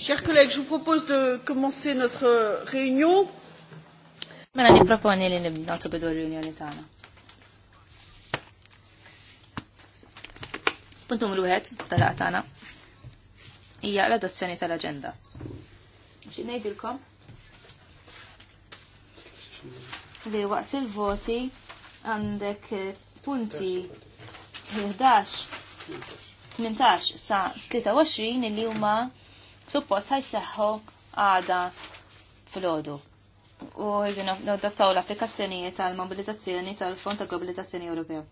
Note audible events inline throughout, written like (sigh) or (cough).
Chers collègues, je vous propose de commencer notre euh, réunion. Mela niproponi li nibdaw bidu l-riunjoni tagħna. Punt numru wieħed tal-laqgħa tagħna hija l-adozzjoni tal-aġenda. Xi ngħidilkom? Li waqt il-voti għandek eh, punti 11 18 sa 23 li huma suppost ħajseħħu għada fil-ħodu. U ħiġu nadottaw l-applikazzjonijiet tal-mobilitazzjoni tal-Fond ta' Globalizzazzjoni Ewropea.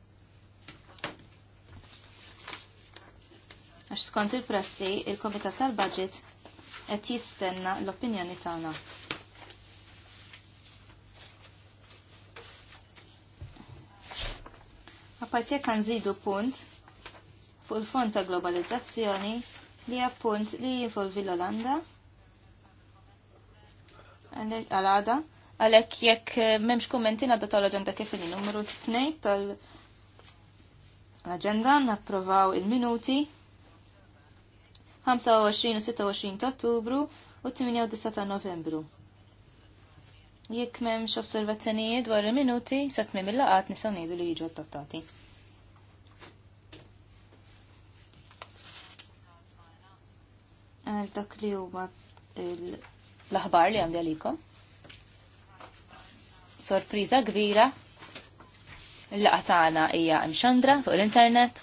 Għax skont il-pressi, il-Komitat tal-Budget qed jistenna l-opinjoni tagħna. Apparti jekk nżidu punt fuq il-fond ta' globalizzazzjoni li appunt li jinvolvi l-Olanda għal-għada għalek jekk eh, memx kommentin għadda tal-agenda kif li numru 2 tal-agenda napprovaw il-minuti 25 u 26 ta' ottubru u 8 ta' novembru. Jekk memx osservazzjonijiet dwar il-minuti, satmim il-laqat nisaw nidu li jiġu attattati. għal dak li huwa l-aħbar li għandi għalikom. Sorpriża kbira il laqgħa tagħna hija xandra fuq l-internet.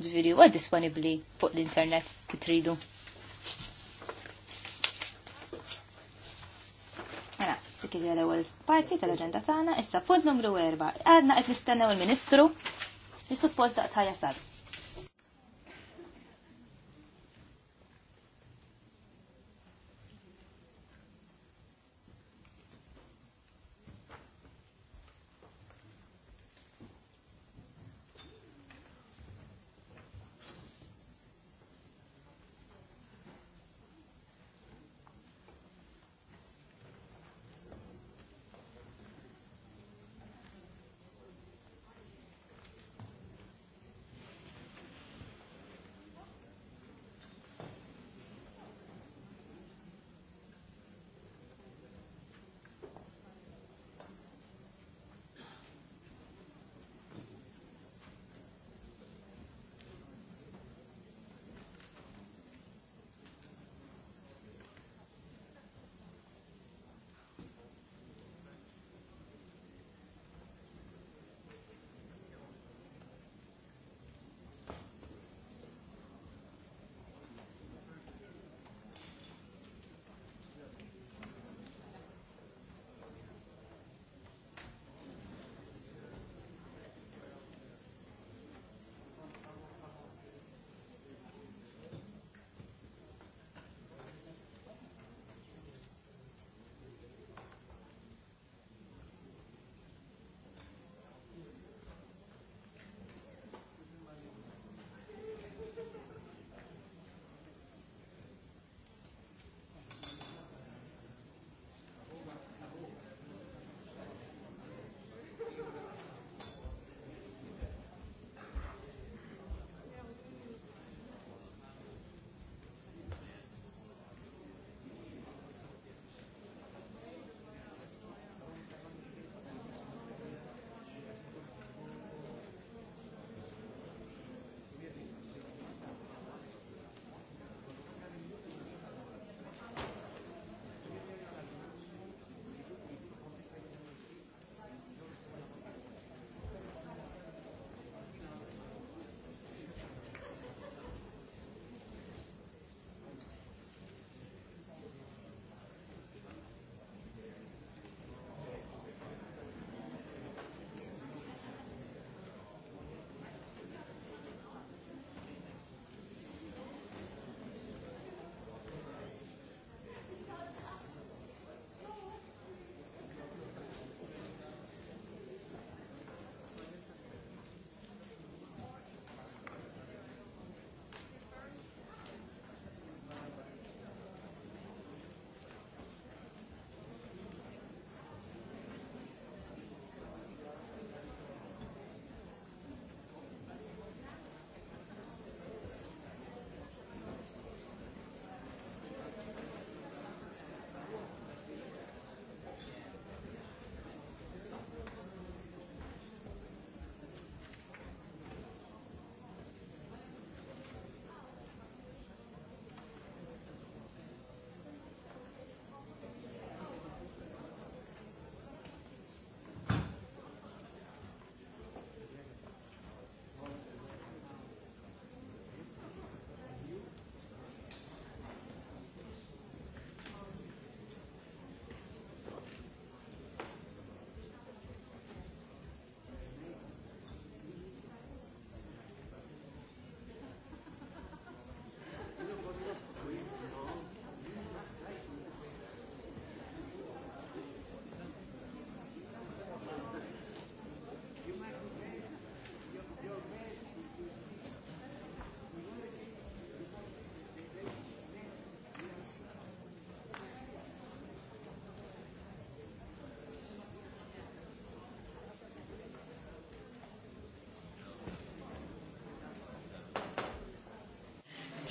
Ġifieri huwa disponibbli fuq l-internet kif tridu. Mela, dik hija l-ewwel parti tal-aġenda tagħna, issa punt numru 4. Għadna qed nistennew il-Ministru li suppost daqta jasal.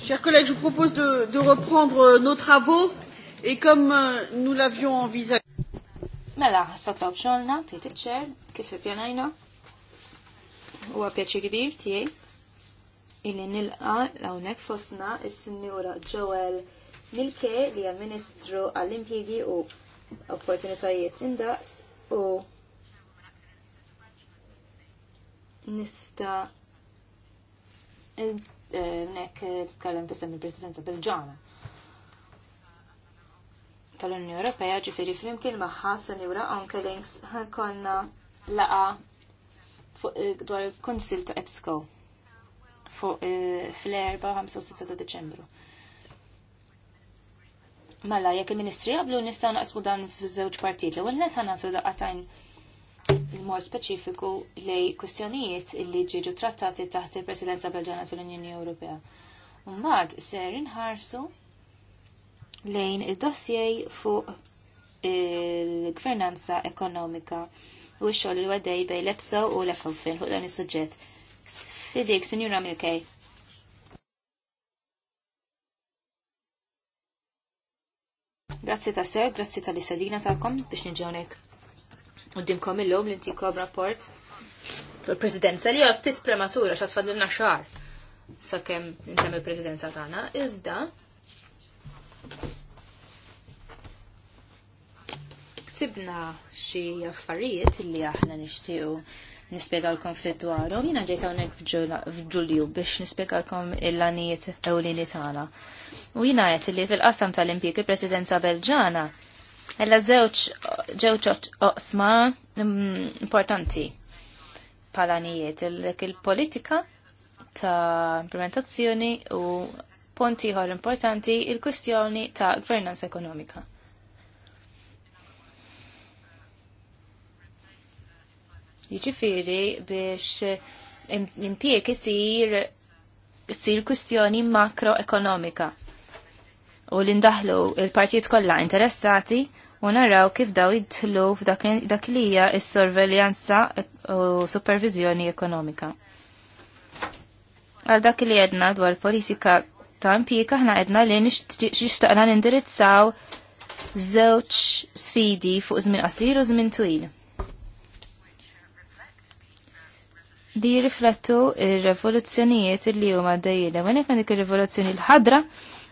Chers collègues, je vous propose de, de reprendre euh, nos travaux et comme euh, nous l'avions envisagé. Mela, s-sattaw bxolna, tejt iċċer, kif pjanajna, u għapjaċi kbir tijaj, illi nilqa lawnek fosna il-Signora Joel Milke li għal-Ministru għall-Impjegi u Opportunitajiet Indaqs u nista nek tkellem fissem il-presidenza Belġana tal-Unjoni Ewropea ġifiri flimkien magħha senjura anke links konna laqa dwar il konsil ta' EBSCO fuq fl-4 5 6 ta' Deċembru. Mela, jekk il-Ministri għablu nistgħu naqsmu dan fiż-żewġ partijiet. L-ewwel net ħanatu daqatajn mod speċifiku lej kwistjonijiet li ġiġu trattati taħt il-Presidenza Belġana tal-Unjoni Ewropea. Mbagħad ser inħarsu lejn id-dossier fuq il-gvernanza ekonomika u x-xogħol li għaddej bej l-EPSO u l-ECOFIN fuq dan is-suġġett. Fidik, Sinjura Milkej. Grazzi ta' sew, grazzi tal-istadina ta'kom biex nġonek. Uddimkom illum li intikom rapport fil-presidenza li għattit prematura xa tfadlilna xar sa' kem il presidenza tagħna, iżda ksibna xi affarijiet li aħna nixtiequ nispjegalkom fit dwarhom. Jiena ġejt hawnhekk f'Ġulju biex nispjegalkom il-lanijiet ewlieni tagħna. U jiena qed li fil-qasam tal-impjieg il-Presidenza Belġana Ella żewġ ġewġ oqsma importanti palanijiet il-politika ta' implementazzjoni u ponti ħor importanti il kwistjoni ta' gvernanza ekonomika. Jiġifieri biex l-impjeg isir sir kwistjoni makroekonomika u l-indaħlu il-partijiet kollha interessati u naraw kif daw jidħlu f'dak li hija s-sorveljanza u supervizjoni ekonomika. Għal dak li għedna dwar politika ta' impjika ħna għedna li nishtaqna nindirizzaw żewġ sfidi fuq żmien qasir u żmien twil. Di riflettu ir-revoluzzjonijiet li huma dejjilhom għalhekk dik ir-rivoluzzjoni l-ħadra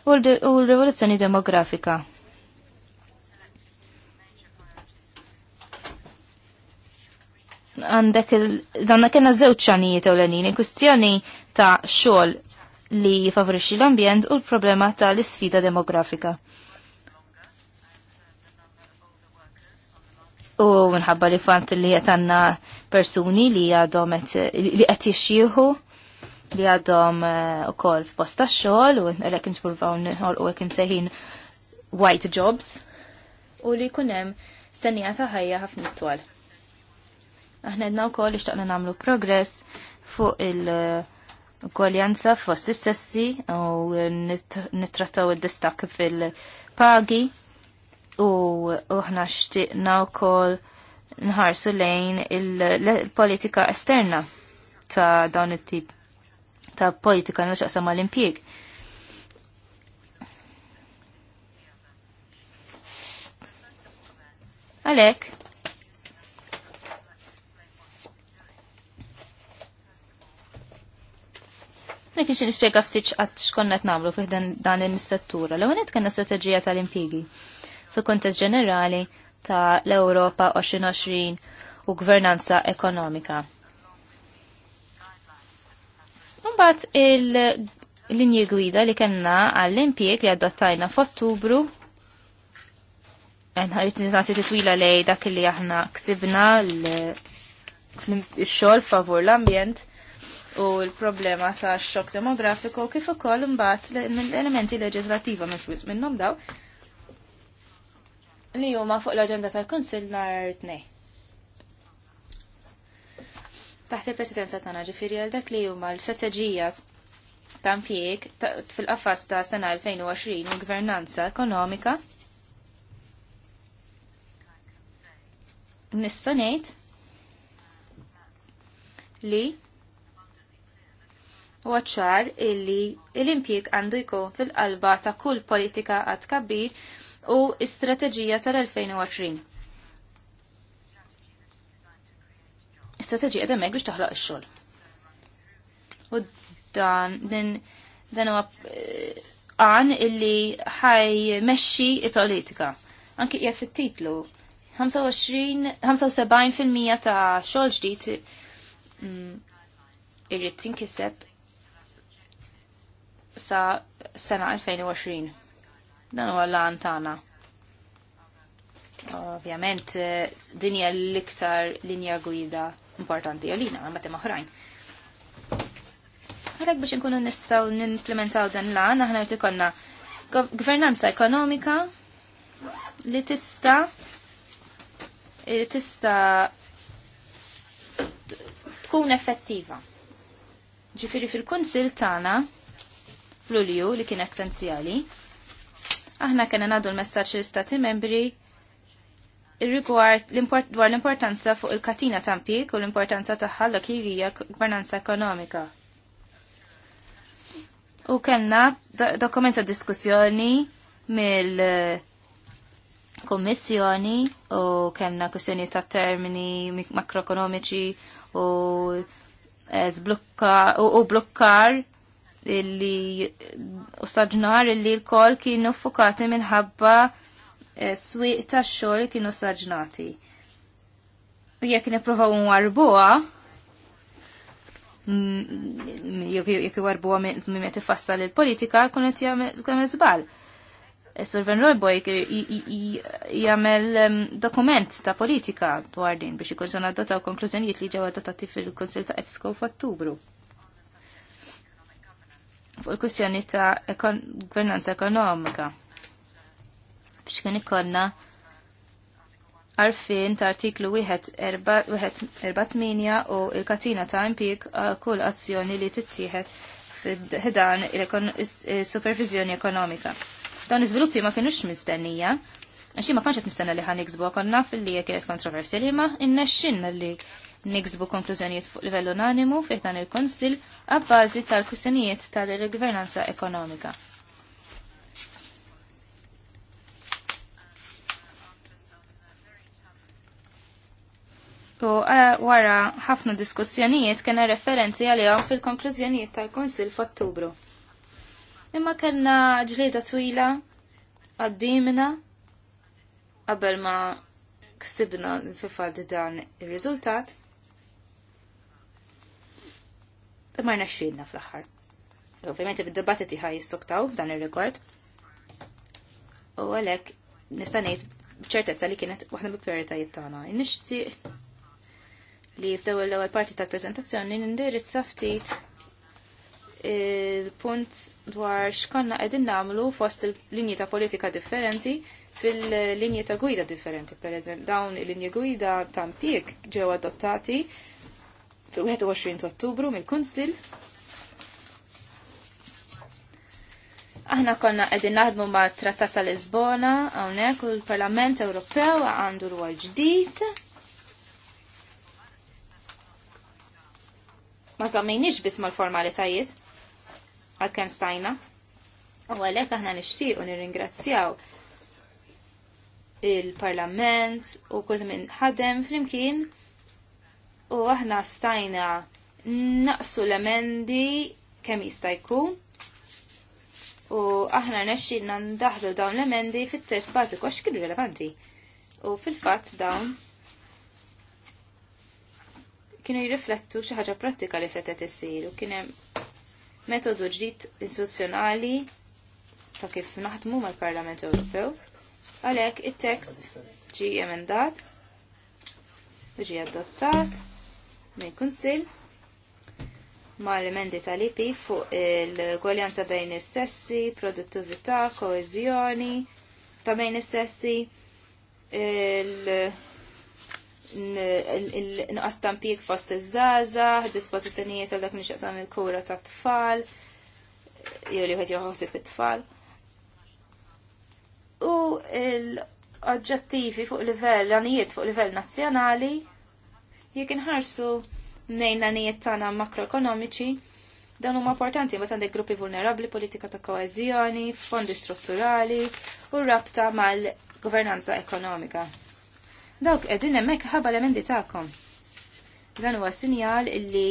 u l-rivoluzzjoni demografika. għandek danna kena żewġ ċanijiet l-għanini, kwistjoni ta' xogħol li jifavorixxi l-ambjent u l-problema ta' l-isfida demografika. U minħabba li fant li qed għandna persuni li għadhom li qed jixxieħu li għadhom eh, ukoll f tax-xogħol u għalhekk nippruvaw u hekk imsejħin white jobs u li jkun hemm stennija ta' ħajja ħafna twal. Aħna għedna u koll ixtaqna namlu progress fuq il-koljanza uh, fost is-sessi u nittrattaw il-distak fil-pagi u aħna xtiqna u koll nħarsu lejn il-politika esterna ta' dawn it-tip ta' politika ma' l impjeg Alek. Nek nix nispiega ftiċ għat xkonnet namlu fih dan il-settura. l net kena strategija tal-impigi. Fi kontest ġenerali ta' l-Europa 2020 u gvernanza ekonomika. Mbagħad il-linji gwida li kellna għall-impjeg li adottajna f'Ottubru Nħarġt nagħti titwila lej dak li aħna ksibna l-xogħol favur l-ambjent u l-problema ta' xok demografiku kif ukoll imbagħad l elementi leġislattiva mifruż minnhom daw li huma fuq l-aġenda tal-Kunsill nhar tnej. Taħt il-presidenza tagħna ġifieri għal dak li huma l-strateġija ta' impjieg fil-qafas ta' sena 2020 u gvernanza ekonomika nista' ngħid li u illi l-impjeg għandu jkun fil-qalba ta' kull politika għad kabbir u istrateġija tal-2020. Istrateġija demmek biex taħloq ix-xogħol. U dan din dan huwa eh, għan illi ħaj meċi il-politika. Anki jgħat fit-titlu. 75% ta' xogħol ġdid mm, irrid tinkiseb sa sena 2020. Dan huwa l-għan tagħna. Ovvjament eh, din hija l-iktar linja gwida importanti għalina għamma tema oħrajn. Għalhekk biex inkunu nistgħu nimplementaw dan l-għan, aħna rrid ikollna gvernanza ekonomika li tista' li tista' tkun effettiva. Ġifiri fil-kunsil tagħna fl-Ulju li kien essenzjali. Aħna kena nadu l-messaċ l-Stati membri rigward dwar l-importanza fuq il-katina tampik u l-importanza taħħa l-kirija gvernanza ekonomika. U kellna dokumenta diskussjoni mill kommissjoni u kellna kussjoni ta' termini makroekonomiċi u eh, zblukka u, u blukkar li u saġnar li l-kol kienu fukati minħabba eh, swiq ta' xol kienu saġnati. U jek niprofaw warbuwa, mm, mm, jek warbuwa mimet ifassal il-politika, kunet jgħamil zbal. Eh, Surven Rojbo jgħamil ehm, dokument ta' politika dwar din biex jkun sanadata u konklużjonijiet li ġewa datati fil-Konsil ta' EFSCO f'Ottubru fuq il-kwistjoni ta' gvernanza ekonomika. Bix kien ikonna għarfin ta' artiklu 1.48 u il-katina ta' impik kull azzjoni li tittieħed fid ħedan il-supervizjoni ekonomika. Dan iżviluppi ma kienux mistennija, għaxi ma kanċet nistenna li ħan iksbu konna fil-li kienet kontroversja li ma innexxinna li niksbu konklużjonijiet fuq livell unanimu fih dan il-Konsil għabbażi tal-kwistjonijiet tal-gvernanza ekonomika. U eh, wara ħafna diskussjonijiet kena referenzi għalihom fil-konklużjonijiet tal-Konsil f'Ottubru. Imma kellna ġlieda twila għaddimna qabel ma ksibna fifad dan ir-riżultat. ta' marna xridna fl-axar. Ovvijament, id-dibattiti ħaj jissoktaw dan il-rekord. U għalek, ngħid bċertezza li kienet waħda bi prioritajiet tagħna. nixtieq li f'dew l-ewwel parti tal-preżentazzjoni nindirizza ftit il-punt dwar x'konna qegħdin nagħmlu fost il-linji ta' politika differenti fil-linji ta' gwida differenti, per dawn il-linji gwida ta' impjieg ġew adottati fil-21 ottubru mill-Kunsil. Aħna konna qegħdin naħdmu ma' Trattat tal Lisbona hawnhekk u l-Parlament Ewropew għandu rwol ġdid. Ma żammejniex biss mal-formalitajiet għal-kem stajna. U għalek aħna nixtiequ nirringrazzjaw il-parlament u kull minn ħadem flimkien u aħna stajna naqsu l-emendi kemm jista' jkun u aħna nesċin ndaħlu dawn l-emendi fit-test bażiku għax kienu rilevanti. U fil-fatt dawn kienu jirriflettu xi ħaġa prattika li setet qed issir u kien hemm metodu ġdid istituzzjonali ta' kif naħdmu mal-Parlament Ewropew. Għalhekk it-tekst ġi emendat u ġi adottat minn kunsil ma' l-emendi tal ipi fuq il-gwaljanza bejn is-sessi, produttività, koezjoni ta' bejn is-sessi, il-nuqqas tampik fost iż-żaza, dispożizzjonijiet għal dak nixaqsam il-kura ta' tfal, jew li wieħed joħosib it-tfal. U l-oġġettivi fuq livell, l-anijiet fuq livell nazzjonali, Jekk inħarsu nejna nijiet tagħna makroekonomiċi, dan huma importanti ma għandek gruppi vulnerabbli, politika ta' koezjoni, fondi strutturali u rabta mal-governanza ekonomika. Dawk qegħdin hemmhekk ħabba l-emendi tagħkom. Dan huwa sinjal illi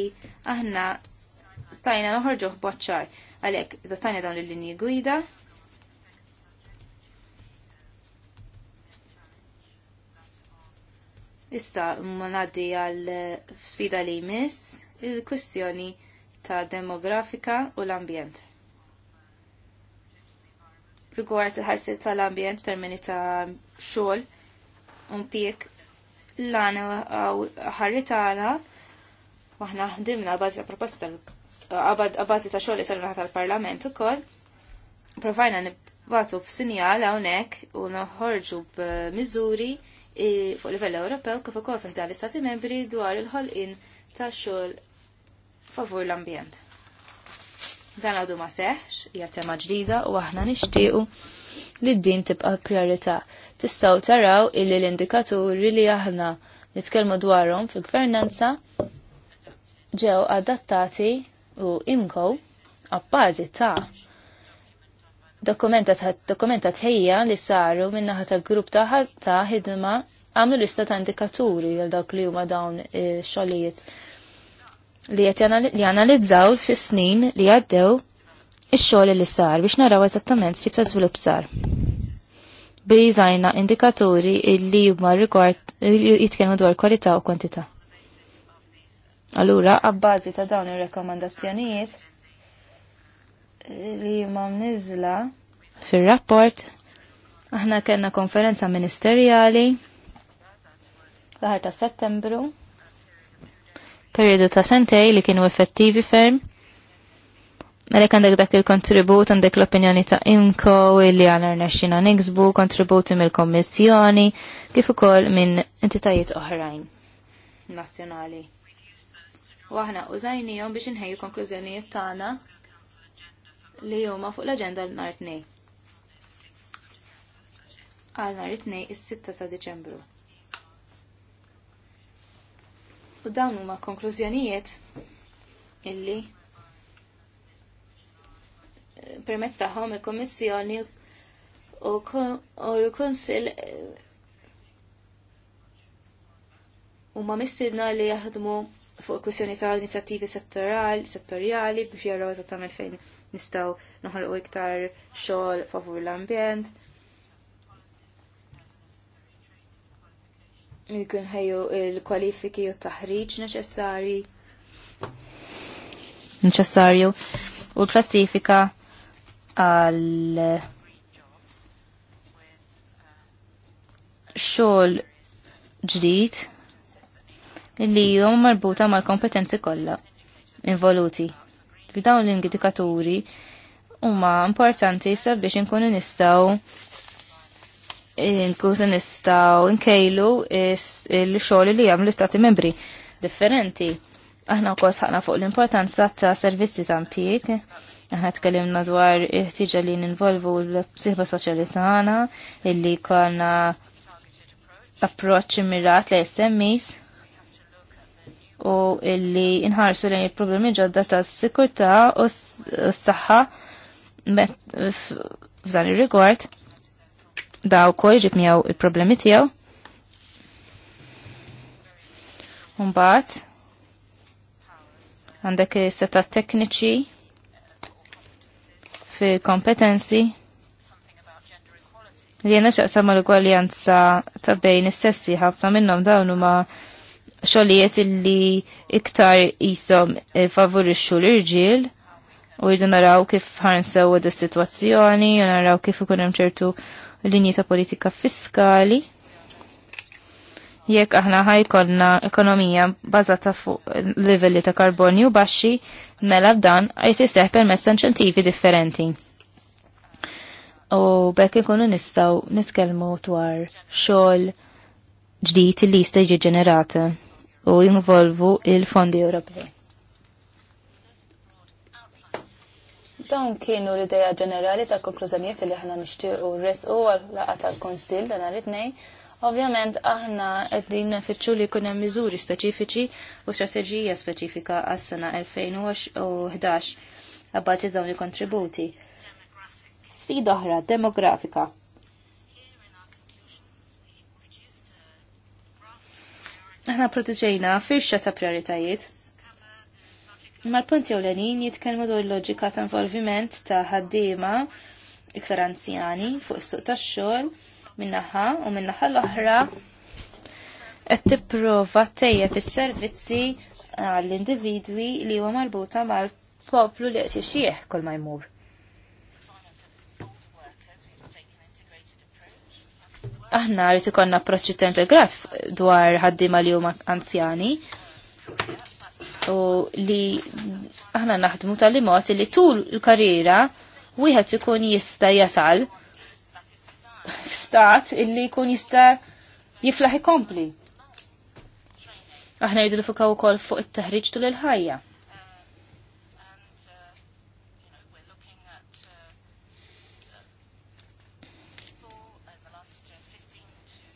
aħna stajna noħorġu b'boċċar għalhekk stajna dawn il-linji gwida Issa ma ngħaddi għal eh, sfida li jmiss il-kwistjoni ta' demografika u l-ambjent. Rigward il-ħarsib tal-ambjent termini ta' xogħol mpjek l-għana ħarritana waħna ħdimna għabazi ta' proposta għabazi ta' xogħol li sarna tal-parlament ukoll provajna nibbatu b'sinjal hawnhekk u noħorġu b'miżuri fuq livell Ewropew kif ukoll fih tal l-Istati Membri dwar il-ħolqien tax-xogħol favur l-ambjent. Dan għadu ma seħx, hija tema ġdida u aħna nixtiequ li d-din tibqa' prijorità. Tistgħu taraw illi l-indikaturi li aħna nitkellmu dwarhom fil-gvernanza ġew adattati u imkow għabbażi ta' dokumenta tħejja li saru min-naħa tal-grupp ta' ħidma għamlu lista ta' indikaturi għal dawk li huma dawn eh, xogħlijiet li qed janalizzaw fis-snin li għaddew ix-xogħol li sar biex naraw eżattament sib ta' żvilupp sar. Biżajna indikaturi li huma rigward jitkellmu dwar kwalità u kwantità. Allura, għabbażi ta' dawn ir-rekomandazzjonijiet, li ma nizla fil-rapport aħna kena konferenza ministerjali l ta' settembru periodu ta' sentej li kienu effettivi ferm Għalek għandek dak il-kontribut, għandek l-opinjoni ta' IMCO, illi għanar nesċina nixbu, kontributi mill-kommissjoni, kif ukoll minn entitajiet oħrajn nazzjonali. Waħna użajnijom biex nħejju konklużjonijiet tagħna li huma fuq l-aġenda l-nhar tnej. Għal nhar it-tnej is-6 ta' Diċembru. U dawn huma konklużjonijiet illi eh, permezz tagħhom il-Kommissjoni u l-Kunsill eh, huma mistidna li jaħdmu fuq kwistjoni ta' inizjattivi settorali, settorjali biex jaraw eżattament fejn nistaw noħolqu iktar xogħol favur l-ambjent. Nikun ħejju il-kwalifiki u t-taħriġ neċessari. Neċessarju. U l-klassifika għal xogħol ġdid li huma marbuta mal-kompetenzi kollha involuti. B'dawn l-indikaturi huma importanti sabiex inkunu nistgħu inkunu nistgħu nkejlu l-xogħol li jagħmlu l-istati membri differenti. Aħna wkoll ħaqna fuq l-importanza ta' servizzi ta' impjieg. Aħna tkellimna dwar il-ħtiġa li ninvolvu l-psiħba soċjali tagħna illi konna approċċ mirat li SMEs u illi inħarsu lejn il-problemi ġodda ta' sikurta u s-saħħa f'dan ir-rigward daw kol ġib miegħu il-problemi tiegħu. Umbat, għandek seta tekniċi fi kompetenzi li jena xaqsa mal gwaljanza ta' bejn is-sessi ħafna minnhom dawn huma ma' xogħlijiet illi iktar jisom eh, favorixxu l-irġiel u jridu naraw kif ħansaw għad situazzjoni sitwazzjoni u naraw kif ikun hemm ċertu linji ta' politika fiskali. Jekk aħna ħajkonna ekonomija bażata fuq livelli ta' karbonju baxxi, mela dan qed iseħħ permezz inċentivi differenti. U bekk ikunu nistgħu nitkellmu dwar xogħol ġdid li jista' jiġi ġenerata u involvu il-fondi Ewropej. Dawn kienu l-ideja ġenerali ta' konklużjonijiet li aħna nixtiequ resqu għal laqgħa tal-Kunsill dan nhar it-tnejn Ovvjament aħna qegħdin nafittxu li jkun hemm miżuri speċifiċi u strateġija speċifika għas-sena 2011 għabbati dawn il-kontributi. Sfida oħra demografika. Aħna protiġejna firxa ta' prioritajiet. Mal-punti ewlenin jitkellmu dwar il-loġika ta' involviment ta' ħaddiema iktar anzjani fuq is-suq tax-xogħol minnaħa u minnaħa l-oħra qed tipprova tejjeb is-servizzi għall-individwi li huwa marbuta mal-poplu li qed jixjieħ kull ma jmur. aħna rrit ikonna approċċi ta' integrat dwar ħaddiema li huma anzjani u li aħna naħdmu tal-imot li tul il-karriera wieħed ikun jista' jasal f'stat illi jkun jista' jiflaħ ikompli. Aħna jridu nifukaw ukoll fuq it-teħriġ tul il-ħajja.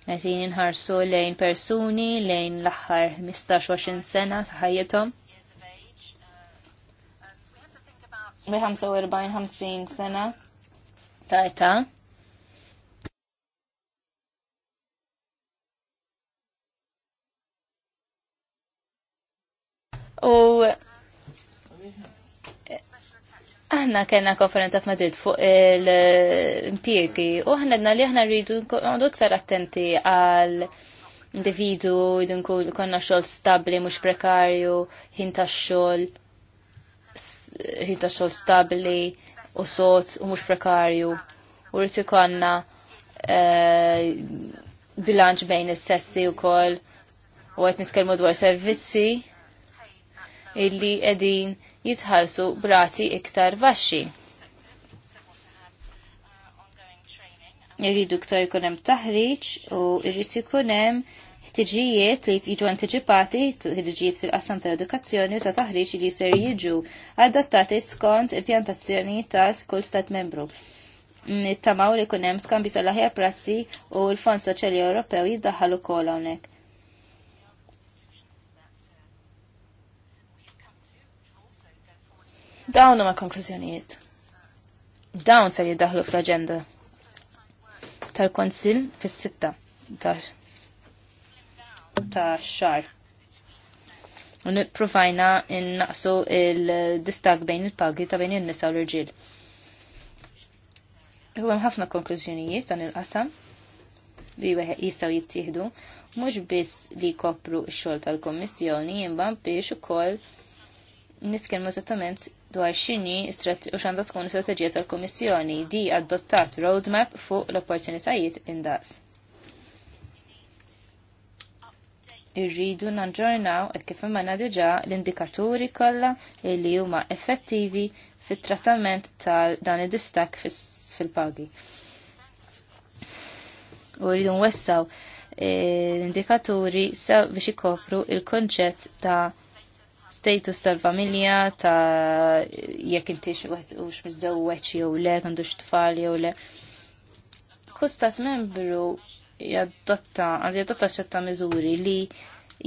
Għetin inħarsu lejn persuni lejn l-axħar 15-20 sena ta' ħajjithom. Mi 45-50 sena ta' età. U Aħna kena konferenza f'Madrid fuq l-impiegi u aħna għedna li aħna rridu għandu iktar attenti għal individu, nkunu konna xol stabli, mux prekarju, ħinta xol, ħinta xol stabli u sot u mux prekarju. U rritu konna eh, bilanċ bejn is-sessi u koll u għet nitkelmu dwar servizzi illi edin jitħallsu brati iktar baxxi. Irridu ktar ikun hemm taħriġ u irrid ikun hemm ħtiġijiet li jiġu antiċipati, ħtiġijiet fil-qassam tal edukazzjoni u ta' taħriġ li jser jiġu adattati skont impjantazzjoni ta' kull stat membru. Nittamaw li kunem skambju tal-ħja prassi u l-Fond Soċjali Ewropew jiddaħħal ukoll hawnhekk. Dawn huma konklużjonijiet. Dawn ser jiddaħlu fl-aġenda tal-Konsil fis-sitta ta' xar. U nipprovajna innaqsu il distag bejn il-pagi ta' bejn in-nisa u l-irġiel. Huwa ħafna konklużjonijiet dan il-qasam li wieħed jistgħu jittieħdu mhux biss li jkopru x-xogħol tal-Kommissjoni imma biex ukoll nitkellmu eżattament dwar xini u xanda tkun strategija tal-Komissjoni di adottat roadmap fuq l-opportunitajiet indaqs. Irridu nanġornaw e kif imma diġa l-indikaturi kollha li huma effettivi fit-trattament tal dan id-distak fil-pagi. U rridu nwessaw eh, l-indikaturi biex ikopru il-konċett ta' status tal-familja ta' jekk intix u x'miżdewweġ jew le, għandux tfal jew le. Kustat membru jadotta, għandi jadotta ċetta miżuri li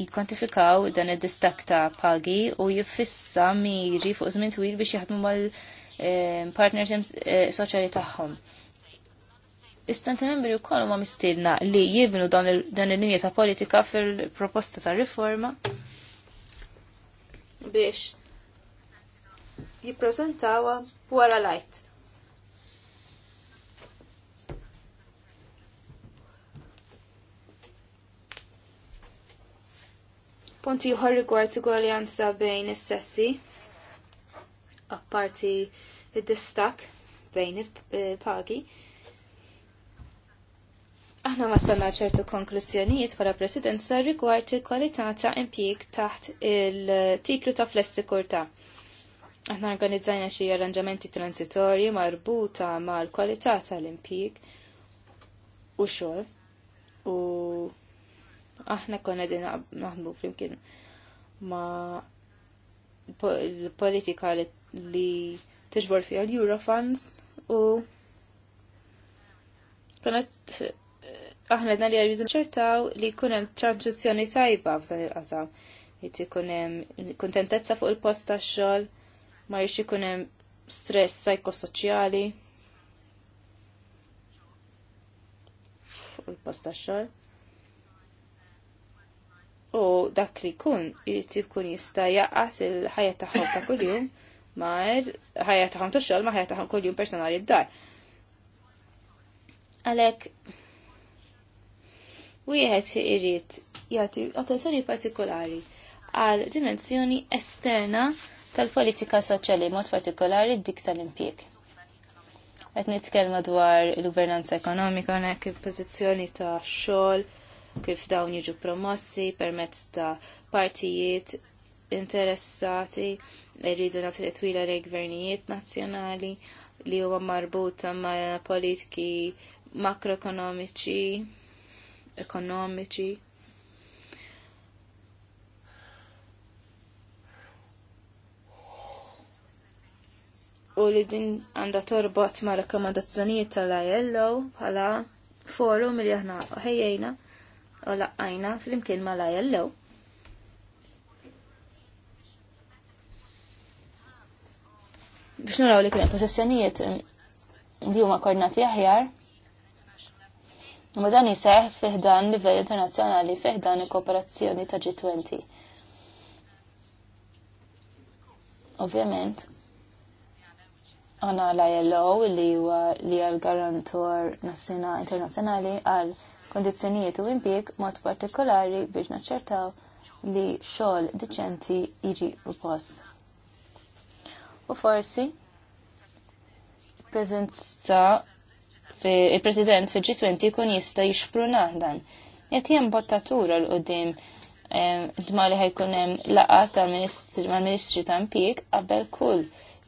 jikwantifikaw dan id-distak ta' pagi u jiffissa miri fuq żmien twil biex jaħdmu mal-partners eh, eh, soċjali tagħhom istanti membri wkoll ma mistiedna li jibnu dan il-linja ta' politika fil-proposta ta' riforma biex jipprezentawa wara lajt. Punti ieħor rigward igwaljanza bejn is-sessi apparti id-distak bejn il-pagi. il pagi Aħna wasalna ċertu konklusjonijiet bħala presidenza rigward il-kwalità ta' impjieg taħt il-titlu ta' flessikurta. Aħna organizzajna xi arranġamenti transitorji marbuta mal kwalità tal-impjieg u xogħol u aħna konna din naħdmu flimkien ma' politika li tiġbor fiha l-Eurofunds u kienet aħna għedna li għarridu ċertaw li kunem tranġizjoni tajba f'dan il-qasam. Jitti kunem kontentezza fuq il-post ta' xol, ma jirxi kunem stress sajkosoċjali fuq il-post ta' xol. U dak li kun, jitti kun jista jaqqat il-ħajja taħħom ta' kuljum, ma' ħajja taħħom ta' xol, ma' ħajja taħħom kuljum personali d-dar. Għalek, wieħed irid jagħti attenzjoni partikolari għal dimensjoni esterna tal-politika soċjali mod partikolari dik tal-impjeg. Qed nitkellma dwar il-gvernanza ekonomika hawnhekk il-pożizzjoni ta' xogħol kif dawn jiġu promossi permezz ta' partijiet interessati irridu nagħti twila lejn gvernijiet nazzjonali li huwa marbuta ma' politiki makroekonomiċi ekonomiċi. U li din għandha torbot ma' rakkomandazzjonijiet tal-ILO bħala forum li aħna ħejjejna u laqajna fl-imkien ma' l-ILO. biex naraw li kien possessjonijiet li huma koordinati aħjar Ma dan jiseħ fiħdan livell internazzjonali fiħdan il-kooperazzjoni ta' G20. Ovvjament, għana l-ILO li huwa li għal garantur nazzjona internazzjonali għal kondizjonijiet u impjeg mod partikolari biex naċċertaw li xogħol diċenti jiġi post. U forsi preżenza il-President fi G20 kun jista jixpruna dan. Jett jem bottatura l-qoddim dmali ħajkun hemm laqa tal-Ministri ta' impjieg qabel kull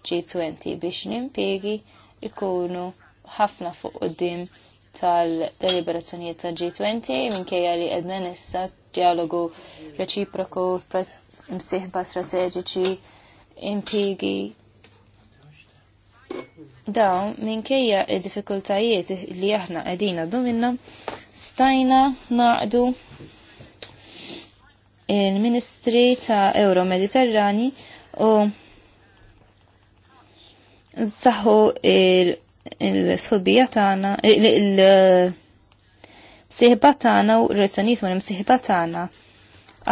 G20 biex l-impjiegi ikunu ħafna fuq qoddim tal-deliberazzjonijiet ta' G20 minkejja li edna nissa dialogu reċiproku msiħba strateġiċi impigi dawn minkejja id-diffikultajiet li aħna qegħdin għaddu minnhom stajna naqdu il-Ministri ta' Euro Mediterrani u nsaħħu il sħubija tagħna il-sieħba tagħna u r-razzjonizmu li msieħba tagħna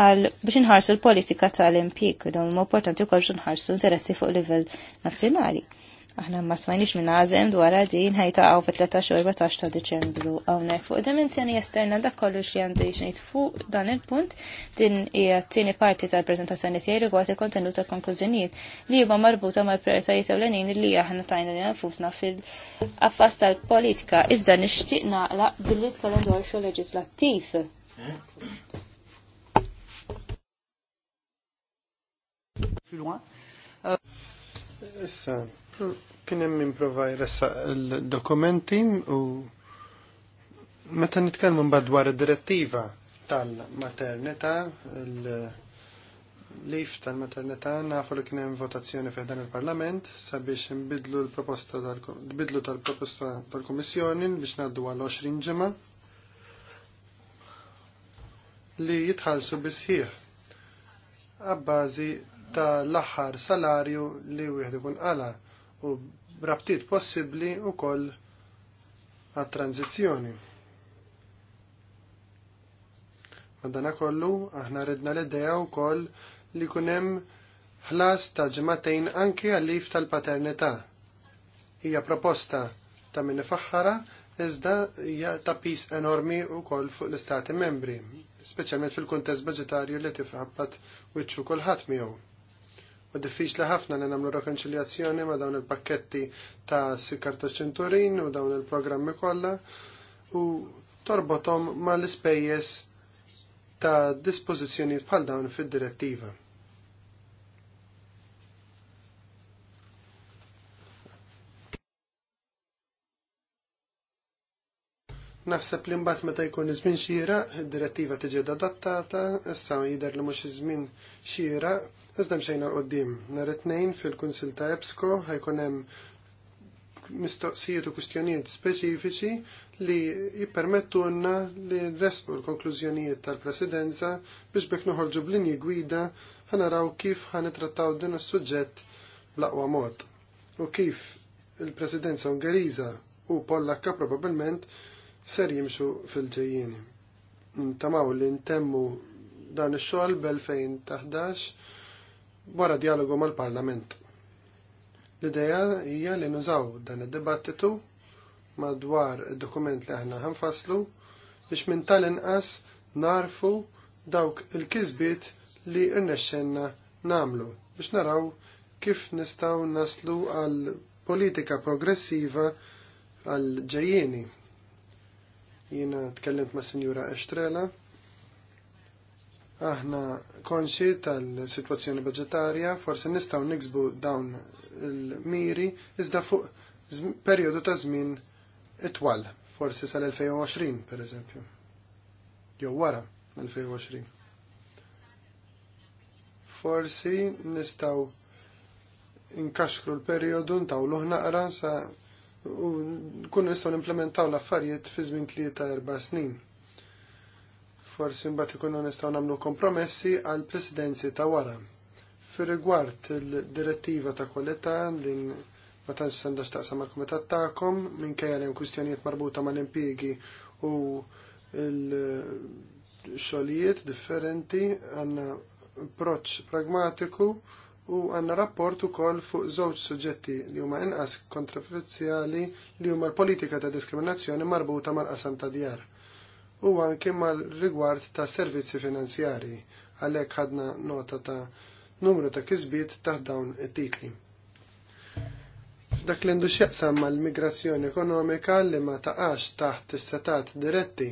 għal biex nħarsu l-politika tal-impjik, dawn huma importanti wkoll biex nħarsu interessi fuq livell nazzjonali. Aħna ma smajniex minn għazem dwar din għaw fit-13 u 14 ta' Diċembru hawnhekk fuq dimensjoni esterna dak kollu xi għandu xnejt fuq dan il-punt din hija t-tieni parti tal-preżentazzjoni tiegħi rigward il-kontenut ta' konklużjonijiet li huma marbuta mal-prijoritajiet ewlenin li aħna tajna li nfusna fil-affas tal-politika iżda nixtieq naqlaq billi tkellem dwar xogħol leġislattiv. Euh, Issa, Kien hemm improva jressa l-dokumenti u meta nitkellmu mbagħad dwar id-direttiva tal-maternità l-lif tal-maternità nafu li kien hemm votazzjoni fih dan il-Parlament sabiex nbidlu l-proposta tal-bidlu tal-proposta tal-Kummissjoni biex ngħaddu għal 20 ġimgħa li jitħallsu bisħiħ għabbażi ta' l-aħħar salarju li wieħed ikun qala' u rabtiet possibbli wkoll għat tranzizjoni Madana kollu, aħna redna l u wkoll li jkun hemm ħlas ta' ġematejn anki għallif tal-paternità. Hija proposta ta' minn faħħara iżda hija ta' pis enormi wkoll fuq l-istati membri, speċjalment fil-kuntest budgetarju li tifħabbat wiċċu kulħadd miegħu. Ma diffiċli ħafna li nagħmlu rekonċiljazzjoni ma' dawn il-pakketti ta' sikkar ta' ċenturin u dawn il-programmi kollha u torbothom ma' l-ispejjeż ta' dispożizzjonijiet bħal dawn fid-direttiva. Naħseb li mbagħad meta jkun iż-żmien xieraq, id-direttiva tiġi adottata, issa jidher li mhux iż-żmien xieraq Iżda mxejna l-qoddim. Nhar it-tnejn fil-Kunsil ta' EBSCO ħajkun hemm mistoqsijiet u kustjonijiet speċifiċi li jippermettu għanna li nresqu l-konklużjonijiet tal-presidenza biex bekk noħorġu b'linji gwida ħanaraw kif ħanitrattaw din is-suġġett bl-aqwa mod u kif il-presidenza Ungeriża u Pollakka probabilment ser jimxu fil-ġejjieni. Tamaw li ntemmu dan ix-xogħol taħdax wara dialogu mal-Parlament. L-ideja hija li nużaw dan id-dibattitu madwar id-dokument li aħna ħanfaslu biex minn tal-inqas narfu dawk il-kisbiet li rnexxenna namlu biex naraw kif nistaw naslu għal politika progressiva għal ġejjeni. Jiena tkellimt ma' Sinjura Estrela Aħna konxi tal-situazzjoni budgetarja, forse nistaw niksbu dawn il-miri, iżda fuq periodu ta' żmien itwal, forsi sal-2020 per eżempju. Jew wara 2020. Forsi nistaw inkaxkru l-periodu ntawlu ħnaqra sa u kun nistaw l-implementaw l-affarijiet fi żmien tlieta erba' snin forsi mbagħad ikunu nistgħu nagħmlu kompromessi għal presidenzi ta' wara. Fir-rigward il-direttiva ta' kwalità li ma tantx sandax taqsam mal-kumitat tagħkom minkejja hemm kwistjonijiet marbuta mal-impjiegi u l-xogħlijiet differenti għandna approċċ pragmatiku u għanna rapport ukoll fuq żewġ suġġetti li huma inqas kontroversjali li huma l-politika ta' diskriminazzjoni marbuta mal-qasam ta' djar u anke mal-rigward ta' servizzi finanzjari għalhekk ħadna nota ta' numru ta' kisbiet taħt dawn it-titli. Dak li għandu mal-migrazzjoni ekonomika li ma taqax taħt is-setat diretti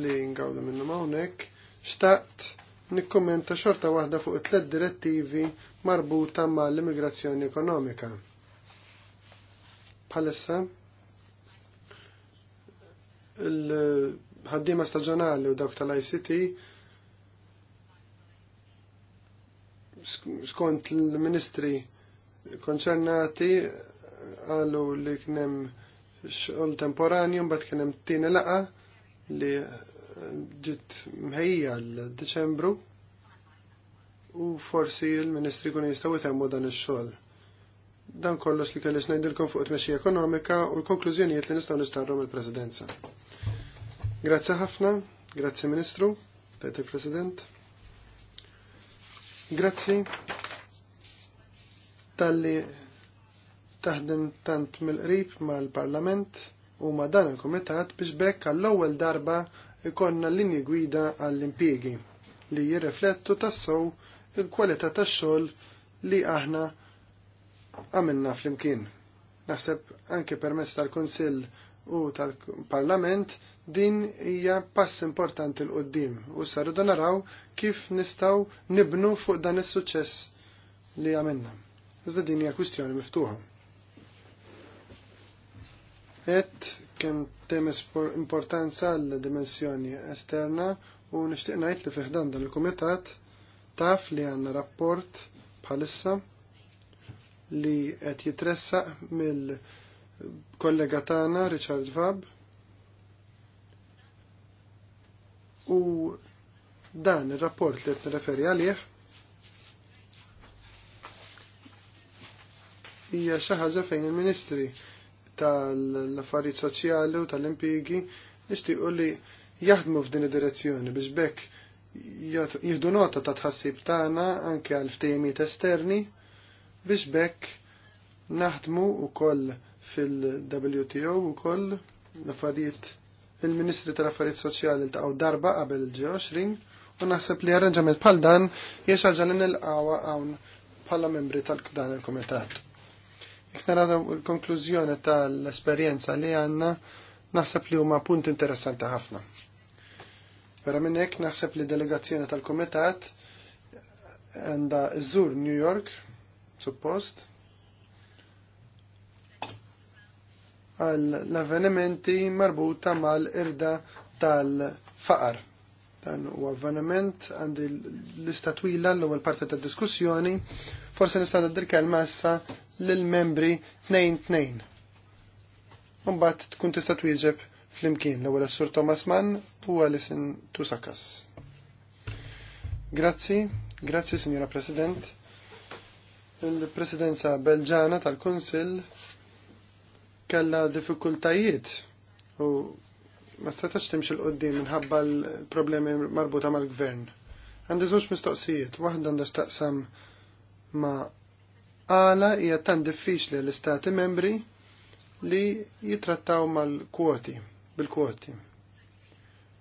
li ngawdu minnu hawnhekk, xtaqt nikkumenta xorta waħda fuq tliet direttivi marbuta mal immigrazzjoni ekonomika. Palissa, il-ħaddima staġjonali u dawk tal-ICT skont l-ministri konċernati għallu li kienem xogħol temporanju mbagħad kien hemm tieni laqa li ġiet mħejja l-Deċembru u forsi l-Ministri kun jistgħu jtemmu dan ix-xogħol. Dan kollox li kellix ngħidilkom fuq it-tmexxija ekonomika u l-konklużjonijiet li nistgħu nistarru mill-Presidenza. Grazzi ħafna, grazie Ministru, tajt president Grazzi tal-li taħdem tant mill-qrib mal-Parlament u ma dan il-Komitat biex bekk għall-ewwel darba ikonna linji gwida għall-impjiegi li jirreflettu tassow il-kwalità tax-xogħol li aħna għamilna fl-imkien. Naħseb anke permess tal kunsill u tal-Parlament din hija pass importanti l qoddim u sarridu naraw kif nistaw nibnu fuq dan is-suċċess li għamilna. Iżda din hija kwistjoni miftuħa. Et kemm tem importanza l-dimensjoni esterna u nixtieq ngħid li fiħdan dan il-kumitat taf li għanna rapport bħalissa li qed jitressaq mill- kollega tagħna Richard Vab u dan ir-rapport li qed nirreferi għalih hija xi ħaġa fejn il-Ministri tal-affarijiet soċjali u tal-impjigi nixtiequ li jaħdmu f'din id-direzzjoni biex bekk jieħdu nota ta' tħassib tagħna anke għal ftehimiet esterni biex bekk naħdmu wkoll fil-WTO u koll l-affarijiet il-Ministri tal-Affarijiet Soċjali l-taqaw darba qabel il-G20 u naħseb li arranġament bħal dan jiex ħaġa il-qawa hawn bħala membri tal-dan il-Komitat. Jek naraw il-konklużjoni tal-esperjenza li għanna naħseb li huma punt interessanti ħafna. Vera minn hekk naħseb li delegazzjoni tal-Kumitat għandha iżur New York, suppost, għall-avvenimenti marbuta mal-irda tal-faqar. Dan u avveniment għandi l-lista twila l-ewwel parti tad-diskussjoni, forse nistan għaddir kelmassa l lill-membri tnejn tnejn. Mbagħad tkun tista' twieġeb flimkien l-ewwel sur Thomas Mann u Alison Tusakas. Grazzi, grazzi Signora President. Il-Presidenza Belġana tal-Kunsill kella difikultajiet u ma setax timx il-qoddim minħabba l-problemi marbuta mal-gvern. Għandi zoċ mistoqsijiet, waħda għanda x'taqsam ma għala hija tan diffiċli l-istati membri li jitrattaw mal-kwoti, bil-kwoti.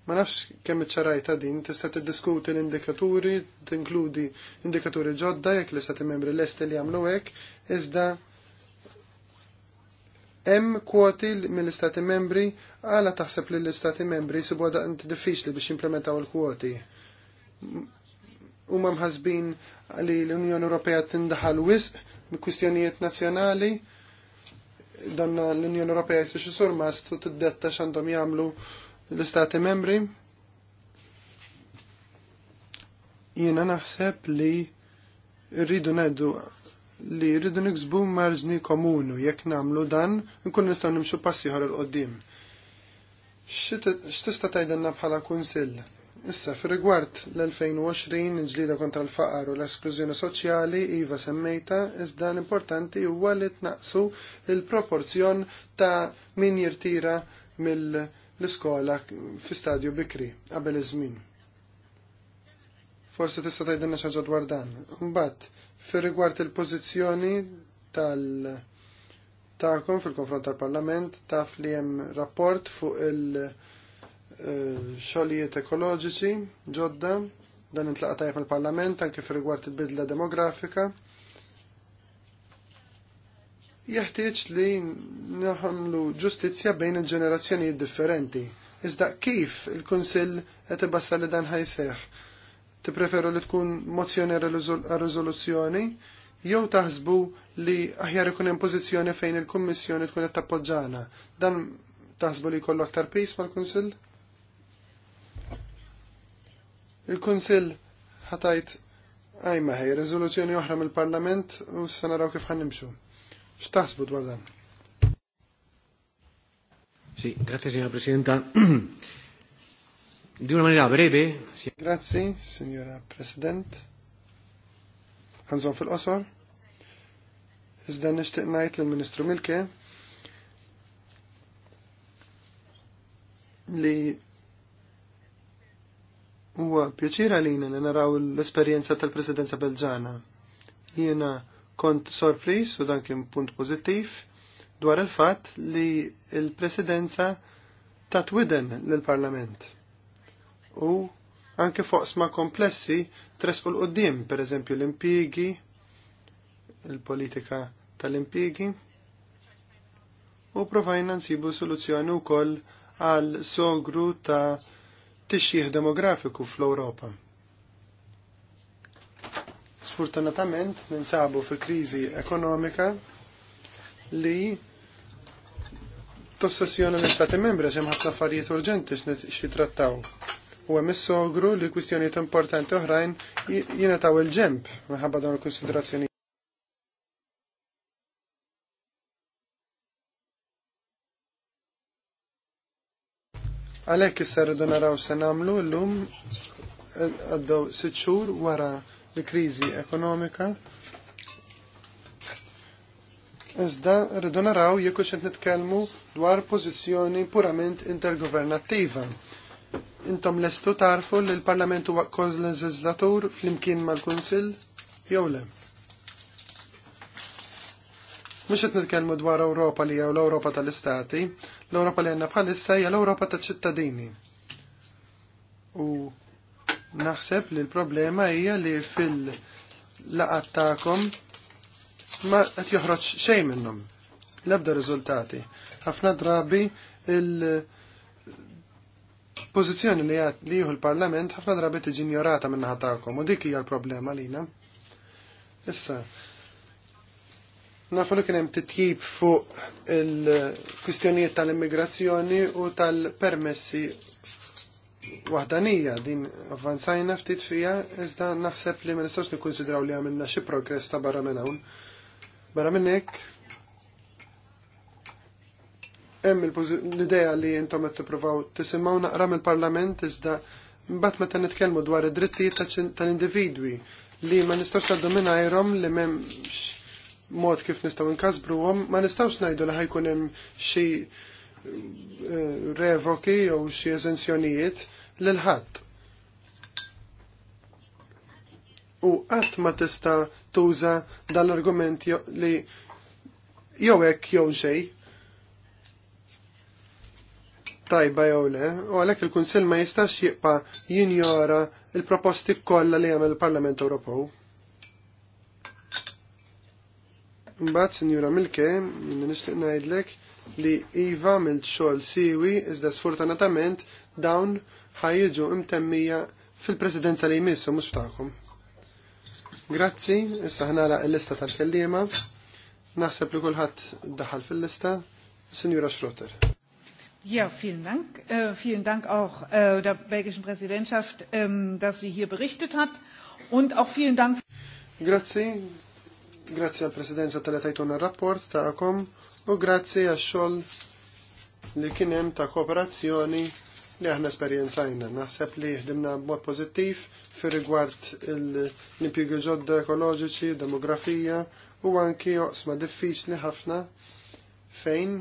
Ma nafx kemm iċċarajta din, tista' tiddiskuti l-indikaturi, tinkludi indikaturi ġodda jekk l-istati membri lesti li jagħmlu hekk, iżda Hemm kwoti mill-Istati membri għala taħseb li l-Istati membri sibu għada diffiċli biex implementaw il-kwoti. Huma mħasbin li l-Unjoni Ewropea tindaħal wisq kwistjonijiet nazzjonali donna l-Unjoni Ewropea jisbiex isur mastu tiddetta x'għandhom jagħmlu l-Istati membri. Jiena naħseb li rridu ngħidu li rridu niksbu marġni komunu jekk namlu dan nkun nistgħu nimxu ħar il-qoddim. X'tista' tgħidilna bħala kunsill? Issa, fir-rigward l-2020 ġlida kontra l-faqar u l-esklużjoni soċjali iva semmejta, iżda l-importanti huwa li tnaqsu il-proporzjon ta' min jirtira mill-iskola fi stadju bikri qabel iż-żmien. Forsi tista' tgħidilna xi dwar dan. Imbagħad, Fir rigward il-pożizzjoni tal ta'kom fil-konfront tal-Parlament taf li hemm rapport fuq il-xogħlijiet eh, ekoloġiċi ġodda dan intlaqa tajjeb mill-Parlament anke fil rigward il-bidla demografika jeħtieġ li naħamlu ġustizzja bejn il-ġenerazzjonijiet differenti. Iżda kif il-Kunsill qed ibassar li dan ħajseħ? Tippreferu li tkun mozzjoni għal-riżoluzzjoni jew taħsbu li aħjar ikun hemm pożizzjoni fejn il-Kummissjoni tkun qed tappoġġana. Dan taħsbu li jkollu aktar pis mal-Kunsill? Il-Kunsill ħatajt għajma ħej, rezoluzzjoni oħra mill-Parlament u s naraw kif ħannimxu. X'taħsbu dwar dan? Sì, grazie signora Presidenta. (clears throat) di una maniera breve. Sì. Grazie, signora President. Għanżon fil-qosor. Iżda nishtiq najt l-Ministru Milke li huwa pjaċira lina li naraw l-esperjenza tal-Presidenza Belġana. Jiena kont sorpris u dan kien punt pożittiv dwar il-fatt li l-Presidenza tatwiden l-Parlament u anke foqsma komplessi tresqu l-qoddim, per eżempju l-impigi, il-politika tal-impigi, u provajna nsibu soluzzjoni u koll għal sogru ta' tixjih demografiku fl-Europa. Sfortunatament ninsabu fi krizi ekonomika li tossessjoni l-Istati membri ġem ħafna affarijiet urġenti x'nitrattaw. trattaw u hemm is-sogru li kwistjonijiet importanti oħrajn taw il-ġemp minħabba dawn il-konsiderazzjoni. Għalhekk issa rridu naraw se nagħmlu llum eh, għaddew sitt xhur wara l-kriżi ekonomika. Iżda rridu naraw jekk qed nitkellmu dwar pożizzjoni purament intergovernattiva intom lestu tarfu li l-Parlament huwa leżislatur flimkien mal-Kunsill jew le. Mhux qed nitkellmu dwar Ewropa li hija l-Ewropa tal-Istati, l-Ewropa li għandna bħalissa hija l-Ewropa taċ-ċittadini. U naħseb li l-problema hija li fil-laqat tagħkom ma qed joħroġ xejn minnhom. L-ebda riżultati. Ħafna drabi il- Pożizzjoni li għat li juhu l-Parlament ħafna drabi tiġi ignorata minna ħatakom u dik hija l-problema lina. Issa, nafu li kien hemm titjib fuq il-kwistjonijiet tal-immigrazzjoni u tal-permessi wahdanija din avvanzajna ftit fija iżda naħseb li ma nistgħux nikkunsidraw li għamilna xi progress ta' barra minn hawn. Barra minn hekk hemm l-idea li intom qed tippruvaw tisimgħu naqra mill-Parlament iżda mbagħad meta nitkellmu dwar id-drittijiet tal-individwi li ma nistax għaddu minnhajrhom li m'hemmx mod kif nistgħu għom, ma nistgħux ngħidu li ħajkun hemm xi eh, revoki jew xi eżenzjonijiet lil ħadd. U qatt ma tista' tuża dal-argument li jew hekk jew xejn tajba jew le, u għalhekk il-Kunsill ma jistax jibqa' jinjora il-proposti kollha li jagħmel il-Parlament Ewropew. Mbagħad, Sinjura Milke, nixtieq ngħidlek li iva mill-xogħol siwi iżda sfortunatament dawn ħajjiġu imtemmija fil-presidenza li jmissu mhux ftaħkom. Grazzi, issa ħnara l-lista tal-kellima. Naħseb li kulħadd daħal fil-lista, Sinjura Schrotter. Ja, vielen Dank. Äh, vielen Dank auch äh, der belgischen Präsidentschaft, ähm, dass sie hier berichtet hat. Und auch vielen Dank. Grazie. Grazie al Presidenza tal-etajtuna rapport ta'kom u grazie a Xol li kienem ta' kooperazzjoni li aħna jina. Naħseb li ħdimna mod pożittiv fir rigward l-impjiegi ġodda ekoloġiċi, demografija u anki oqsma diffiċli ħafna fejn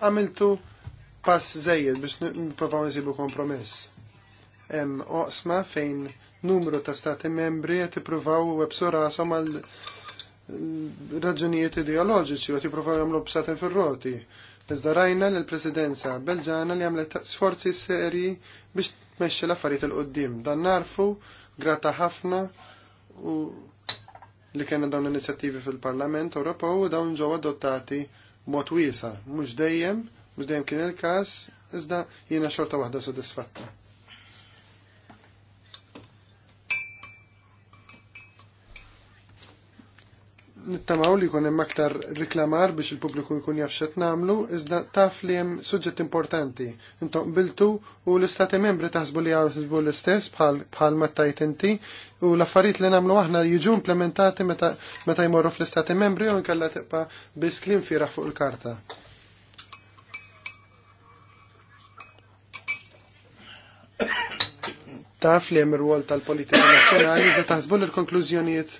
għamiltu pass zejjed biex nipprovaw nsibu kompromess. Hemm oqsma fejn numru ta' stati membri qed ippruvaw websu rashom għal raġunijiet ideoloġiċi u qed jippruvaw jagħmlu bsatin fir-roti. Iżda rajna l presidenza Belġana li għamlet sforzi seri biex tmexxi l-affarijiet il-qoddim. Dan narfu, grata ħafna u li kena dawn l-inizjattivi fil-Parlament Ewropew u dawn ġew adottati mod wiesa, mhux dejjem, mhux dejjem kien il-każ, iżda jiena xorta waħda sodisfatta. nittamaw li jkun hemm aktar riklamar biex il-pubbliku jkun jaf x'qed nagħmlu, iżda taf li hemm suġġett importanti. Intom biltu u l-istati membri taħsbu li jgħu l-istess bħal ma tajt inti u l-affarijiet li nagħmlu aħna jiġu implementati meta, meta jmorru fl-istati membri u nkella tibqa' biss klim firaħ fuq il-karta. Taf li hemm ir-rwol tal-politika nazzjonali iżda taħsbu l-konklużjonijiet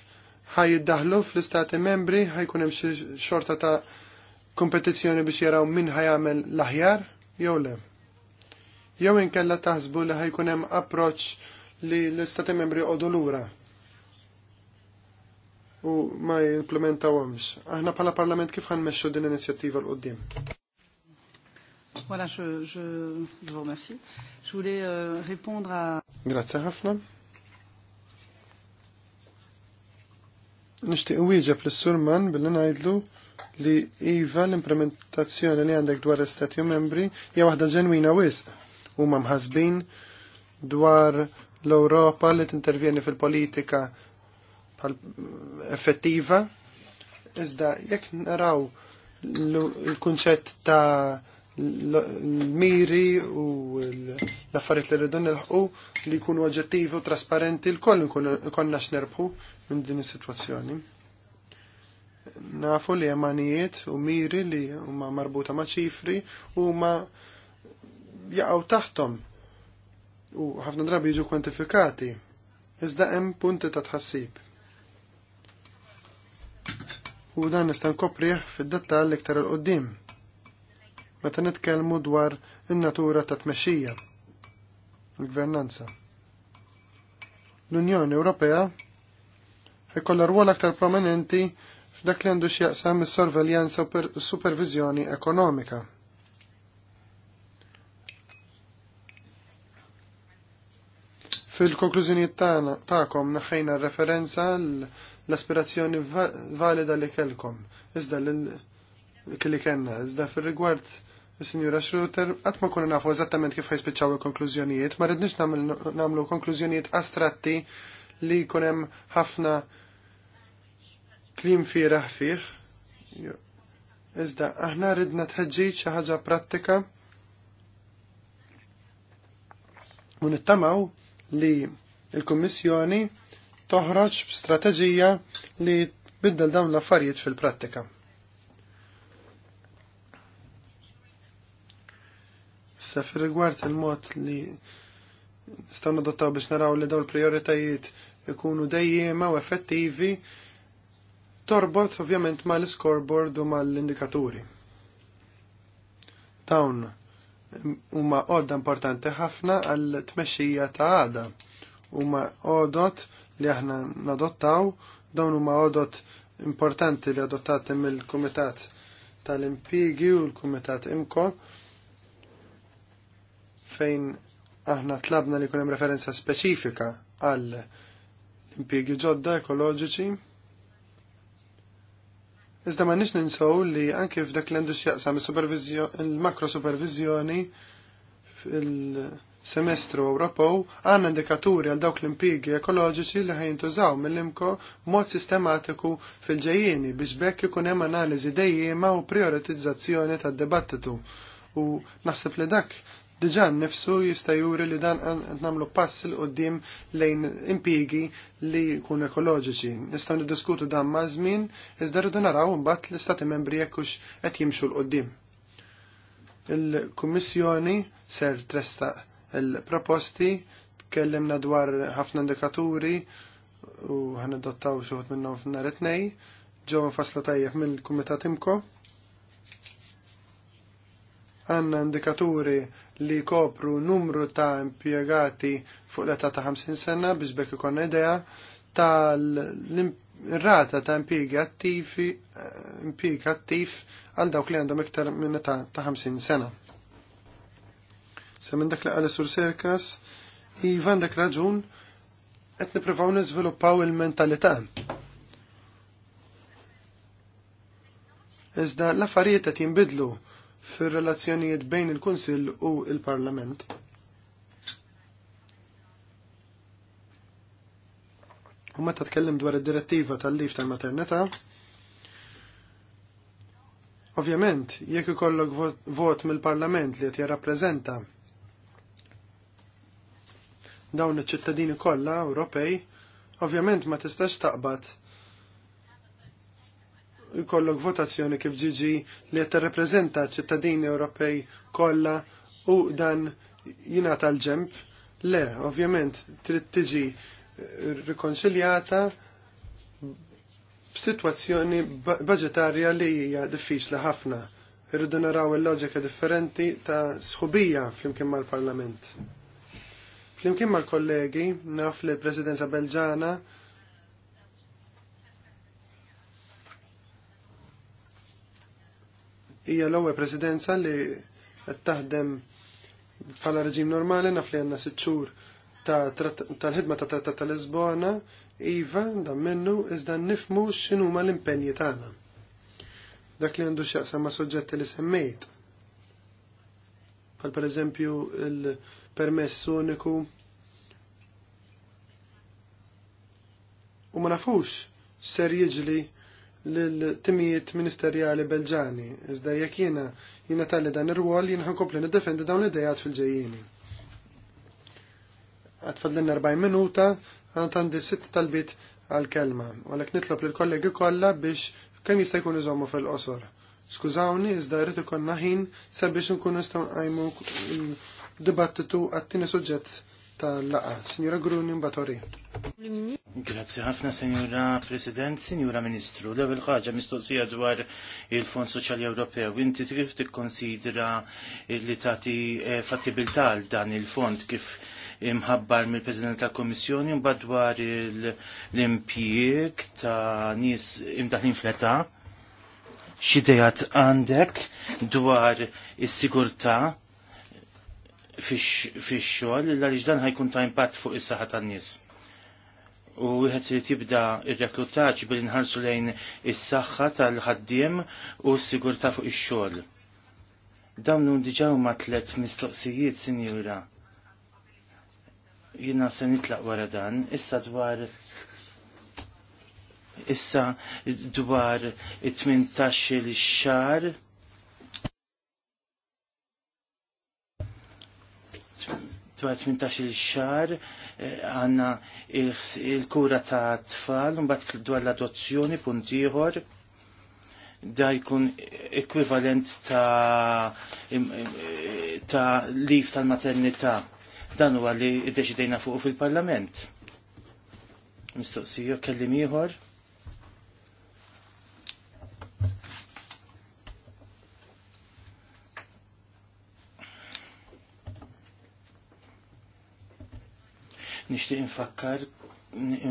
ħaj jiddaħlu fl-istati membri ħaj kunem xi xorta ta' kompetizzjoni biex jaraw min ħaj l-aħjar jew le. Jew inkella taħsbu li ħaj kunem approċċ li l-istati membri għodu lura u ma jimplementawhomx. Aħna bħala Parlament kif meċu din inizjattiva l qudiem Voilà, je, je, je vous remercie. Je voulais euh, répondre à... Grazie, Hafna. nishtiq wieġeb l surman billi najdlu li iva l-implementazzjoni li għandek dwar l-Istati membri hija waħda ġenwina wisq huma mħasbin dwar l-Ewropa li t-intervjeni fil-politika effettiva iżda jekk naraw l-kunċett ta' l-miri u l-affarijiet li rridu nilħqu li jkunu oġġettivi u trasparenti l-koll konna x'nerbħu minn din is-sitwazzjoni. Nafu li jemanijiet u miri li huma marbuta ma' ċifri u ma jaqgħu taħtom u ħafna drabi jiġu kwantifikati. Iżda hemm punti ta' tħassib. U dan nista' nkoprih fid-dettall iktar il-qoddim meta nitkellmu dwar in-natura ta' tmexxija, il-gvernanza. L-Unjoni Ewropea ikollha rwol aktar prominenti f'dak li għandu x'jaqsam is-sorveljanza u supervizjoni ekonomika. Fil-konklużjonijiet tagħkom naħħejna referenza l-aspirazzjoni valida li kellkom, iżda li kellna, iżda fil-rigward Signora Schroeter, għat ma kunna nafu eżattament kif ħajspiċċaw il-konklużjonijiet, ma rridniex namlu konklużjonijiet astratti li kunem ħafna klim firaħ fih. Iżda, aħna ridna tħeġġiġ xi ħaġa prattika u nittamaw li il-Kummissjoni toħroġ b'strateġija li tbiddel dawn l-affarijiet fil-prattika. Issa fir-rigward il-mod li nistgħu nadottaw biex naraw li dawn il-prioritajiet ikunu dejjema u effettivi torbot ovvjament mal-scoreboard u mal-indikaturi. Dawn huma għodda importanti ħafna għal tmexxija ta' għada. Huma għodot li aħna nadottaw, dawn huma għodot importanti li adottati mill-Kumitat tal-Impigi u l-Kumitat Imko fejn aħna tlabna li kunem referenza speċifika għall impjiegi ġodda ekoloġiċi. Iżda ma nix ninsow li anke f'dak li għandu x'jaqsam il-makro supervizjoni fil-semestru Ewropew għandna indikaturi għal dawk l-impjiegi ekoloġiċi li ħajintużaw mill-imko mod sistematiku fil-ġejjieni biex bekk ikun hemm analiżi dejjema u prioritizzazzjoni tad-dibattitu. U naħseb li dak diġà nnifsu jista' juri li dan namlu nagħmlu pass il qoddim lejn impigi li kun ekoloġiċi. Nistgħu niddiskutu dan mażmin, żmien iżda rridu naraw mbagħad l-istati membri jekk hux qed jimxu l qudiem Il-Kummissjoni ser tresta l proposti tkellimna dwar ħafna indikaturi u ħan adottaw wħud minnhom f'nar it-tnej, ġew infasla tajjeb mill-Kumitat Imko għanna indikaturi li kopru numru ta' impjegati fuq l-età ta' 50 sena biex bekk ikon idea tal-rata ta' impjiegi attivi eh, impjieg attiv għal dawk li għandhom iktar minn età ta' 50 sena. Se minn dak li għal sur Serkas, Iva għandek raġun qed nippruvaw niżviluppaw il-mentalità. Iżda l-affarijiet qed jinbidlu fir-relazzjonijiet bejn il-Kunsill u il-Parlament. U meta tkellem dwar id-direttiva tal-lif tal-maternità, ovvjament jekk ikollok vot, vot mill-Parlament li qed jirrappreżenta dawn iċ-ċittadini kollha Ewropej, ovvjament ma tistax taqbad jkollok votazzjoni kif ġiġi li qed tirrepreżenta ċittadini Ewropej kollha u dan jingħata l-ġemp. Le, ovvjament, trid tiġi eh, rikonsiljata b'sitwazzjoni budgetarja li hija diffiċli ħafna. Irridu naraw il-loġika differenti ta' sħubija flimkien mal-Parlament. Flimkien mal-kollegi, naf li l-Presidenza Belġana hija l-ewwel presidenza li qed taħdem bħala reġim normali naf li għandna sitt xhur tal-ħidma ta' Trattat tal Lisbona, iva dan minnu iżda nifmu x'inhuma l-impenji tagħna. Dak li għandu x'jaqsam ma' soġġetti li semmejt. Bħal pereżempju il-permess uniku u ma nafux ser jiġli l-timijiet ministerjali belġani, iżda jekk jiena tal-li dan ir-rwol jien nid niddefendi dawn l-idejat fil-ġejjieni. Għatfadlinna 40 minuta, għant għandi sitt talbit għal-kelma, u għalek nitlob l-kollegi kollha biex kemm jista' jkun iżommu fil-qosor. Skużawni, iżda rrid ikun ħin sabiex nkun nistgħu għajmu dibattitu għat-tieni suġġett tal-laqa. Signora Grazie ħafna, Signora President, Signora Ministru. L-ewwel ħaġa mistoqsija dwar il-Fond Soċjali Ewropew. Inti kif tikkonsidra li tagħti eh, fattibilità għal dan il-fond kif imħabbar mill-President tal-Kommissjoni mbagħad dwar l-impjieg ta' nies imdaħlin fleta. Xi xidejat għandek dwar is-sigurtà fix-xogħol illa li ġdan ħajkun ta' impatt fuq is-saħħa tan-nies. U wieħed li tibda r-reklutaġġ billi nħarsu lejn is-saħħa tal-ħaddiem u s-sigurtà fuq ix-xogħol. Dawn diġà huma tliet mistoqsijiet, sinjura jina se nitlaq wara dan, issa dwar issa dwar 18 xar twa 18 xar għanna il-kura ta' tfal, mbagħad dwar l-adozzjoni punt ieħor da jkun ekvivalent ta' ta' lif tal-maternità. Dan huwa li deċidejna fuq fil-Parlament. Mistoqsiju kellim ieħor. nixtieq infakkar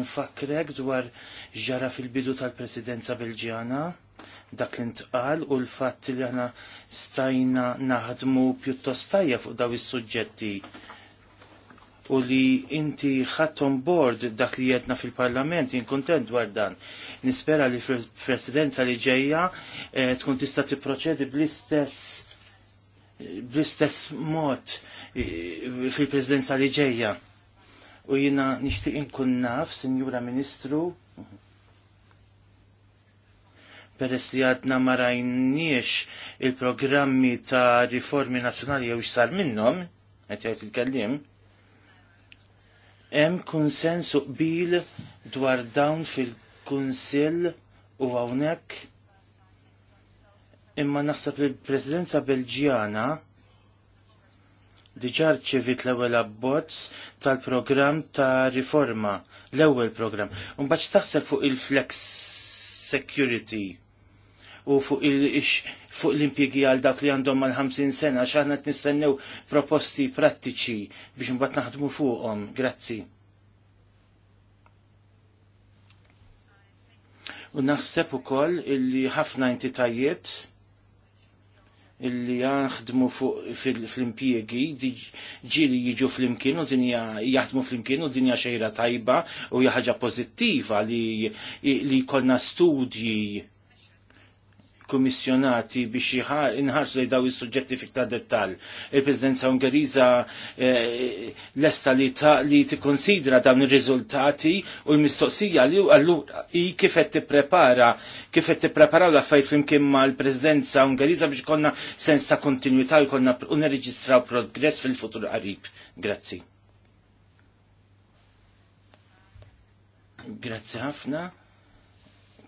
infakkrek dwar ġara fil-bidu tal-presidenza Belġjana dak li ntqal u l-fatt li aħna stajna naħdmu pjuttost tajja fuq daw is-suġġetti u li inti ħattom board dak li jedna fil-parlament, inkontent dwar dan. Nispera li fil-presidenza li ġeja eh, tkun tista' tipproċedi bl-istess eh, bl-istess mod eh, fil-presidenza li ġeja u jina nishtiq inkun naf, Sinjura Ministru, peress li għadna ma rajniex il-programmi ta' riformi nazzjonali jew x'sar minnhom, qed jgħid il kallim hemm konsensu qbil dwar dawn fil-Kunsill u hawnhekk imma naħseb li l-Presidenza Belġjana diġar ċivit l-ewel abbozz tal-programm ta' riforma, l-ewel programm. Unbaċ taħseb fuq il-flex security u fuq fuq l impiegi għal dak li għandhom mal 50 sena xaħna t-nistennew proposti prattiċi biex mbatt naħdmu fuqhom. Grazzi. U naħseb ukoll li ħafna tajiet illi jaħdmu fl-impiegi, ġili jiġu fl-imkien u dinja jaħdmu fl-imkien u dinja xejra tajba u jaħġa pozittiva li, li kolna studji kummissjonati biex inħarsu li daw is-suġġetti fiktar dettal. Il-Presidenza Ungeriża eh, lesta li tikkonsidra dawn ir-riżultati u l-mistoqsija li allura hi kif qed tipprepara kif qed tippreparaw l-affarijiet flimkien mal-Presidenza Ungeriża biex konna sens ta' kontinuità u konna nirreġistraw progress fil-futur qarib. Grazzi. Grazzi ħafna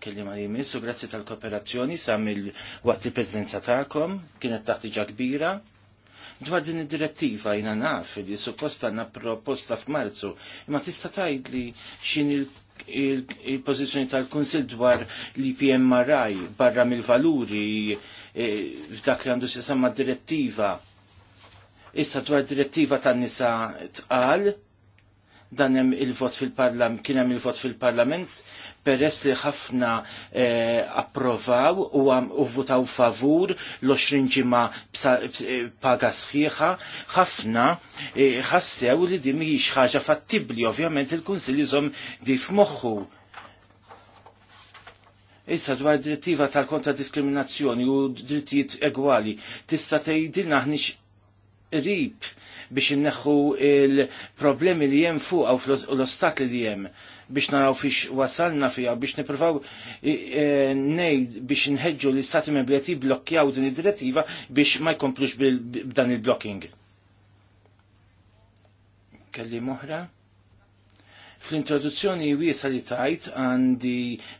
kellim għal jimis u grazzi tal-kooperazzjoni sam il-waqt il-prezidenza ta'kom, kienet taħtiġa kbira. Dwar din id-direttiva jina naf li supposta għanna proposta f'Marzu, imma tista' tgħid li xin il- pozizjoni tal-Kunsil dwar li PMRI barra mill-valuri e, f'dak li għandu s-sama direttiva. Issa dwar direttiva tan nisa tqal, dan hemm il-vot fil-parlament kien hemm il-vot fil-parlament peress li ħafna eh, approvaw u votaw favur l-20 ġimma paga sħiħa, ħafna eh, ħassew li di mhijiex ħaġa fattibli, ovvjament il-Kunsill jżomm di moħħu. Issa dwar direttiva tal kontra diskriminazzjoni u drittijiet egwali, tista' tgħidilna ħniex rib biex inneħħu il-problemi li jem fuq u l-ostakli li jem biex naraw fiex wasalna fija biex niprofaw e, nejd biex nħedġu li stati membri blokkjaw din id-direttiva biex ma jkomplux b'dan il-blocking. Kelli moħra? Fl-introduzzjoni wiesa li tajt għandi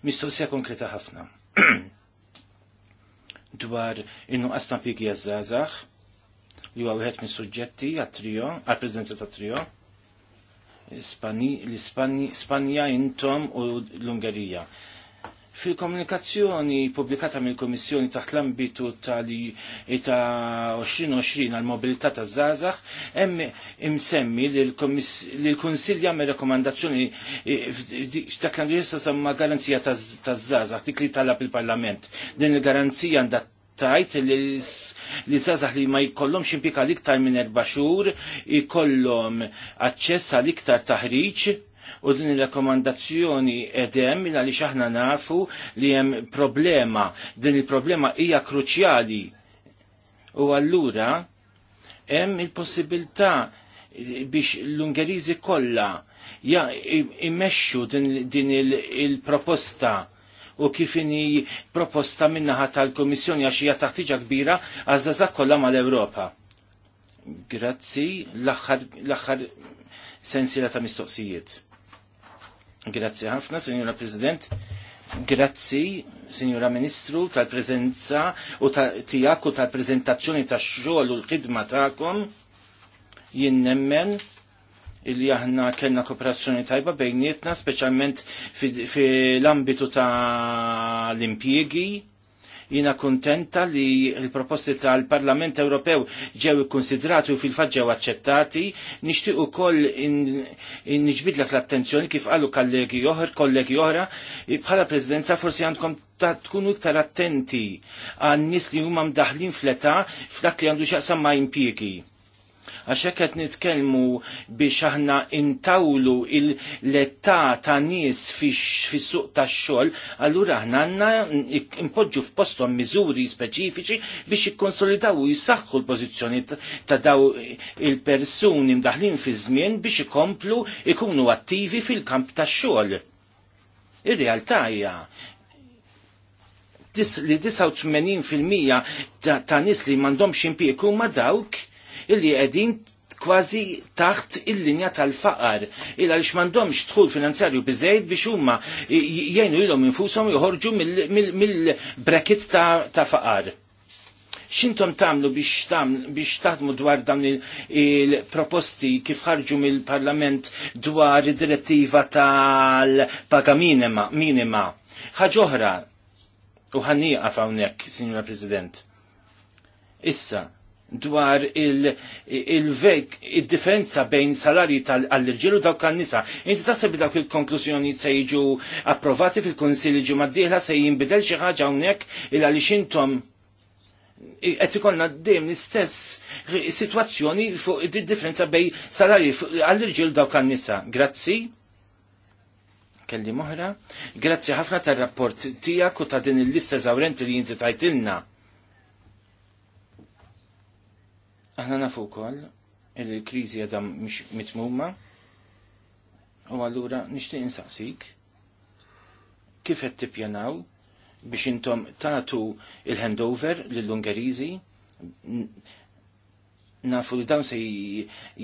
mistoqsija konkreta ħafna (clears throat) dwar innu qasna pigi għazzazax li huwa wieħed mis-suġġetti għat-trio, għall-preżenza ta' trio. Spanja intom u l-Ungerija. Fil-komunikazzjoni pubblikata mill-Komissjoni taħt l-ambitu tal-2020 eh, għal-mobilità ta' Zazax, hemm imsemmi li l-Kunsill jagħmel rekomandazzjoni eh, dak l ambitu semma garanzija ta' Zazax dik li talab il-Parlament. Din il-garanzija għandha tajt li zazax li ma jkollhomx impika l-iktar minn erba' xhur jkollhom aċċess għal iktar taħriġ u din il rakkomandazzjoni edem minn għaliex aħna nafu li hemm problema. Din il-problema hija kruċjali. U allura hemm il-possibilità biex l-Ungeriżi kollha ja, immexxu din, din il-proposta u kif proposta min-naħa tal-Kummissjoni għax hija taħtiġa kbira għażażak kollha mal-Ewropa. Grazzi l-aħħar sensila ta' mistoqsijiet. Grazzi ħafna, Sinjura President. Grazzi, Sinjura Ministru, tal-prezenza u tijak u tal-prezentazzjoni tax xogħol u l-ħidma tagħkom. Jien nemmen illi aħna kellna kooperazzjoni tajba bejnietna, speċjalment fil-ambitu ta' l-impjiegi. Jina kontenta li l-proposti tal-Parlament Ewropew ġew ikkonsidrati u fil-fatt ġew aċċettati, nixtieq ukoll niġbidlek l-attenzjoni kif qalu kollegi oħra, kollegi oħra, bħala Presidenza forsi għandkom ta' tkunu iktar attenti għan nies li huma mdaħlin fl-età f'dak li għandu x'aqsam ma' impjiegi għax hekk qed nitkellmu biex aħna intawlu l-età ta' nies fis-suq tax-xogħol, allura aħna għandna impoġġu f'posthom miżuri speċifiċi biex jikkonsolidaw u jisaħħu l-pożizzjoni ta' daw il-persuni mdaħlin fi żmien biex ikomplu ikunu attivi fil-kamp tax-xogħol. Ir-realtà hija li 89% ta', ta nis li mandom impiegu ma dawk illi qegħdin kważi taħt il-linja tal-faqar. Il li mandomx tħul finanzjarju bizzejt biex huma jgħinu ilhom infushom joħorġu mill-brackets ta' faqar xintom tamlu biex tam, biex taħdmu dwar dan il-proposti il kif ħarġu mill-parlament dwar id-direttiva tal-paga minima, ħaġoħra, u għafawnek, fawnek, Signora President. Issa, dwar il-differenza bejn salari tal-irġilu daw kan nisa Inti tasib dawk il-konklusjoni se jiġu approvati fil-Konsili ġu maddiħla se jimbidel xi ħaġa hawnhekk il għaliex intom qed ikollna dejjem l-istess sitwazzjoni fuq id-differenza bejn salari għall-irġiel daw kan nisa Grazzi kelli moħra. Grazzi ħafna tar-rapport tijak u ta' din il-lista zaurenti li jinti tajtilna Aħna nafu wkoll li l-kriżi għadha mhux mitmumma u allura nixtieq insaqsik kif qed tippjanaw biex intom tagħtu il-handover lill-Ungeriżi nafu li dawn se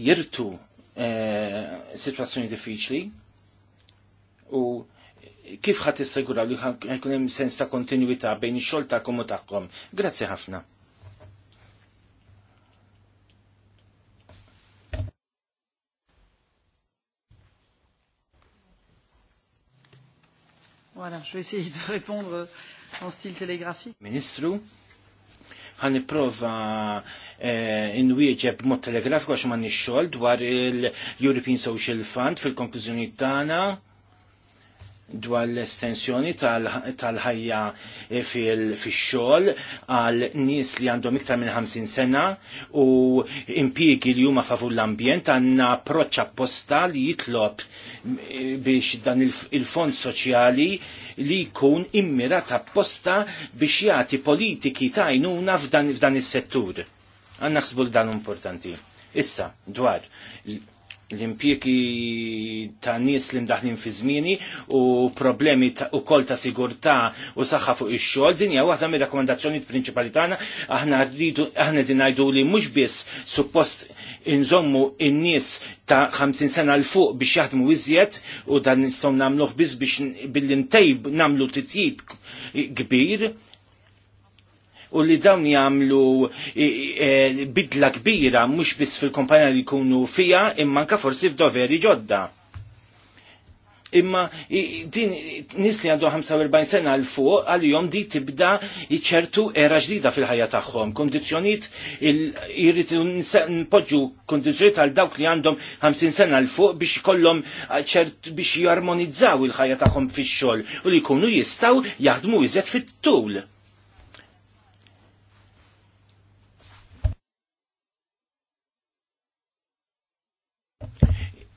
jirtu eh, situazzjoni diffiċli u kif ħat issegura li ħajkun hemm sens ta' kontinuità bejn ix-xogħol tagħkom u tagħkom. Grazzi ħafna. Voilà, je vais essayer de répondre en style télégraphique. Ministru, għan niprofa eh, inwieġeb mod telegrafiku għax ma xogħol dwar il-European Social Fund fil-konklużjoni tagħna dwar l-estensjoni tal-ħajja eh, fil-xol għal nis li għandhom iktar minn 50 sena u impjiegi li huma favur l-ambjent għandna approċċ apposta li jitlob eh, biex dan il-fond soċjali li jkun immirat apposta biex jagħti politiki tajnuna f'dan is-settur. Għanna xsbul dan importanti. Issa, dwar l-impjeki ta' nis li mdaħnin fi zmini u problemi u kol ta' sigurtà u saħħa fuq ix-xogħol din hija waħda mir-rakkomandazzjonijiet prinċipali tagħna aħna rridu aħna din ngħidu li mhux biss suppost inżommu in-nies ta' 50 sena l fuq biex jaħdmu iżjed u dan nistgħu nagħmluh biss biex billi ntejb nagħmlu titjib kbir u li dawn jagħmlu e, bidla kbira mhux biss fil-kumpanija li jkunu fija imma anke forsi f'doveri ġodda. Imma din nisli li għandu 45 sena l fuq għal-jom di tibda ċertu era ġdida fil-ħajja tagħhom. Kondizzjonijiet irrid npoġġu kondizzjonijiet għal dawk li għandhom 50 sena l fuq biex kollhom ċert biex jarmonizzaw il-ħajja tagħhom fix-xogħol u li jkunu jistgħu jaħdmu iżjed fit-tul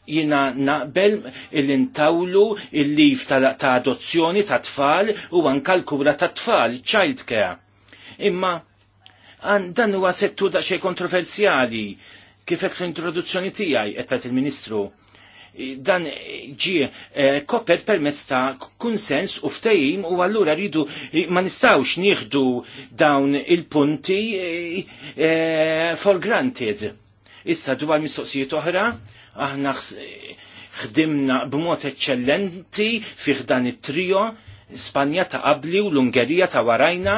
jina naqbel il-intawlu il-lif ta', adozzjoni ta' tfal u anka l-kura ta' tfal, child care. Imma dan huwa settu da' xej kontroversjali kifek fl-introduzzjoni tijaj, etat il-ministru. Dan ġie eh, koper permezz ta' konsens u ftejim u allura rridu ma nistawx nieħdu dawn il-punti eh, for granted. Issa dwar mistoqsijiet oħra, aħna ħdimna b'mod eċċellenti fih dan it-trio, Spanja ta' qabli u l-Ungerija ta' warajna.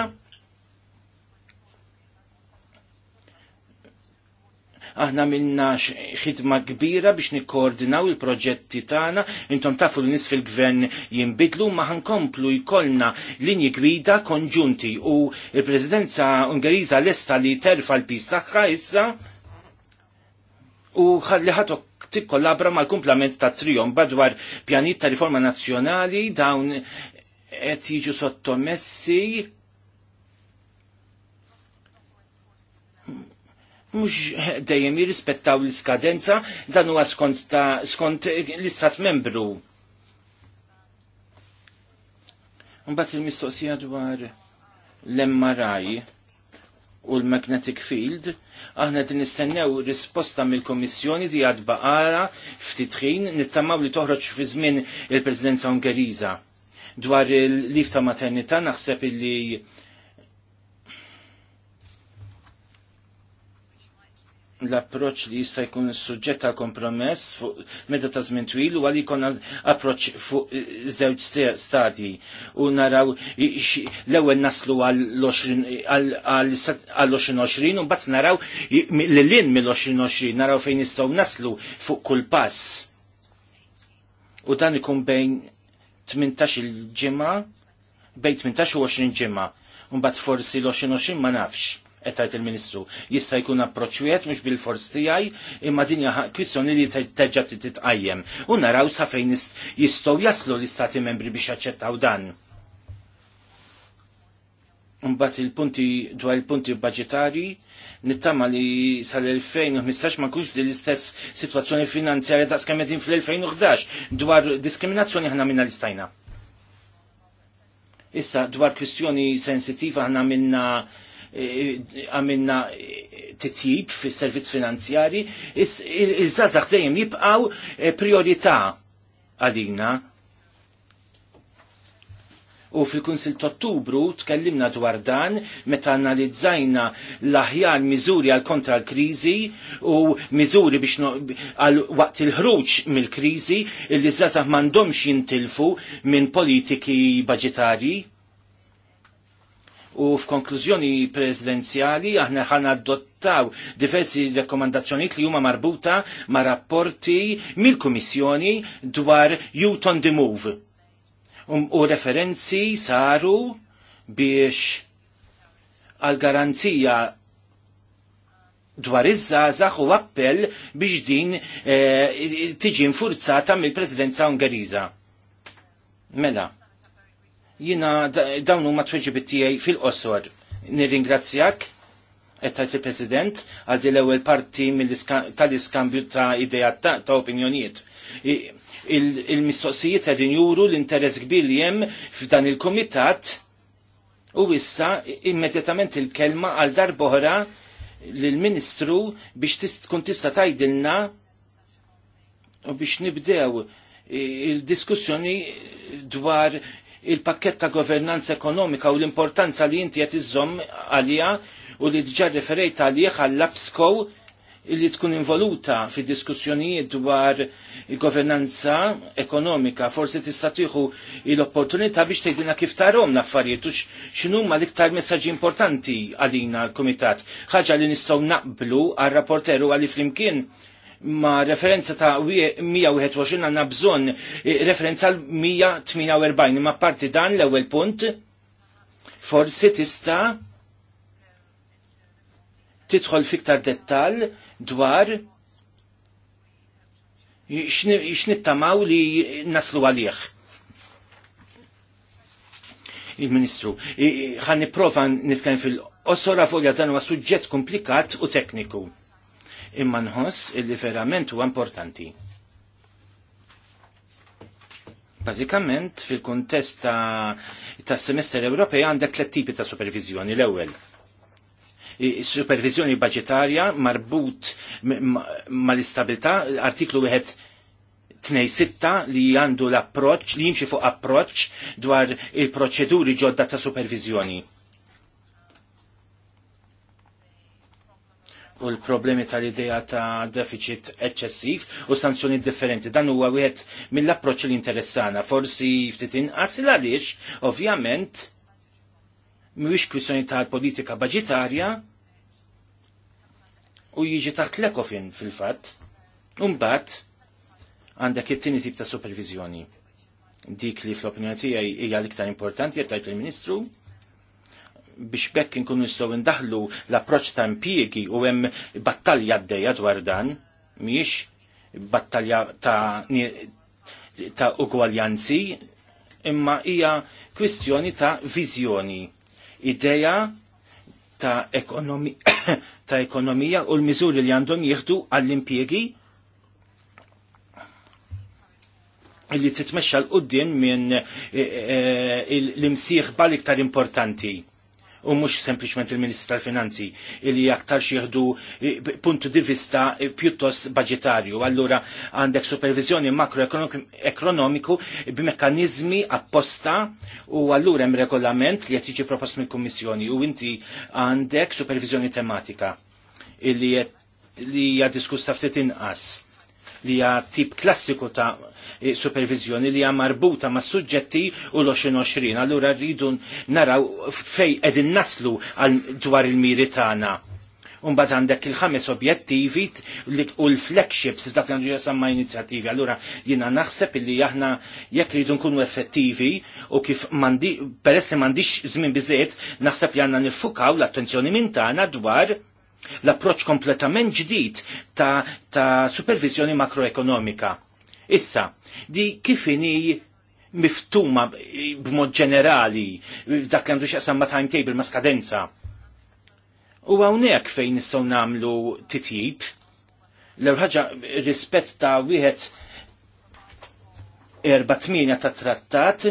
aħna minna xidma kbira biex nikkoordinaw il-proġetti tagħna, intom tafu li nis fil-gvern jinbidlu ma ħankomplu jkollna linji gwida konġunti u il-Presidenza Ungeriża lesta li terfa l-pis tagħha issa u ħalli ħatok tikkollabra mal-kumplament ta' trijon badwar pjanit ta' riforma nazzjonali dawn qed jiġu sottomessi mux dejjem jirrispettaw l-iskadenza dan huwa skont ta' skont l-istat membru. Mbagħad il-mistoqsija dwar l-MRI u l-magnetic field, aħna din nistennew risposta mill-Komissjoni di għad baqara ftitħin nittamaw li toħroġ fi żmien il-Presidenza Ungeriża. Dwar il lifta ta' naħseb naħseb li l-approċ li jista' jkun suġġett għal kompromess fuq meta ta' żmien twil u għal jkun approċ fuq eh, żewġ stadji u naraw l-ewwel naslu għall-20 u mbagħad naraw lil-lin mill 20 naraw fejn nistgħu naslu fuq kull pass. U dan ikun bejn 18 il-ġimgħa bejn 18 u 20 ġimgħa. Mbagħad forsi l-20 ma nafx etajt il-ministru. Jista' jkun wieħed mhux bil-fors tiegħi imma din kwistjoni li teġġa titqajjem. U naraw sa fejn jistgħu jaslu l-istati membri biex jaċċettaw dan. Mbagħad il-punti dwar il-punti budġetari nittama li sal-2015 ma di l-istess situazzjoni finanzjarja ta' skametin fl-2011 dwar diskriminazzjoni ħna minna l-istajna. Issa dwar kwistjoni sensitiva ħna minna Eh, għamilna eh, titjib fis servizz finanzjari, iż-żazax dejjem jibqaw eh, priorità għalina. U fil-Kunsil ottubru tkellimna dwar dan meta analizzajna l-aħjar miżuri għal kontra l-kriżi u miżuri biex għal waqt il-ħruġ mill-kriżi illi żazax m'għandhomx jintilfu minn politiki baġitarji u f'konklużjoni presidenzjali aħna ħana adottaw diversi rekomandazzjoni li huma marbuta ma' rapporti mill-Kummissjoni dwar Youth on the Move. Um, u referenzi saru biex għal garanzija dwar iż żazax u appell biex din e, tiġi infurzata mill-Presidenza Ungeriża. Mela, Jina dawn huma tweġibit tiegħi fil-qosor. Nirringrazzjak qed il-President għaddi l-ewwel parti tal-iskambju ta' idejat ta' opinjonijiet. Il-mistoqsijiet għedin juru l-interess kbir li jem f'dan il-kumitat u issa immedjatament il-kelma għal darbohra lill-Ministru biex tkun tista' tgħidilna u biex nibdew il-diskussjoni dwar il-pakket ta' governanza ekonomika u l-importanza li inti qed għalija u li diġà referejt għalih għall-Apsco li tkun involuta fid diskussjonijiet dwar governanza ekonomika. Forsi tista' tieħu l-opportunità biex tgħidilna kif tarom l-affarijiet u x'inhuma l-iktar messaġġi importanti għalina l-Kumitat. Ħaġa li nistgħu naqblu għar-rapporteru għalli flimkien ma' referenza ta' 121 għanna bżon eh, referenza l-148 ma' parti dan l ewwel punt forsi tista titħol fiktar dettal dwar x'nittamaw li naslu għalih. Il-Ministru, eh, eh, ħan nipprova nitkellem fil-osora folja dan huwa suġġett komplikat u tekniku imma nħoss illi verament huwa importanti. Bażikament fil-kuntest ta' tas-semester Ewropej għandek tliet tipi ta' supervizjoni l-ewwel supervizjoni budgetarja marbut mal-istabilità, artiklu wieħed tnej sitta li għandu l-approċ, li jimxi fuq approċ dwar il-proċeduri ġodda ta' supervizjoni. u l-problemi tal-idea ta' deficit eċċessiv u sanzjoni differenti. Dan huwa wieħed mill-approċċ li interessana. Forsi ftit inqas il għaliex, ovvjament, mhuwiex kwistjoni tal-politika baġitarja u jiġi taħt l-ekofin fil-fatt. Umbat, għandek it-tieni tip ta' supervizjoni. Dik li fl-opinjoni tiegħi hija l-iktar importanti qed tajt il-Ministru, biex bekk nkun nistgħu ndaħlu l-approċċ ta' impjiegi u hemm battalja għaddejja dwar dan, mhijiex battalja ta' ta' ugwaljanzi, imma hija kwistjoni ta' viżjoni, ideja ta' (coughs) ta' ekonomija u l-miżuri li għandhom jieħdu għall-impjiegi li titmexxa l qudiem minn eh, eh, l-imsieħba l-iktar importanti u mhux sempliċement il-Ministri tal-Finanzi li aktar xieħdu eh, punt di vista eh, pjuttost budgetarju. Allura għandek supervizjoni makroekonomiku b'mekkaniżmi apposta u allura hemm regolament li qed jiġi propost mill-Kummissjoni u inti għandek supervizjoni tematika il li hija diskussa ftit inqas li hija tip klassiku ta' supervizjoni li hija marbuta ma' suġġetti u l 20 Allura rridu naraw fej qegħdin naslu dwar il-miri tagħna. Unbat għandek il-ħames objettivi u l-flagships dak għandu jasamma inizjativi. Allura jina naħseb li aħna jekk rridu nkunu effettivi u kif mandi, peress li mandiċ żmien bizet, naħseb li għanna nifukaw l-attenzjoni minn tagħna dwar l-approċ kompletament ġdid ta', ta supervizjoni makroekonomika. Issa, di kifini miftuma b'mod ġenerali, dak għandu xaqsam ma' timetable ma' skadenza. U għawnek fejn nistgħu namlu titjib, l-ħagġa rispett ta' wieħed erba' tmina ta' trattat,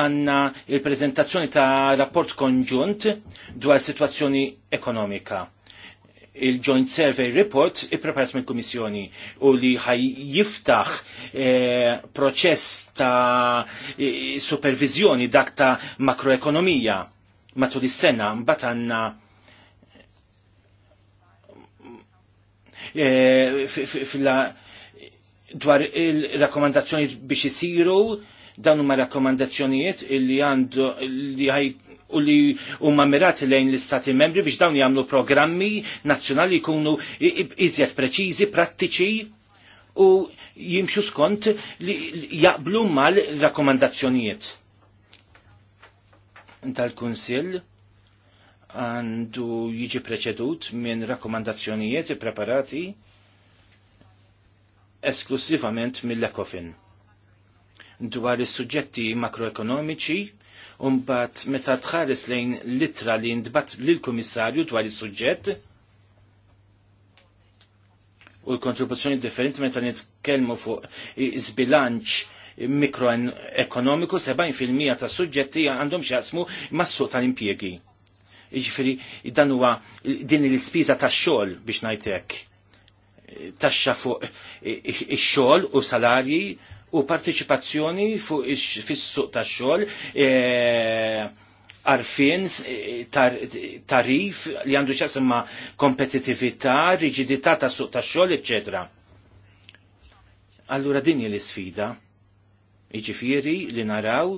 għanna il-prezentazzjoni ta' rapport konġunt dwar situazzjoni ekonomika il-Joint Survey Report ippreparat mill kummissjoni u li ħaj jiftaħ eh, proċess ta' eh, supervizjoni dak ta' makroekonomija matul is-sena mbagħad għandna eh, dwar il-rakkomandazzjoni biex isiru dawn huma rakkomandazzjonijiet li għandu li ħaj u li huma mirati lejn l-istati membri biex dawn jagħmlu programmi nazzjonali jkunu iżjed preċiżi, prattiċi u jimxu skont li jaqblu mal-rakkomandazzjonijiet. Tal-Kunsill għandu jiġi preċedut minn rakkomandazzjonijiet preparati esklusivament mill-Ekofin dwar is-suġġetti makroekonomiċi Umbat, meta tħares lejn litra li ndbat lill-Kummissarju dwar is-suġġett, u l-kontribuzzjoni differenti meta nitkellmu fuq zbilanċ mikroekonomiku 70% ta' suġġetti għandhom xjaqsmu mas-suq tal-impjegi. Jiġifieri dan huwa din l-ispiża tax-xogħol biex ngħid hekk. Taxxa fuq ix-xogħol u salarji u partiċipazzjoni fis-suq tax-xogħol e, għarfien, e, tarif li għandu ċasimma kompetitività, riġidità ta' suq ta' xogħol, etc. Allura din l sfida iġifiri li naraw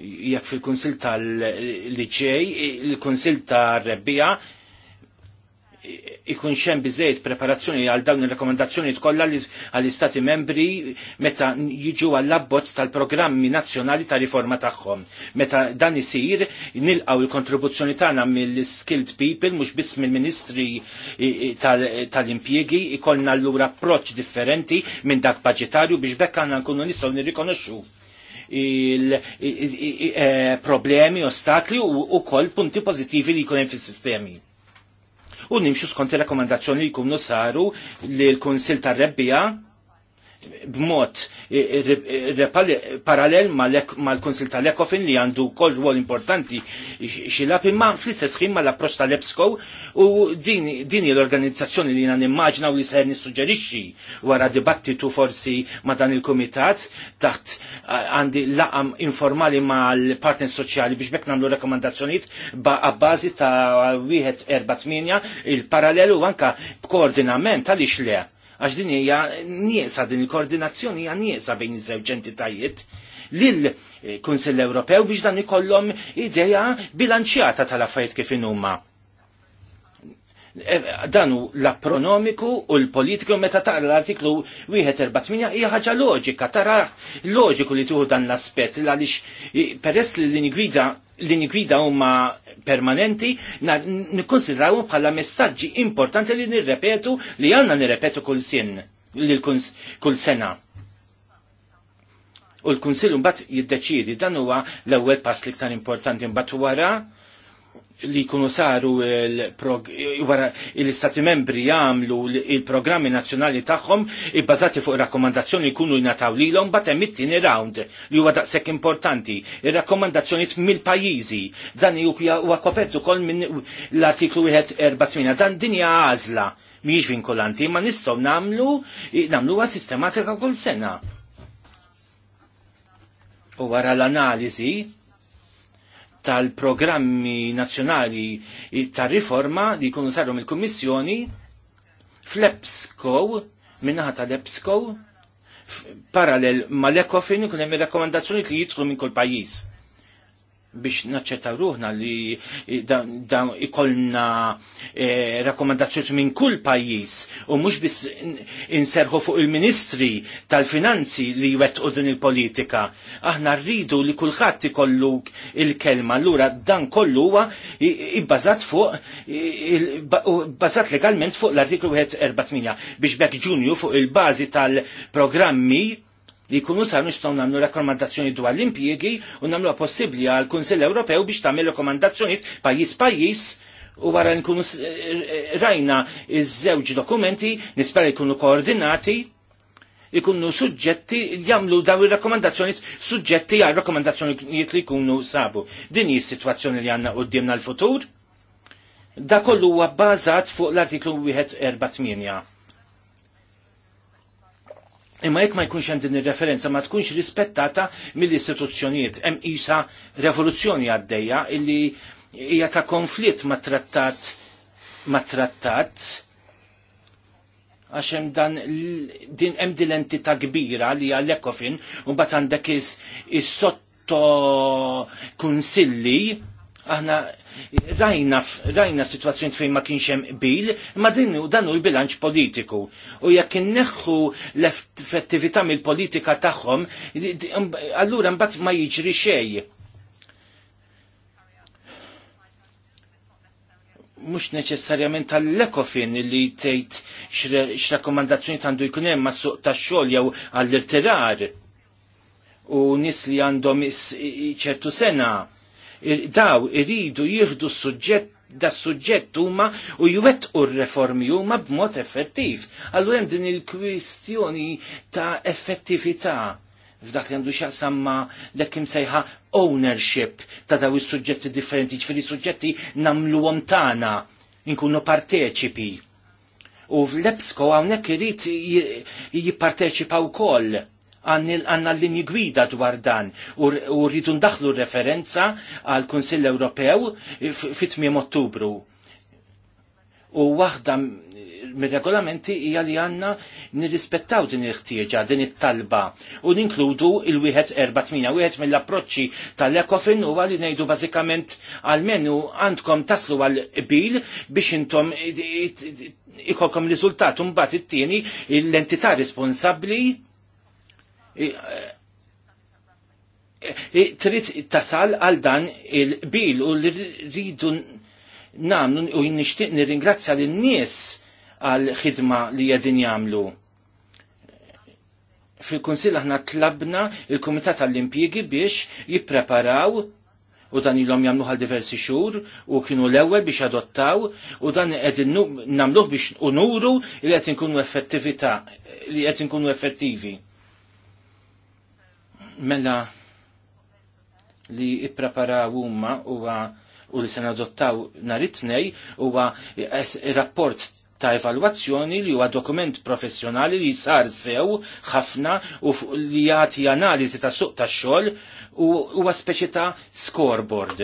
jekk fil-Kunsil tal-Liċej, il-Kunsil tal rebbija ikun xem bizzejt preparazzjoni għal dawn il-rekomendazzjoni kollha għall-istati membri meta jiġu għall-abbozz tal-programmi nazzjonali ta' riforma tagħhom. Meta dan isir nilqaw il-kontribuzzjoni tagħna mill-skilled people mhux biss mill-Ministri tal-impjiegi ikollna allura approċċ differenti minn dak budgetarju biex bekk għandna nkunu nistgħu nirrikonoxxu il-problemi, eh, ostakli u kol punti pozitivi li jkun fis-sistemi u nimxu skont il-rekomendazzjoni li jkunu saru li l tar-Rebbija b'mod parallel mal-Konsil tal-Ekofin li għandu kol rwol importanti xilab imma fl-istess ħin mal-approċ tal-EBSCO u din l-organizzazzjoni li għan immaġna u li ser nissuġġerixxi wara dibattitu forsi ma' dan il-komitat taħt għandi laqam informali mal-partner soċjali biex bekk nagħmlu rekomandazzjonijiet għabbażi ta' wieħed erba' tminja il-parallelu anka b'koordinament għaliex le għax din hija nieqsa din il-koordinazzjoni hija nieqsa bejn iż-żewġ entitajiet lill-Kunsill eh, Ewropew biex dan ikollhom idea bilanċjata tal-affarijiet kif huma eh, danu l-apronomiku u l-politiku meta tara l-artiklu 148 hija ħaġa loġika, tara loġiku li tuħu dan l-aspett għaliex eh, peress li l-ingwida li linji gwida huma permanenti, nikkonsidrawhom bħala messaġġi importanti li nirrepetu li għandna nirrepetu kull sin kull sena. U l kunsillu mbagħad jiddeċiedi dan huwa l-ewwel pass l-iktar importanti mbagħad wara li kunu saru il-Stati membri jamlu il-programmi nazzjonali tagħhom ibbażati fuq rakkomandazzjoni jkunu kunu jnataw lilhom om hemm it-tieni round li huwa daqshekk importanti. Ir-rakkomandazzjonijiet mill-pajjiżi dan huwa kopertu wkoll minn l-artiklu 1 dan dinja għażla miex vinkolanti, ma nistgħu nagħmlu nagħmluha sistematika kull sena. U wara l-analiżi tal-programmi nazzjonali tal riforma li jkunu saru il kummissjoni fl-EPSCO, minnaħat tal-EPSCO, parallel mal-ECOFIN kunem hemm rakkomandazzjoni li jidħlu minn kull pajjiż biex naċċettaw ruħna li dan ikollna eh, rakkomandazzjoni minn kull pajjiż u mhux biss inserħu fuq il-Ministri tal-Finanzi li wettqu din il-politika. Aħna rridu li kulħadd ikollu il-kelma allura dan kollu huwa ibbażat fuq bbażat legalment fuq l-artiklu 148 biex bekk ġunju fuq il-bażi tal-programmi li jkunu sa' nistgħu nagħmlu rekomandazzjoni dwar l-impjiegi u nagħmluha possibbli għal Kunsill Ewropew biex tagħmel rakkomandazzjonijiet pajjiż pajjiż u wara nkunu eh, eh, rajna iż-żewġ dokumenti nispera jkunu koordinati jkunu suġġetti jagħmlu daw ir-rakkomandazzjonijiet suġġetti għal rakkomandazzjonijiet li jkunu sabu. Din hi s-sitwazzjoni li għandna qudiemna l-futur. Da kollu huwa bbażat fuq l-artiklu 148 Imma jekk ma jkunx hemm din ir-referenza ma tkunx rispettata mill-istituzzjonijiet. Hemm qisha revoluzzjoni għaddejja illi hija ta' konflitt ma' trattat ma' trattat għax hemm dan din hemm din entità kbira li hija l-ekofin u mbagħad għandek is-sotto kunsilli aħna Rajna, rajna situazzjoni fejn ma kienx hemm bil, ma din u dan hu l-bilanċ politiku. U jekk inneħħu l-effettività mill-politika tagħhom, allura mbagħad ma jiġri xejn. mux neċessarjament tal ekofin li tgħid x'rakkomandazzjoni għandu jkun hemm mas suq tax-xogħol jew għall-irtirar u nis li għandhom ċertu sena daw iridu jieħdu s-suġġett da suġġett huma u jwett u r-reformi huma b'mod effettiv. Allura hemm din il-kwistjoni ta' effettività f'dak li għandu xaqsamma dak sejħa ownership ta' daw is-suġġetti differenti, ġifieri suġġetti namluhom tagħna inkunu parteċipi. U l-EBSCO għawnek irrit jipparteċipa u koll għanna l-linji gwida dwar dan u rridu ndaħlu referenza għal Kunsill Ewropew fit-8 Ottubru. U waħda mir-regolamenti hija li għanna nirrispettaw din il-ħtieġa, din it-talba u ninkludu il-wieħed erba' tmina. Wieħed mill-approċċi tal-Ekofin huwa li ngħidu bażikament għalmenu għandkom taslu għal bil biex intom ikolkom riżultat u mbagħad it-tieni l-entità responsabbli Eh, eh, trid tasal għal dan il-bil u li rridu namlu u nixtieq nirringrazzja lin-nies għal ħidma li qegħdin jagħmlu fil-Kunsill aħna tlabna il-Kumitat tal-Impjiegi biex jippreparaw u dan ilhom jagħmlu għal diversi xhur u kienu l-ewwel biex adottaw u dan qed nagħmluh biex unuru li qed inkunu effettività li qed inkunu effettivi mela li ippreparaw huma huwa u li se nadottaw nhar it-tnej huwa rapport ta' evalwazzjoni li huwa dokument professjonali li sar sew ħafna u li jagħti analiżi ta' suq tax-xogħol u huwa speċi ta' scoreboard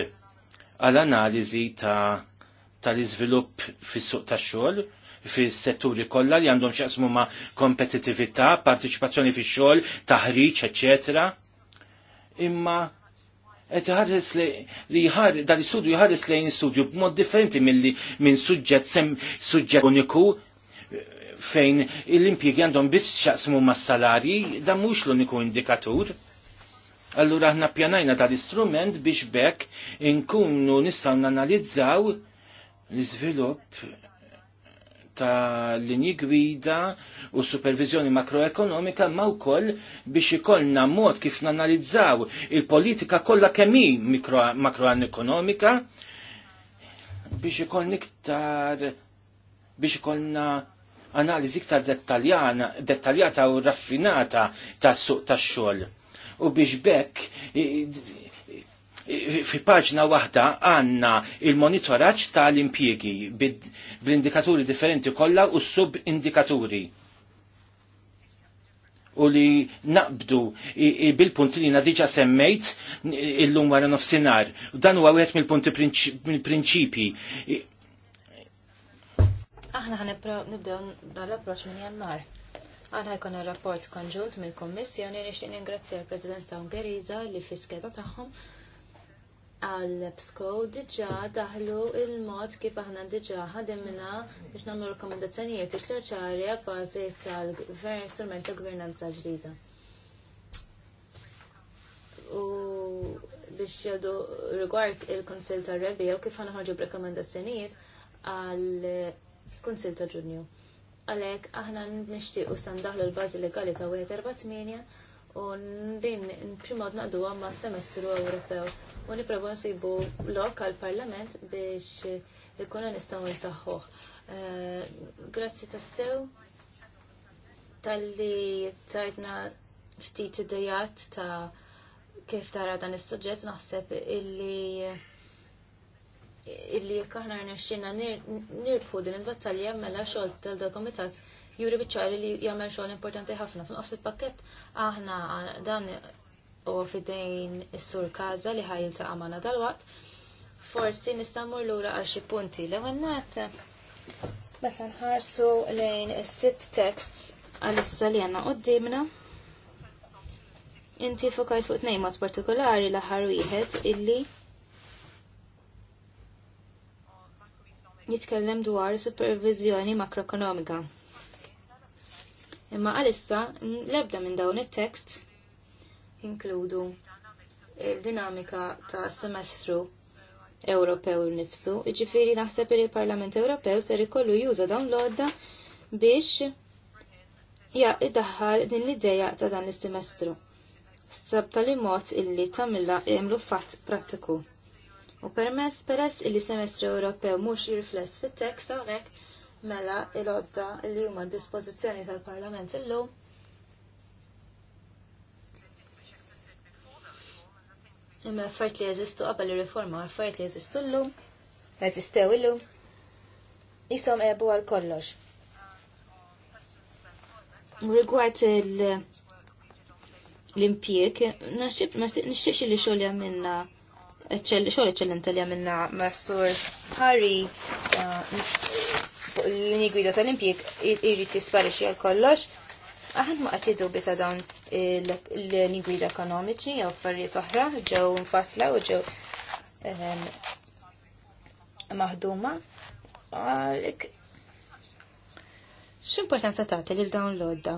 għal analiżi ta' tal-iżvilupp fis-suq tax-xogħol fis-setturi kollha li għandhom x'jaqsmu ma' kompetitività, partiċipazzjoni fix-xogħol, taħriġ, eċċetera imma qed iħares li dal dan istudju ħares lejn studju b'mod differenti mill-li minn suġġett sem suġġett uniku fejn l-impjegi għandhom biss xaqsmu mas-salarji, dan mux l-uniku indikatur. Allura aħna pjanajna dal istrument biex bekk inkunu nistgħu nanalizzaw l-iżvilupp ta' linji gwida u supervizjoni makroekonomika ma' wkoll biex ikollna mod kif nanalizzaw il-politika kollha kemm hi makroekonomika biex ikollna iktar biex ikollna analiżi iktar dettaljata u raffinata ta' suq tax-xogħol u biex bekk fi paġna waħda għanna il-monitoraġġ tal-impjiegi bl-indikaturi differenti kollha u sub-indikaturi u li naqbdu bil-punt li na diġa semmejt il-lum wara nofsinar. Dan huwa wieħed mill-punti mill-prinċipi. Aħna ħan nibdew dal-approċċ minn jannar. Għana jkun rapport konġunt mill-Kommissjoni nixtieq ningrazzja l-Presidenza Ungheriża li fiskeda tagħhom għall-EBSCO diġà daħlu l mod kif aħna diġà ħademna biex nagħmlu rakkomandazzjonijiet iktar ċari bażi tal-gvern strument ta' gvernanza ġdida. U biex jadu rigward il-Konsil ta' Rebija u kif aħna ħarġu b'rakkomandazzjonijiet għall-Konsil ta' Ġunju. Għalhekk aħna nixtiequ sa ndaħlu l-bażi legali ta' 148 u din primod naqdu għamma semestru Ewropew u niprobu nsibu lok għal-parlament biex ikunu nistaw nsaħħuħ. Eh, grazzi tassew tal-li tajtna ftit idejat ta' kif tara dan is-suġġett naħseb illi illi jekk aħna rnexxina nirfu din il-battalja mela xogħol tal-dokumentat juri biċċari li jagħmel xogħol importanti ħafna. Fil-qofs pakket pakkett Aħna dan u fidejn is-sur Kaza li ta' għamana magħna wat Forsi nista' l lura għal xi punti l għannat. Meta nħarsu lejn is-sitt texts għal-issa li għandna qudiemna. Inti fokajt fuq tnejn mod partikolari l-aħħar wieħed illi jitkellem dwar supervizjoni makroekonomika. Imma għalissa l-ebda minn dawn it-tekst inkludu il-dinamika ta' semestru Ewropew nifsu, iġifiri naħseb li l-Parlament Ewropew ser ikollu juża dawn l-odda biex ja iddaħħal din l-ideja ta' dan l-semestru. Sab tal-imot illi tamilla jemlu fatt prattiku. U permess peress illi semestru Ewropew mhux jirrifless fit-tekst hawnhekk mela il-odda li huma dispożizzjoni tal-Parlament illum Imma affarijiet li jeżistu qabel ir-riforma, affarijiet li jeżistu llum, jeżistew illum, jisom ebu għal kollox. Rigward l-impjek, nixxiex li xogħol għamilna xogħol eċċellenti li għamilna ma' sur Harry fuq l-linji tal-impjeg irrit jisparixxi għal kollox. Aħna ma qed bita dawn l-linji ekonomiċi jew affarijiet oħra ġew nfasla u ġew ehm, maħduma. x'importanza tagħti lil dawn l-għodda?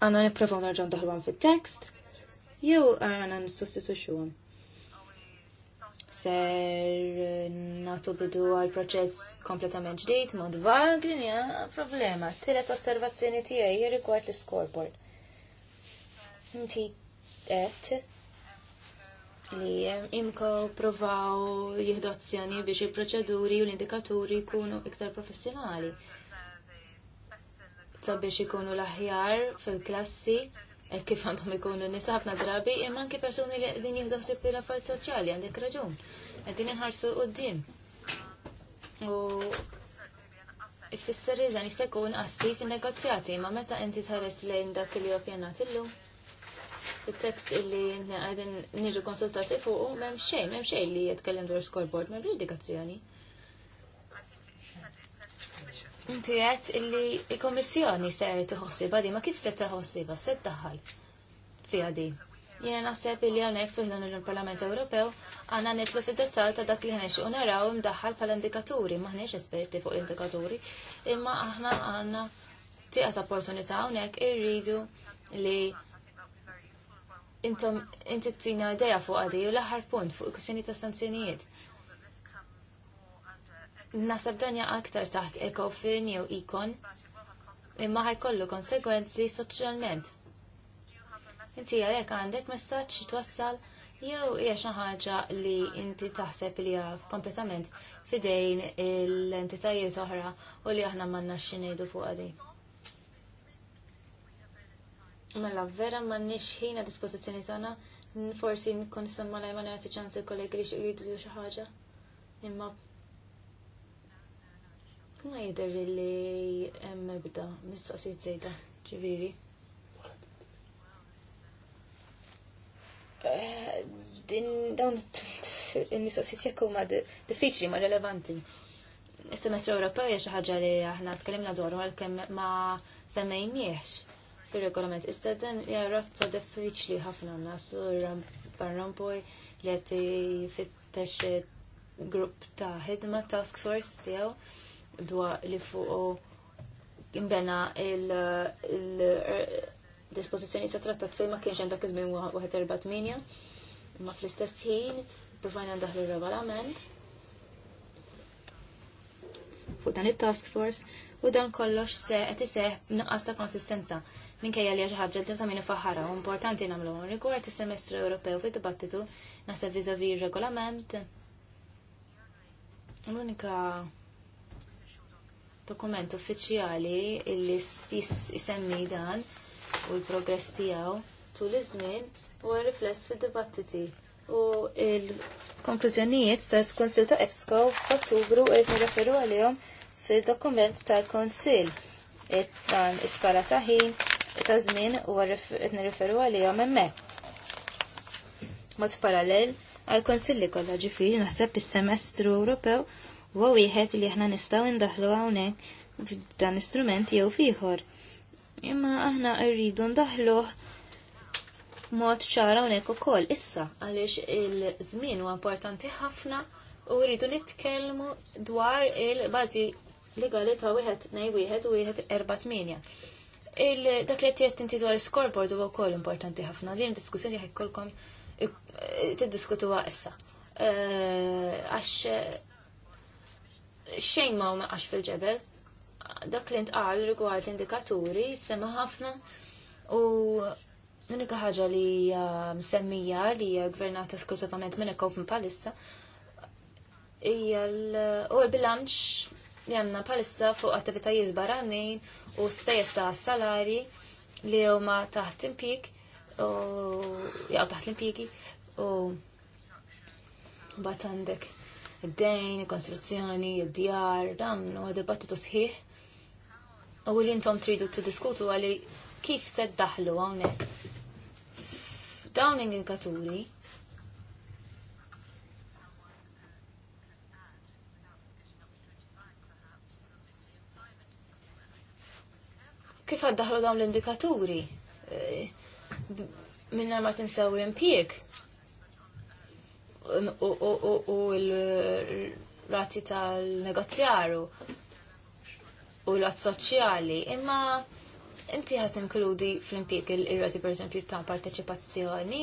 Għandna nipprovaw nerġgħu ndaħlhom fit-text jew għandna nissostituxxuhom ser natu bidu għal proċess kompletament ġdid, mod vag, din hija problema. Tilet osservazzjoni tiegħi rigward l-scoreboard. Inti qed li imko provaw jieħdu biex il-proċeduri u l-indikaturi jkunu iktar professjonali. Sabiex ikunu l-aħjar fil-klassi Eh, kif għandhom ikunu nisafna drabi imma eh, anki persuni li din jihdu ħsib li l-affarijiet soċjali għandek raġun. Qegħdin inħarsu quddiem. U ifisser li dan jista' jkun qassi fin-negozjati, ma meta inti tħares lejn dak li oppjanat illum. Il-tekst illi għadin nirri konsultati fuq, memx xejn, memx xejn li jitkellem dwar scoreboard, memx indikazzjoni. Inti għed illi il kommissjoni ser tħossi badi, ma kif se ba, se tħal fi għadi. Jena naħseb illi għonek fiħdan il-Parlament Ewropew għanna nitlu fil dettal ta' dak li u unaraw mdaħħal pal-indikaturi, maħnex esperti fuq l-indikaturi, imma aħna għanna ta' opportunità għonek irridu li intom intittina tina ideja fuq għadi u l-aħħar punt fuq il-kussjoni ta' sanzjonijiet Nasab danja aktar taħt ekofin jew ikon imma ħajkollu konsekwenzi soċjalment. Inti għalek għandek messaċ twassal jew hija xi ħaġa li inti taħseb li hija kompletament fidejn l-entitajiet oħra u li aħna m'għandna x'inejdu fuq għadi. Mela vera m'għandniex ħin a dispożizzjoni tagħna forsi nkun semma lajma nagħti ċans il-kollegi li xi jridu xi ħaġa. Imma Ma jider li hemm ebda mistoqsijiet żejda ġiviri. Eh, din dawn ma relevanti. semestru Ewropew ħaġa li aħna tkellimna għalkemm ma fir-regolament. Iżda dan diffiċli ħafna li grupp ta' ħidma task force tiegħu dwar li fuq imbena il-dispozizjoni ta' trattat fejn ma kienx hemm dak iż-żmien waħed erba' tminja, imma fl-istess ħin provajna ndaħlu r-regolament fuq dan it-task force u dan kollox se qed iseħħ nuqqas ta' konsistenza minkejja li xi ħaġa ta' min faħara u importanti nagħmlu rigward is-semestru Ewropew fid-dibattitu naħseb viżavi r-regolament l-unika dokument uffiċjali illi jisemmi dan u l-progress tiegħu tul iż-żmien huwa rifless fid-dibattiti. U l-konklużjonijiet ta' konsil ta' EFSCO f'Ottubru qed nirreferu għalihom fil-dokument tal-Konsil dan iskala ta' ħin ta' żmien u qed nirreferu għalihom hemmhekk. Mod parallel għal li kollha ġifieri naħseb is-semestru Ewropew huwa wieħed li aħna nistgħu ndaħlu hawnhekk f'dan istrument jew fiħor. Imma aħna rridu ndaħluh mod ċara hawnhekk ukoll issa għaliex il-żmien huwa importanti ħafna u rridu nitkellmu dwar il-bażi legali ta' wieħed nej wieħed u wieħed erba' tminja dak li qed inti dwar scoreboard huwa wkoll importanti ħafna. Din diskussjoni ħekkolkom tiddiskutuha issa. Eh, għax xejn ma' għax fil-ġebel. Dak li ntqal rigward l-indikaturi sema ħafna u l-unika ħaġa li msemmija li gvernata skużatament minn ekkof palissa hija l-bilanċ li għanna palissa fuq attivitajiet barranin u spejjeż ta' salari li huma taħt impik u jgħal taħt impiki u bat għandek id-dejn, il-konstruzzjoni, id-djar, dan huwa dibattitu sħiħ. U li intom tridu tiddiskutu għalli kif se daħlu hawnhekk. Dawn indikaturi kif għaddaħlu dawn l-indikaturi? Eh, minna ma tinsaw impjek u l-rati tal-negozjaru u l rati soċjali, imma inti ħat inkludi fl-impjeg il-rati per esempio ta' parteċipazzjoni,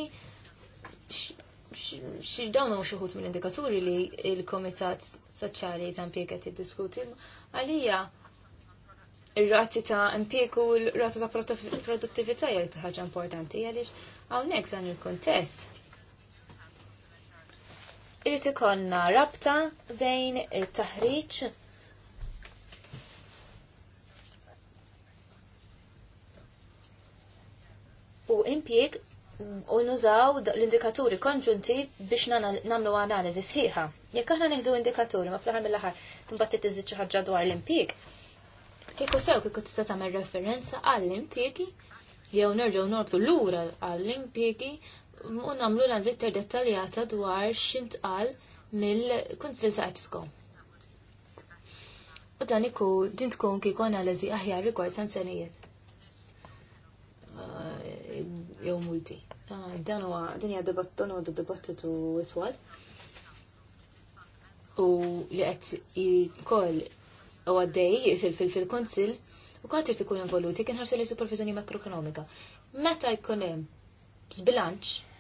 xidawnu u xuħut minn indikaturi li il-komitat soċjali ta' impieget għet jiddiskuti, għalija il-rati ta' impjeg u l-rati ta' produttivita jgħet ħagġa importanti, għalix għawnek dan il-kontest Irrid ikollna rabta bejn it-taħriġ u impjieg u nużaw l-indikaturi konġunti biex namlu analiżi sħiħa. Jekk aħna neħdu indikaturi ma fl-aħħar mill-aħħar timbagħad titiżid xi ħaġa dwar l-impjieg. Kieku sew kieku tista' tagħmel referenza għall-impjiegi jew nerġgħu nortu lura għall-impjiegi u nagħmlu l iktar dettaljata dwar x'intqal mill kunsill ta' EBSCO. U dan iku din tkun kieku analiżi aħjar rigward senijiet. Ah, jew multi. Ah, dan huwa din hija dibatton u dibattitu itwal. U li qed jkoll u għaddej fil fil-kunsill, u kħatir tikun involuti kien ħarsu li supervizjoni makroekonomika. Meta jkun hemm zbilanċ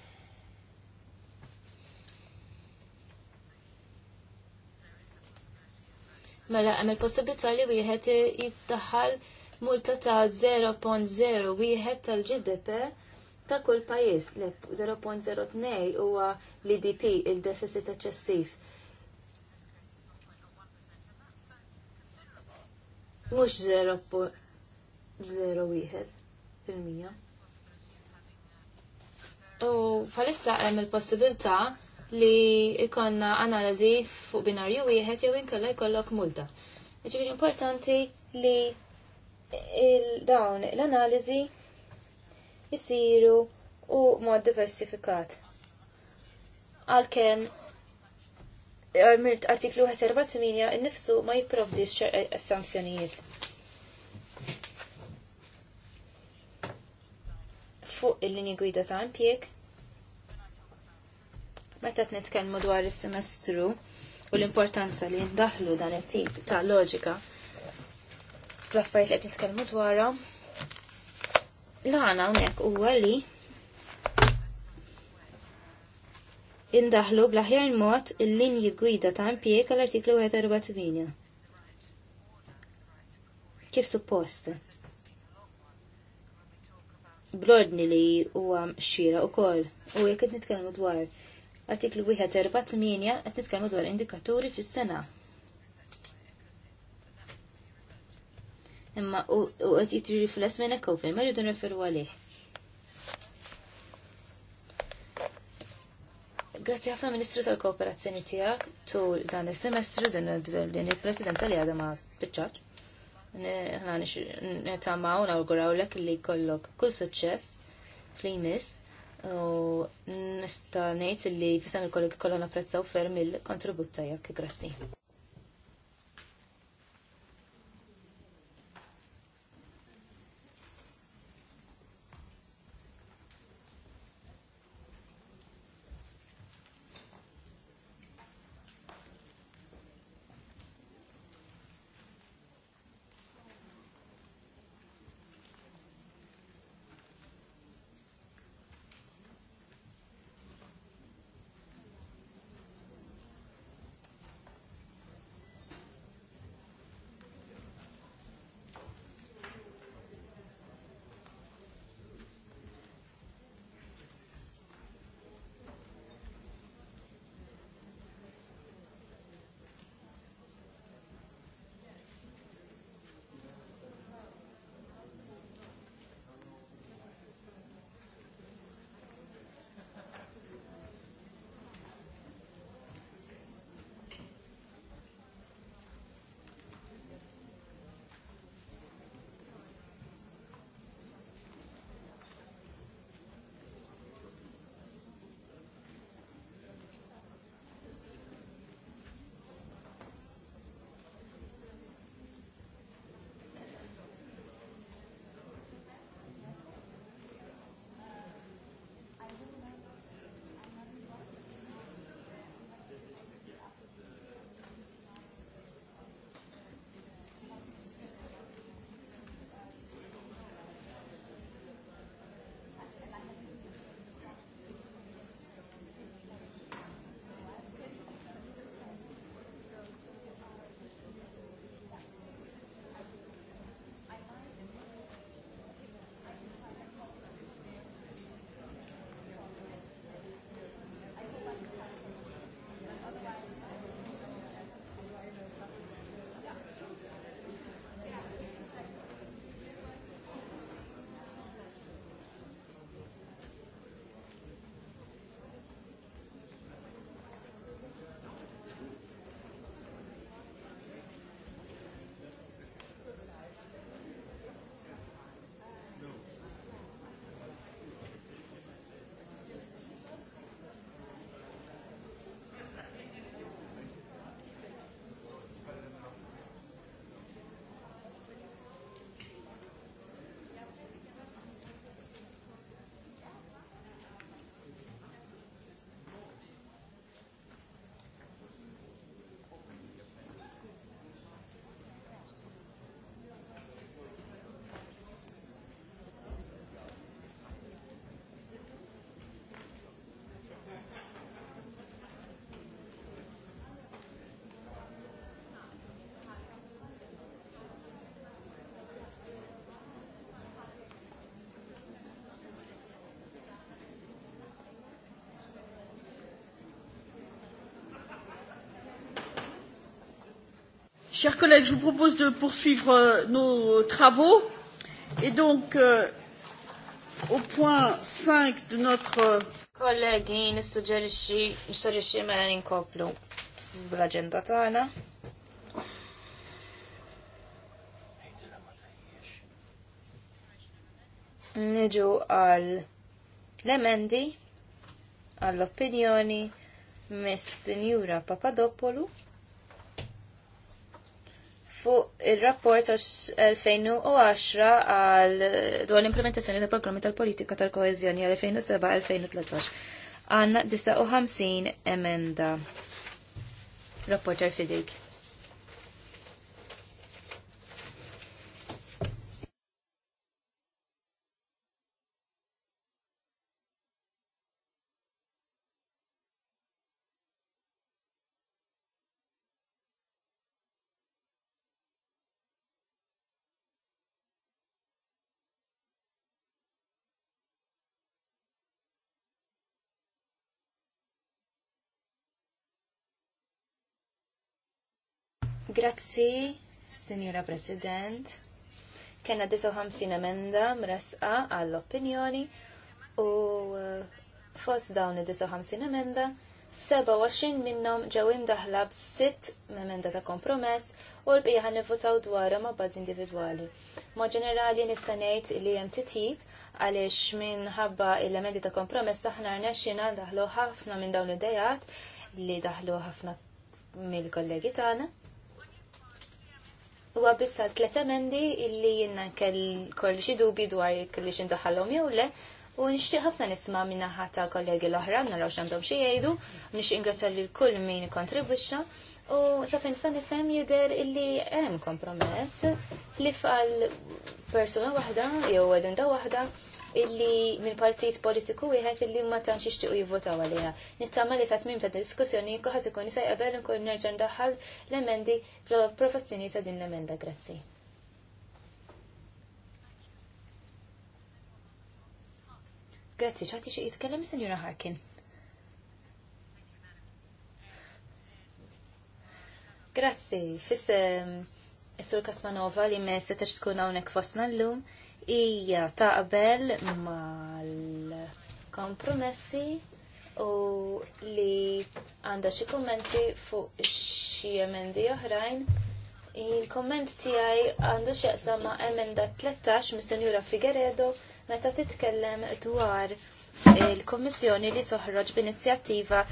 mela hemm il-possibilità li wieħed jittaħħal multa ta' 0.01 tal-GDP ta' kull pajjiż li 0.02 huwa l-IDP il-deficit eċċessiv. Mhux 0.01 fil-mija. U bħalissa hemm il-possibilità li ikonna analizi fuq binarju wieħed jew inkolla jkollok multa. Ġifieri importanti li dawn l-analizi jisiru u mod diversifikat. Għalkemm artiklu 48 innifsu ma jipprovdix eh, eh, sanzjonijiet. Fuq il-linji gwida ta' impjeg meta qed nitkellmu dwar is-semestru u l-importanza li ndaħlu dan it-tip ta' loġika fl-affarijiet qed nitkellmu dwarha l-għana huwa li għalli indaħlu aħjar mod il-linji gwida ta' impjieg għall-artiklu 148. Kif suppost? Blodni li huwa xira u koll u jekk nitkellmu dwar Artiklu 148 qed nitkellmu dwar indikaturi fis-sena. Imma u qed jiġri fl-es minn ekofin, ma rridu nreferu għalih. Grazzi ħafna Ministru tal-Kooperazzjoni tiegħek tul dan is-semestru din il-Presidenza li għadha ma biċċaċ. Ħna nitamaw nawguraw lek li kollok kull suċċess fl U nista' ngħid li fisem il-kollegi kollha napprezzaw ferm il-kontribut tajjeb. Grazzi. Chers collègues, je vous propose de poursuivre euh, nos travaux. Et donc, euh, au point 5 de notre... Euh, Kollegi, nissuġġerixxi mela ninkoplu bl Niġu għal l-emendi għall-opinjoni mis-Sinjura Papadopoulou fuq il-rapport 2010 għal dwar l-implementazzjoni tal programmi tal-politika tal-koezjoni għal 2007-2013. Għanna 59 emenda. b-rapport għal fidik. Grazzi, Signora President. Kenna 59 emenda mresqa għall-opinjoni u uh, fost dawn id-59 emenda 27 minnhom ġew imdaħla b'sitt emenda ta' kompromess u l bija ħan nivvotaw dwarhom ma' bazz individwali. Ma' ġenerali nista' ngħid li hemm titib għaliex minħabba l-emendi ta' kompromess aħna rnexxina daħlu ħafna minn dawn id-dejat li daħlu ħafna mill-kollegi tagħna Huwa bissa tlet emendi illi jiena kell xi dubi dwar kelli xi ndaħħalhom jew le, u nixtieq ħafna nisma' minnaħa ħata kollegi l-oħra naraw x'għandhom xi jgħidu, nixtieq ingrazzja lil kull min ikkontribwixxa. U sa fejn sa nifhem jidher illi hemm kompromess li fqal persuna waħda jew da waħda illi minn partit politiku wieħed illi ma tantx jixtiequ jivvotaw għaliha. Nittama li tatmim ta' diskussjoni kuħat ikun jisaj jqabel nkun nerġa' ndaħħal l-emendi fl-approvazzjoni ta' din l-emenda. Grazzi. Grazzi, xati xie jitkellem, Senjura Harkin. Grazzi, is ehm, Sur Kasmanova li me setax tkun hawnhekk fosna llum, hija taqbel mal-kompromessi u li għandha xi kummenti fuq xi emendi oħrajn. Il-komment tiegħi għandu x'jaqsam ma' emenda 13 mis-Senjura Figueredo meta titkellem dwar il-Kommissjoni li toħroġ b'inizjattiva eh,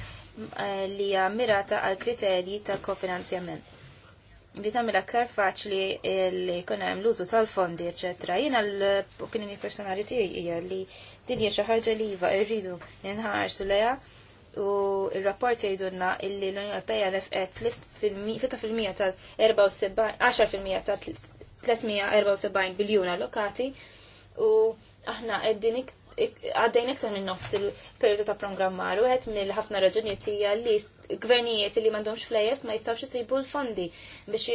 li hija mirata għal kriterji ta' kofinanzjament li tagħmel aktar faċli li kuna hemm l-użu tal-fondi, eċetera. Jiena l-opinjoni personali tiegħi hija li din hija xi ħaġa li iva rridu nħarsu leha u r rapport jgħidulna illi l-Unjoni Ewropea nefqet 3% tal-74 10% tal-374 biljun allokati u aħna qegħdin għaddejn iktar minn nofs il-periodu ta' programmar u għed mill-ħafna raġunijiet hija li gvernijiet li m'għandhomx flejes ma jistawx jisibu l-fondi biex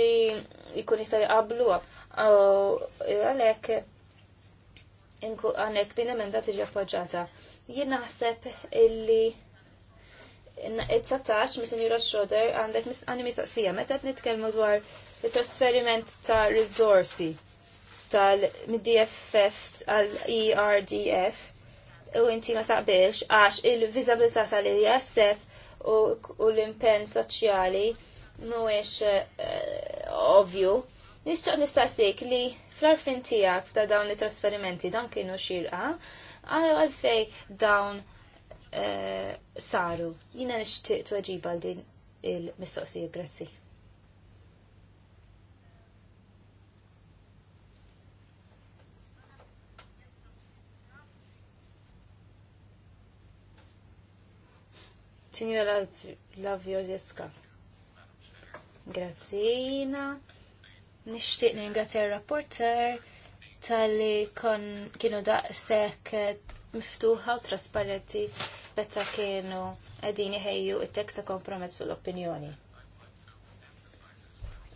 jikun jistaw jqablu għalhekk għandek din emenda tiġi appoġġata. Jien naħseb illi it sattax mis Schroeder għandek għandi mistaqsija meta qed nitkellmu dwar it-trasferiment ta' risorsi tal-DFF għal-ERDF u inti ma taqbilx għax il-viżabilità tal-ISF u l-impenn soċjali mhuwiex eh, ovvju. Nistaq nistaqsik li fl-arfin tiegħek ta' dawn it-trasferimenti dawn kienu xirqa għalfej dawn eh, saru. Jina nixtieq tweġiba għal din il-mistoqsija, grazzi. Signora Lavio Zieska. Grazzina. Nishtiq ringrazzja il-rapporter tal-li kienu daqsek eh, miftuħa u trasparenti meta kienu għedin iħejju il tekst ta' kompromess fil-opinjoni.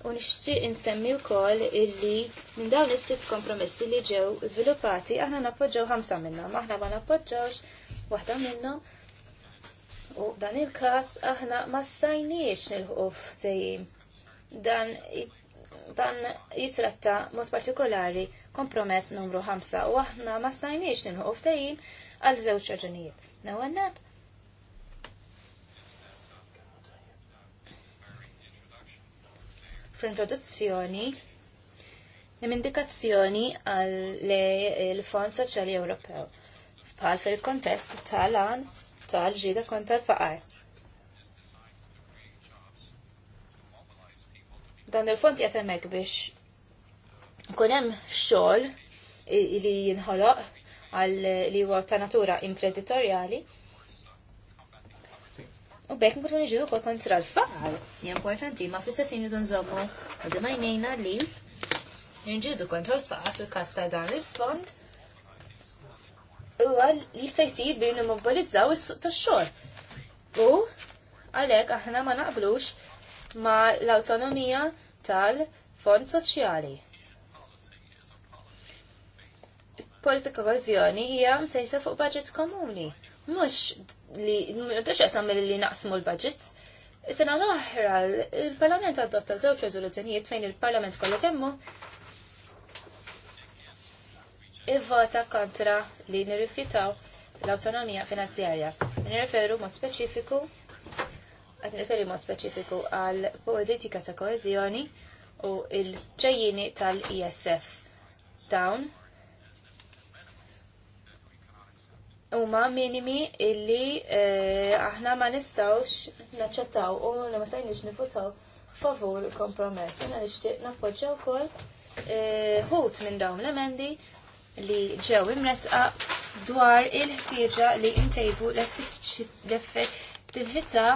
U nixtieq insemmi wkoll illi minn dawn is-sitt kompromessi li ġew żviluppati aħna nappoġġew ħamsa minna, aħna ma nappoġġewx waħda minnhom U dan il-kas aħna ma stajniex nilħu fejn. Dan, dan jitratta mod partikolari kompromess numru 5 u aħna ma stajniex nil-ħuf fejn għal żewġ raġunijiet. Nawannat, fl-introduzzjoni l-indikazzjoni għall fond Soċjali Ewropew bħal fil-kontest tal-għan tal-ġida kontra l-faqar. Dan il font jasemek biex kunem xol li jinħoloq għal li huwa ta' natura imprenditoriali. U bekk nkunu nġidu kol kontra l-faqar. Importanti, ma fl-istess jinidu nżommu u dimajnejna li nġidu kontra l-faqar fil kasta dan il-fond huwa li jista' jsir billi mobbalizzaw is-suq tax-xogħol. U għalhekk aħna ma naqblux ma l-awtonomija tal-fond soċjali. Politika kożjoni hija msejsa fuq budget komuni. Mhux li mhux qasam li naqsmu l-budgets. Sena l-oħra, il-Parlament adotta żewġ reżoluzzjonijiet fejn il-Parlament kollu temmu ivvota kontra li nirrifjutaw l-autonomija finanzjarja. Nirreferu mod speċifiku għat nirreferi mod speċifiku għal politika ta' koezjoni u il ċejjini tal-ISF. Dawn huma minimi illi eh, aħna ma nistawx naċċettaw u ma sejniex nifutaw favur il-kompromess. Jena nixtieq nappoġġja wkoll eh, ħut minn dawn l-emendi li ġew imresqa dwar il-ħtieġa li ntejbu l-effettività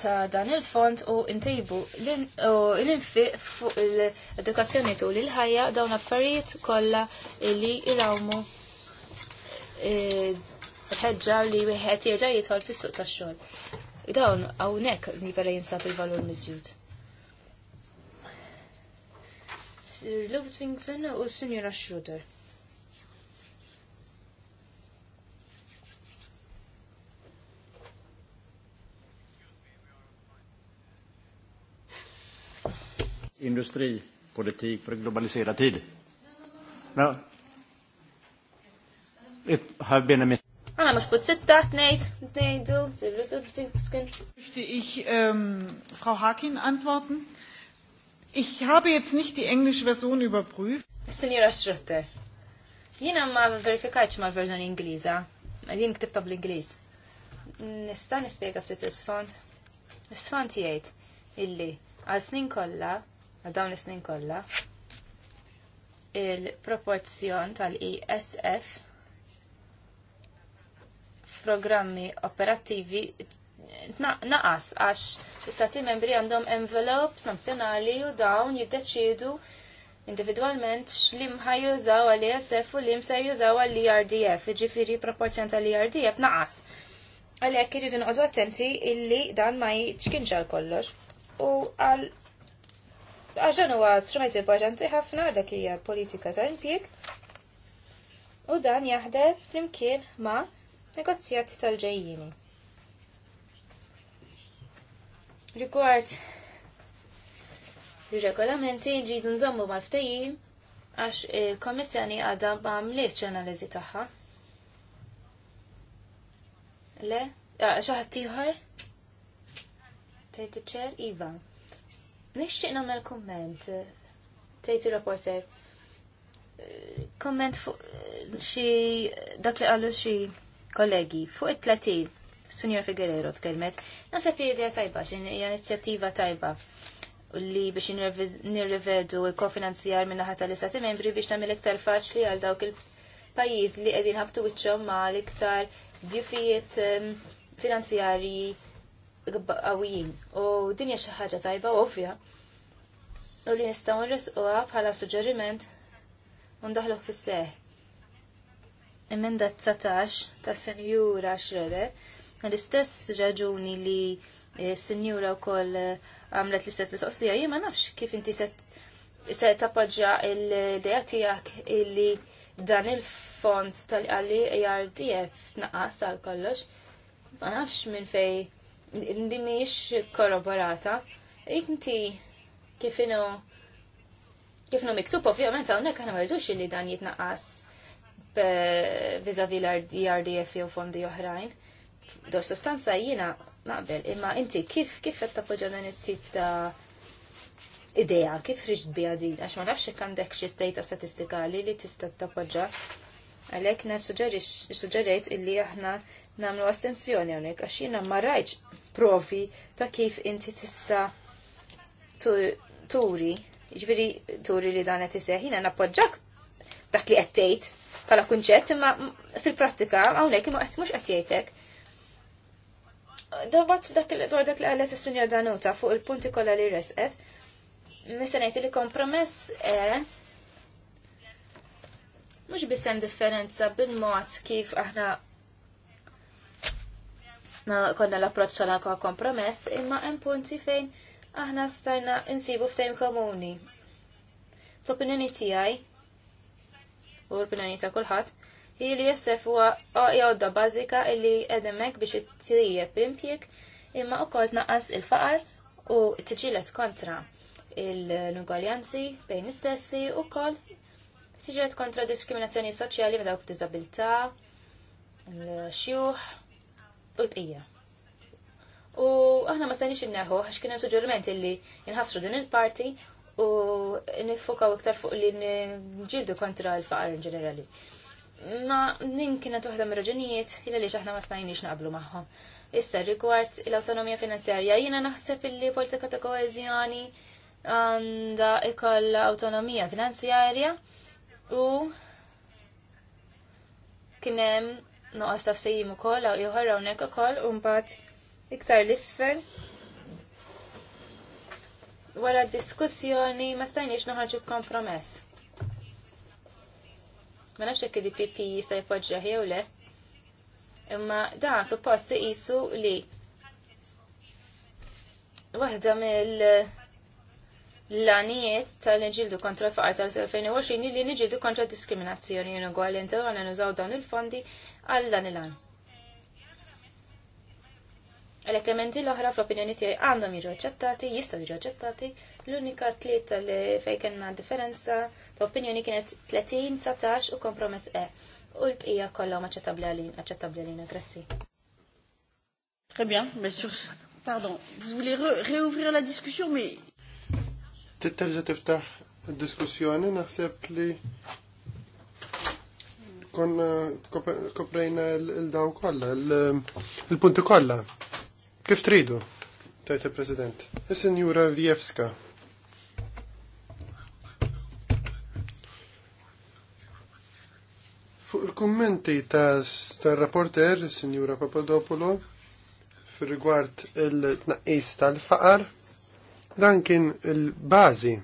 ta' dan il-fond u ntejbu l-infiq fuq l-edukazzjoni tu li l-ħajja dawn affarijiet kollha li irawmu e, ħeġġa li wieħed jerġa' jidħol fis-suq tax-xogħol. Dawn hawnhekk nivela jinsab il-valur miżjud. Sir Ludwigson u Sinjura Schroeder. industripolitik för globaliserad tid. No. Have been a Anna Għana mux put sitta, t-nejt, t-nejdu, s-sirritu, t-fiskin. Möchte ich ähm, Frau Hakin antworten? Ich habe jetzt nicht die englische Version überprüft. Signora Schritte, jina ma verifikajċ ma version verżjoni ma Għadin ktibta bl-Ingliż. Nista' nispjega ftit is-sfond. Is-sfond jgħid illi għal snin kollha għal dawn is-snin kollha il-proporzjon tal-ISF programmi operattivi naqas għax istati membri għandhom envelopes sanzjonali u dawn jiddeċidu individualment x'limħa jużaw għal ISF e u lim se jużaw għal IRDF, e ġifiri proporzjon tal-IRDF naqas. Għalhekk irridu noqogħdu attenti illi dan ma jiġkinx għal kollox. U għal għaxan huwa strument importanti ħafna dak hija politika ta' impjieg u dan jaħdem flimkien ma' negozjati tal-ġejjini. Rigward ir-regolamenti nġidu nżommu mal-ftejjin għax il-Komissjoni għadha għamliċ analiżi tagħha. Le? Xaħat tiħar? Tejt iċċer? Iva. Nixtieq nagħmel komment tgħid ir-rapporter. Komment fuq xi dak li qalu xi kollegi fuq it-tletin Sunjor Figuerero tkellmet, naħseb li idea tajba, xin hija inizjattiva tajba li biex nirrivedu il-kofinanzjar minn naħa tal-istati membri biex tagħmel iktar faċli għal dawk il-pajjiż li qegħdin ħabtu wiċċhom ma l-iktar diffijiet ehm, finanzjarji għawijin u dinja xi ħaġa tajba ovvja u li nistgħu nresquha bħala suġġeriment u ndaħluh fis-seħ. Emenda 19 ta' Senjura Xrede l-istess raġuni li eh, Senjura wkoll eh, għamlet l-istess mistoqsija jien ma nafx kif inti se tappoġġja l-idea tiegħek illi dan il-font tal-għalli ARDF tnaqqas għal kollox ma nafx minn fej li miex korroborata. Inti kif inu kif miktub ovvjament hawnhekk għana marridux li dan jitnaqqas vizavi l-RDF jew fondi oħrajn. Do sostanza jiena naqbel, imma inti kif kif qed tappoġġa dan it-tip ta' idea, kif riġt bija din, għax ma nafx jekk għandek xi data statistikali li tista' tappoġġa. Għalhekk nasuġġerejt illi aħna namlu astensjoni għonek, għax jina marrajċ provi ta' kif inti tista turi, ġviri turi li dan qed iseħ, jina nappoġġak dak li qed bħala kunċett, imma fil-prattika hawnhekk imma qed mhux qed jgħidlek. Dabat dak li dwar dak li qalet is sunjar Danuta fuq il-punti kollha li resqet, mista ngħid li kompromess eh, mhux biss hemm differenza bil-mod kif aħna aħna konna l-approċċ għal kompromess, imma hemm punti fejn aħna stajna insibu f'tejn komuni. Fl-opinjoni tiegħi u l-opinjoni ta' kulħadd, hi li jessef huwa għodda bażika li edemek biex it-tijjeb pimpjek imma wkoll naqas il-faqar u tiġilet kontra l-ugwaljanzi bejn istessi u kol tiġilet kontra diskriminazzjoni soċjali ma' dawk b'diżabilità, l-xjuħ, u l-bqija. U aħna ma stajniex inneħu, għax kienem suġġerimenti li nħassru din il-parti u nifokaw iktar fuq li nġildu kontra l-faqar in ġenerali. Ma din kienet uħda mir raġinijiet illa li aħna ma stajniex naqblu magħhom. Issa rigward l-autonomija finanzjarja, jiena naħseb illi politika ta' koezjoni għandha ikoll autonomija finanzjarja u kienem noqas taf sejjim ukoll għaw ieħor hawnhekk ukoll u mbagħad iktar l-isfel. Wara diskussjoni ma stajniex noħarġu b'kompromess. Ma nafx hekk il-PP jista' jpoġġeħ jew le. Imma dan suppost iqisu li waħda mill l-għanijiet tal inġildu kontra faqar tal-2020 li nġildu kontra diskriminazzjoni u għal għana nużaw dawn il-fondi għal dan il-għan. l eklementi l ohra fl-opinjoni tijaj għandhom jiġu aċċettati, jistaw jiġu aċċettati. L-unika tlieta li fejkenna differenza ta' opinjoni kienet 30, 19 u kompromess E. U l-bqija kollhom aċċettabbli għalin, aċċettabbli għalin, grazzi. Très bien, mais sur pardon, vous voulez réouvrir la discussion mais Titterġa' tiftaħ diskussjoni naħseb li Eh, konna koprejna il daw kolla, il punti kolla. Kif tridu, tajt il-President? Il-Senjura Vjevska. Fuq il-kommenti ta' rapporter, Senjura Papadopolo, fil-rigward il-tnaqqis tal-faqar, dan kien il-bazi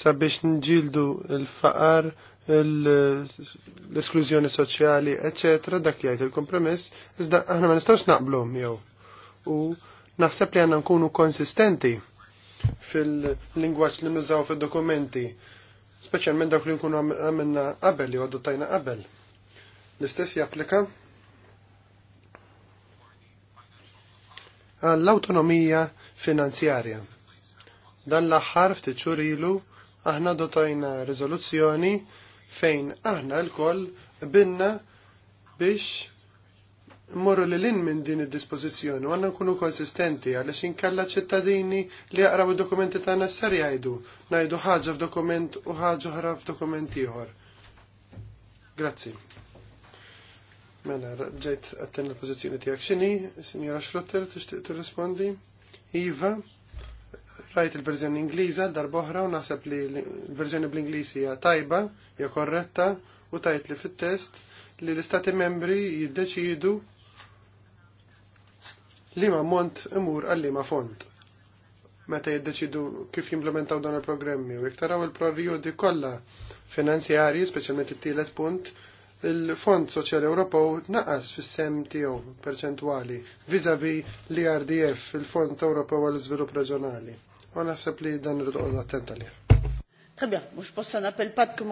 sabiex nġildu il-faqar l-esklużjoni soċjali, eccetera, dak li jgħid il-kompromess, iżda aħna ma nistax naqblu miegħu. U naħseb li għandna nkunu konsistenti fil-lingwaġġ li nużaw fid-dokumenti, speċjalment dak li nkunu għamilna qabel li għadottajna qabel. L-istess japplika għall-autonomija finanzjarja. Dan l-aħħar ftit xurilu aħna dotajna riżoluzzjoni fejn aħna l-koll binna biex morru li l-in minn din id-dispożizzjoni u għanna nkunu konsistenti għaliex inkella ċittadini li jaqraw id-dokumenti tagħna nasser jajdu, jgħidu, ngħidu ħaġa f'dokument u ħaġa oħra f'dokument ieħor. Grazzi. Mela, ġejt għattenna l-pożizzjoni tiegħek xini, Sinjora Schrotter, tixtieq tirrispondi? Iva, rajt il-verżjoni Ingliża darboħra u naħseb li l-verżjoni bl-Ingliż hija tajba, hija korretta u tajt li fit-test li l-istati membri jiddeċidu li ma mont imur għal ma font. Meta jiddeċidu kif jimplementaw dan il-programmi u jiktaraw il-prorjodi kollha finanzjarji, speċjalment it-tielet punt, il-Fond Soċjali Ewropew naqas fis-sem tiegħu perċentwali vis-à-vis l-IRDF, il-Fond Ewropew għall-Iżvilupp Reġjonali u naħseb li dan rridu għadu attenta li. Très mux posa n'appel pas de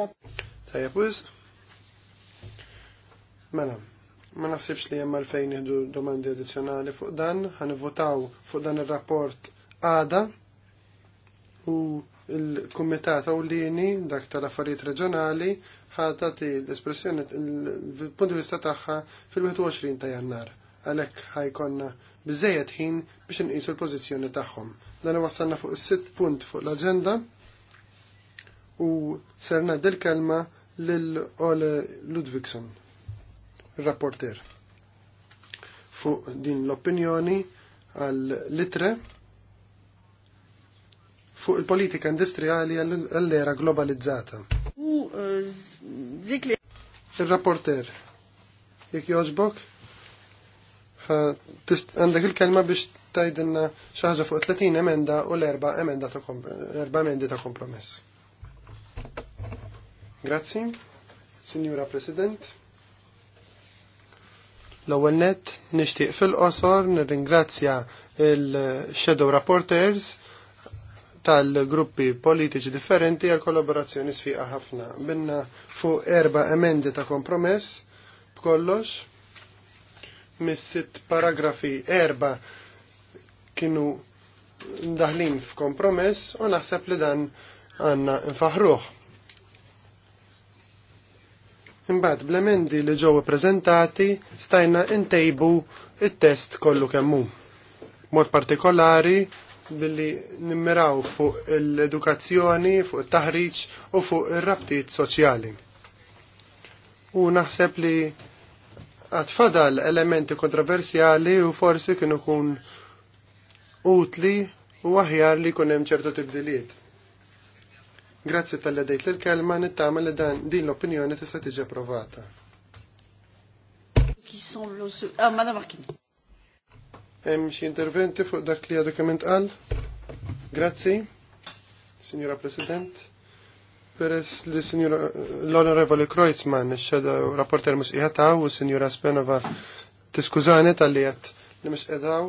Tajja puz? Mela, ma naħsibx li jemma l-fejn jihdu domandi addizjonali fuq dan, għan votaw fuq dan il-rapport għada u il-Kumitat Awlini dak tal-affarijiet reġjonali ħatati l-espressjoni il punt di vista tagħha fil-21 ta' Jannar. Għalhekk ħajkonna biżejjed ħin biex inqisu l-pożizzjoni tagħhom. Dan wassanna fuq is-sitt punt fuq l-aġenda u serna del kelma lil Ole Ludvigson, rapporter fuq din l-opinjoni għal-litre fuq il-politika industrijali għall-era globalizzata. U eh, zikli. Il-rapporter, jek joġbok? għandek il-kelma biex tajdinna xaħġa fuq 30 emenda u l-erba emenda ta' erba emendi ta' kompromess. Grazzi, Signora President. L-ewwel net nixtieq fil-qosor nirringrazzja il-Shadow Rapporters tal-gruppi politiċi differenti għal kollaborazzjoni sfiqa ħafna. Binna fuq erba emendi ta' kompromess b'kollox mis-sitt paragrafi erba kienu daħlin f'kompromess u naħseb li dan għanna nfaħruħ. Imbagħad bl-emendi li ġew ippreżentati stajna ntejbu it-test kollu kemm hu. Mod partikolari billi nimmiraw fuq l-edukazzjoni, fuq it-taħriġ u fuq ir-rabtiet soċjali. U naħseb li għad fadal elementi kontroversjali u forsi kienu kun utli u aħjar li kunem ċertu tibdiliet. Grazzi tal dejt l-kelma nittama li dan din l-opinjoni tista' tiġi approvata. Ah, hemm xi interventi fuq dak li għadu kemm intqal? Grazzi, Signora President. Peres li sinjura l-Onorevoli Kreuzmann, xedaw rapporter mux iħataw, u sinjura Spenova tiskużani tal-li għat li mux iħataw,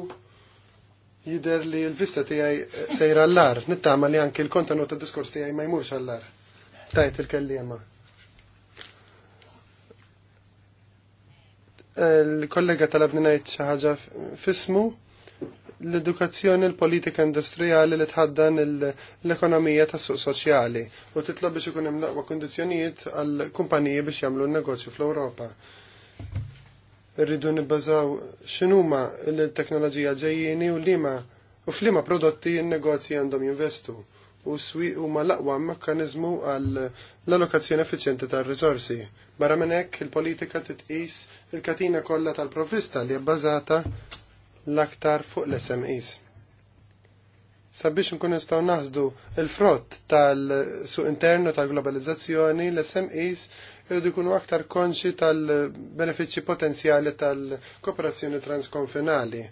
jider li l-vista tijaj sejra l-lar, nittama li anki l kontenu ta' diskors tijaj ma jmurx l-lar. Tajt il-kellima. Il-kollega tal-abninajt xaħġa fismu, l-edukazzjoni l-politika industrijali li tħaddan l-ekonomija tas suq soċjali u titlob biex ikun hemm naqwa kundizzjonijiet għal kumpaniji biex jagħmlu n-negozju fl-Ewropa. Irridu nibbażaw x'inhuma l-teknoloġija ġejjieni u liema u f'liema prodotti n-negozji għandhom jinvestu u swi swieq huma l-aqwa mekkaniżmu għal l-allokazzjoni effiċjenti tar-riżorsi. Barra minn hekk il-politika titqis il-katina kollha tal-provvista li bbażata l-aktar fuq l-SMEs. Sabiex nkun nistgħu naħdu il-frott tal-suq internu tal-globalizzazzjoni, l-SMEs jridu jkunu aktar konxi tal-benefiċċji potenzjali tal-kooperazzjoni transkonfinali.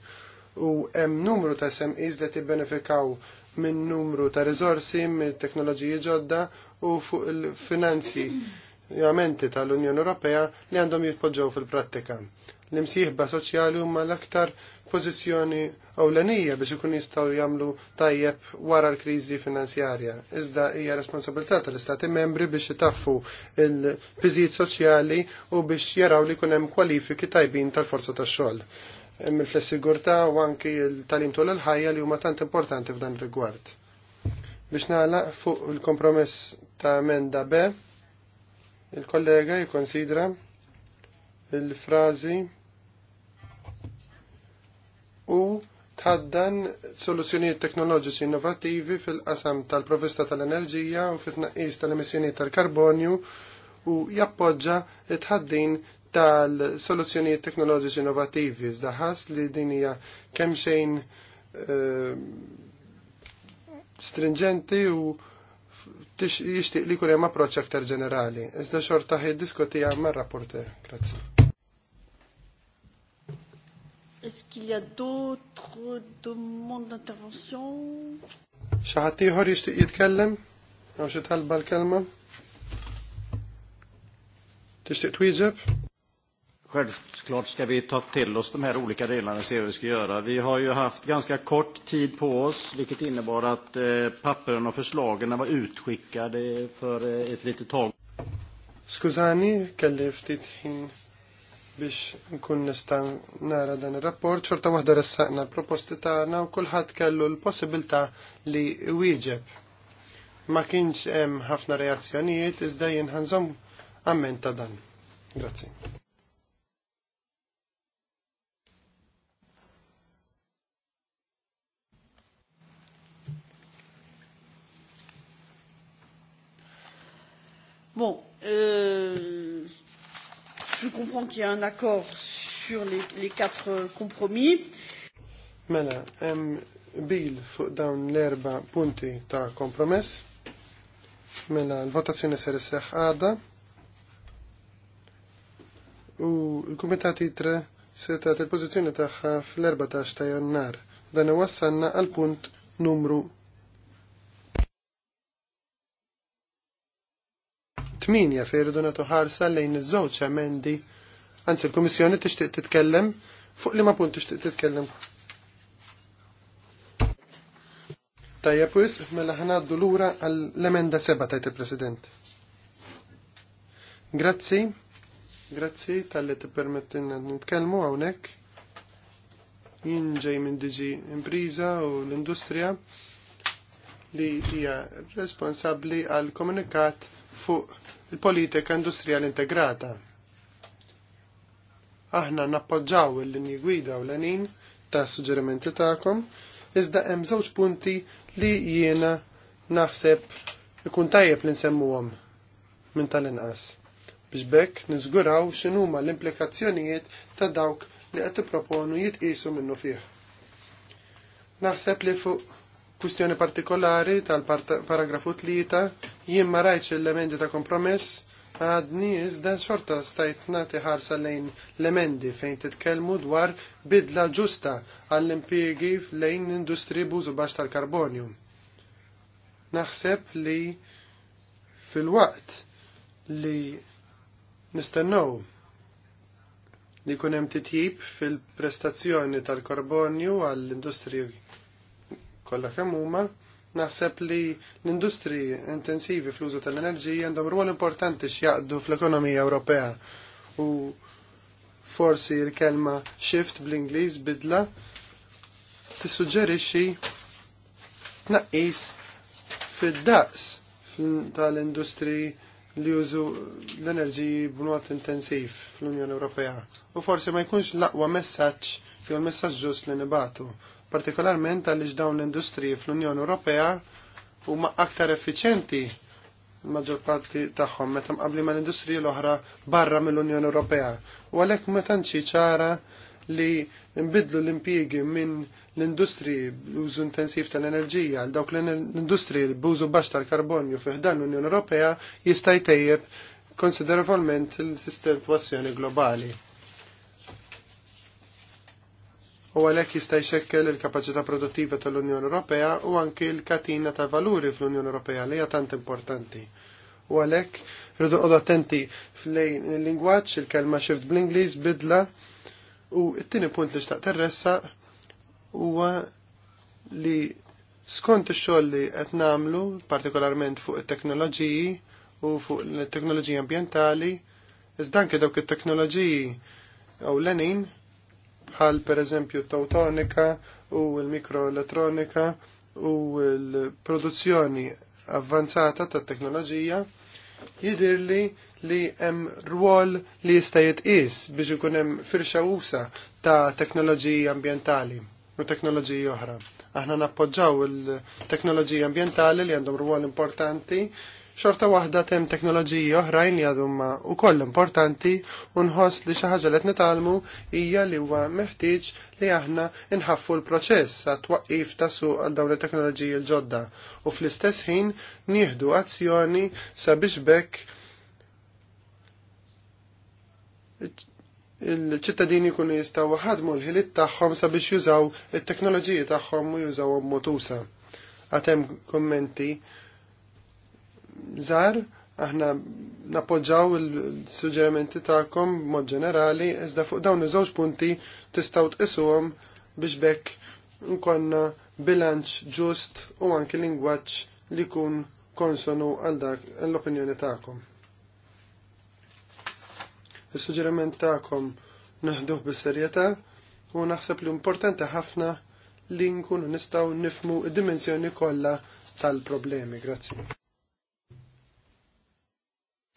U hemm numru ta' SMEs li tibbenefikaw minn numru ta' riżorsi, minn teknoloġiji ġodda u fuq il-finanzi jamenti tal-Unjoni Ewropea li għandhom jitpoġġew fil-prattika. L-imsieħba soċjali huma l-aktar pozizjoni ewlenija biex ikun jistgħu jagħmlu tajjeb wara l-kriżi finanzjarja. Iżda hija responsabilità tal-Istati membri biex itaffu il-piżijiet soċjali u biex jaraw li jkun hemm kwalifiki tajbin tal-forza tax-xogħol. Hemm il-flessigurtà u anki l-talim tul il-ħajja li huma tant importanti f'dan rigward. Biex nagħlaq fuq il-kompromess ta' emenda B, il-kollega jikkonsidra il-frażi u tħaddan soluzzjonijiet teknoloġiċi innovattivi fil-qasam tal-provista tal-enerġija u fit-tnaqqis tal-emissjonijiet tal-karbonju u jappoġġa it-ħaddin tal-soluzzjonijiet teknoloġiċi innovattivi. Zdaħas li din hija kemm xejn uh, stringenti u jixtieq li jkun hemm approċċ aktar ġenerali. Iżda xorta ħid diskutija mar-rapporter. Grazzi. qu'il y a d'autres demandes d'intervention Xaħat tiħor jishtiq jitkellem? Għaw xie talba l-kelma? Tishtiq twieġeb? Självklart ska vi ta till oss de här olika delarna och se hur vi ska göra. Vi har ju haft ganska kort tid på oss, vilket innebar att eh, papperen och förslagen var utskickade för eh, ett litet tag. Skuzani, Skużani, kelli ftit ħin biex nkun nista' nara dan ir-rapport, xorta waħda ressaqna l-proposti tagħna u kulħadd kellu l-possibilità li wieġeb. Ma kienx hemm ħafna reazzjonijiet iżda jien ħanżom ta' dan. Grazzi. Bon, euh, je comprends qu'il y a un accord sur les, les quatre compromis. Mela, hemm bil fuq dawn l-erba punti ta' kompromess. Mela, l-votazzjoni ser isseħ għada. U l-Kumitat Itre setat il-pożizzjoni tagħha fl erba ta' jannar. Dan iwassalna għal punt numru Tminja fej irridu nagħtu ħarsa lejn iż-żewġ emendi. Anzi l-Kummissjoni tixtieq titkellem fuq liema punt tixtieq titkellem. Tajja pwis, mela għaddu lura għall-emenda seba tajt il-President. Grazzi, grazzi tal-li t-permettinna nitkelmu għawnek. Jien ġej minn diġi impriża u l-industrija li hija responsabbli għal komunikat fuq il-politika industrijali integrata. Aħna nappoġġaw il-linji gwida u l enin ta' suġġerimenti ta'kom, iżda hemm żewġ punti li jiena naħseb ikun tajjeb li nsemmuhom minn tal-inqas biex bekk niżguraw x'inhuma l-implikazzjonijiet ta' dawk li qed tipproponu jitqisu minnu fih. Naħseb li fuq kustjoni partikolari tal-paragrafu tlieta jien ma rajtx l-emendi ta' kompromess għadni iżda xorta stajt nagħti ħarsa lejn l-emendi fejn titkellmu dwar bidla ġusta għall-impjiegi lejn industri bużu baxx tal-karbonju. Naħseb li fil-waqt li nistennow li jkun hemm titjib fil-prestazzjoni tal-karbonju għall industri kollha kemm huma, naħseb li l-industri intensivi fl-użu tal-enerġija għandhom rwol importanti x'jaqdu fl-ekonomija Ewropea. U forsi l-kelma shift bl-Ingliż bidla tissuġġerixxi tnaqqis fid-daqs tal-industri li użu l-enerġiji b'mod intensiv fl-Unjoni Ewropea. U forsi ma jkunx l-aqwa messaġġ fil messaġġ ġust li nibatu partikolarment għaliex dawn l-industriji fl-Unjoni Ewropea huma aktar effiċenti maġġor parti tagħhom meta mqabli ma l industriji l-oħra barra mill-Unjoni Ewropea. U għalhekk meta ċara li nbidlu l-impjiegi minn l-industriji b'użu intensiv tal-enerġija għal dawk l-industriji b'użu baxx tal-karbonju fih dan l-Unjoni Ewropea jista' jtejjeb konsiderevolment l-sistemazzjoni globali u għalhekk jista' jxekkel il-kapaċità produttiva tal-Unjoni Ewropea u anki l-katina ta' valuri fl-Unjoni Ewropea li hija tant importanti. U għalhekk rridu qogħdu attenti flejn il-lingwaġġ il-kelma shift bl-Ingliż bidla u t-tieni punt li xtaqt terressa huwa li skont ix-xogħol li qed nagħmlu partikolarment fuq it-teknoloġiji u fuq it teknoloġiji ambjentali, iżda anke dawk it-teknoloġiji ewlenin bħal per eżempju tautonika u l-mikroelettronika u l-produzzjoni avvanzata ta' teknoloġija jidirli li hemm rwol li jista' jitqies biex ikun hemm firxa usa ta' teknoloġiji ambjentali u teknoloġiji oħra. Aħna nappoġġaw il-teknoloġiji ambjentali li għandhom rwol importanti xorta waħda tem teknoloġiji oħrajn li u koll importanti u nħoss li xi ħaġa li qed netalmu hija li huwa meħtieġ li aħna nħaffu l-proċess għat twaqqif ta' suq għal dawn it-teknoloġiji l-ġodda u fl-istess ħin nieħdu azzjoni sabiex bekk il-ċittadini kunu jistaw ħadmu l-ħiliet tagħhom sabiex jużaw it-teknoloġiji tagħhom u jużaw motusa. Għatem kommenti Zar, aħna nappoġġaw il-suġġerimenti tagħkom mod ġenerali, iżda fuq dawn iż-żewġ punti tistgħu tqisuhom biex bekk nkonna bilanċ ġust u anke lingwaġġ li jkun konsonu għal dak l-opinjoni tagħkom. Is-suġġeriment tagħkom naħduh bis-serjetà u naħseb li importanti ħafna li nkunu nistgħu nifmu id-dimensjoni kollha tal-problemi. Grazzi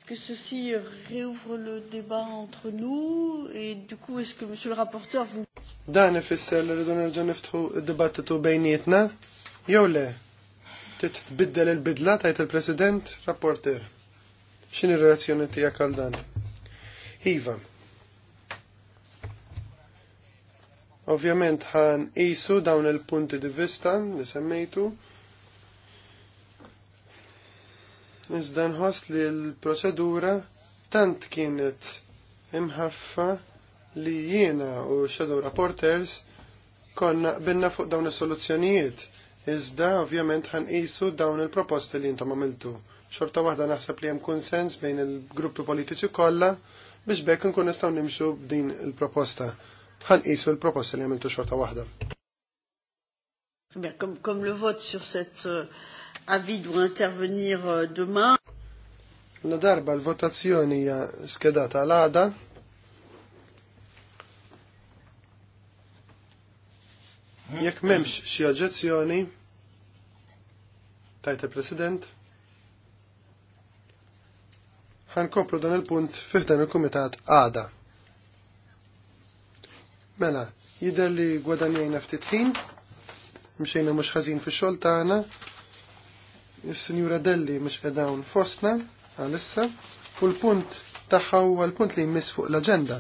que ceci réouvre le débat entre nous et du coup est-ce que monsieur le rapporteur vous Dan ifisser li rridu nerġa' niftħu d-dibattitu bejnietna jew le titbiddel il-bidla tajt il-President rapporter. X'inhi r-reazzjoni tiegħek għal dan? Iva. Ovvjament ħan isu dawn il-punti di vista li semmejtu Iżda nħoss li l-proċedura tant kienet imħaffa li jiena u Shadow Reporters konna binna fuq dawn is-soluzzjonijiet. Iżda ovvjament ħanqisu dawn il-proposti li intom għamiltu. Xorta waħda naħseb li hemm kunsens bejn il-gruppi politiċi kollha biex bekk nkun nistgħu nimxu b'din il-proposta. Ħanqisu l-proposta li għamiltu xorta waħda. Bien, comme, comme le vote sur cette euh, avis doit intervenir euh, demain. La darba l-votazzjoni hija skedata l-għada. Jekk m'hemmx xi oġġezzjoni, tajt il-President, ħankopru dan il-punt fiħdan il-Kumitat għada. Mela, jidher li gwadanjajna ftit ħin, mxejna mhux ħażin fix-xogħol tagħna, il-Sinjura Delli mux edawn fostna għalissa u l-punt taħħaw u l-punt li jmiss fuq l-agenda.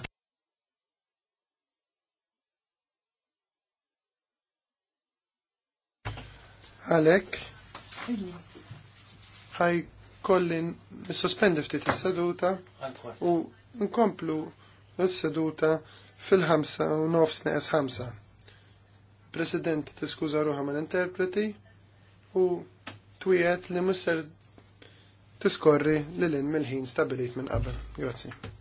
Għalek, ħaj kollin n ftit is-seduta u nkomplu s-seduta fil-ħamsa u nofs neqes ħamsa. President, tiskuża ruħa mal-interpreti u twiet li musser tiskorri li l-in mill-ħin stabilit minn qabel. Grazie.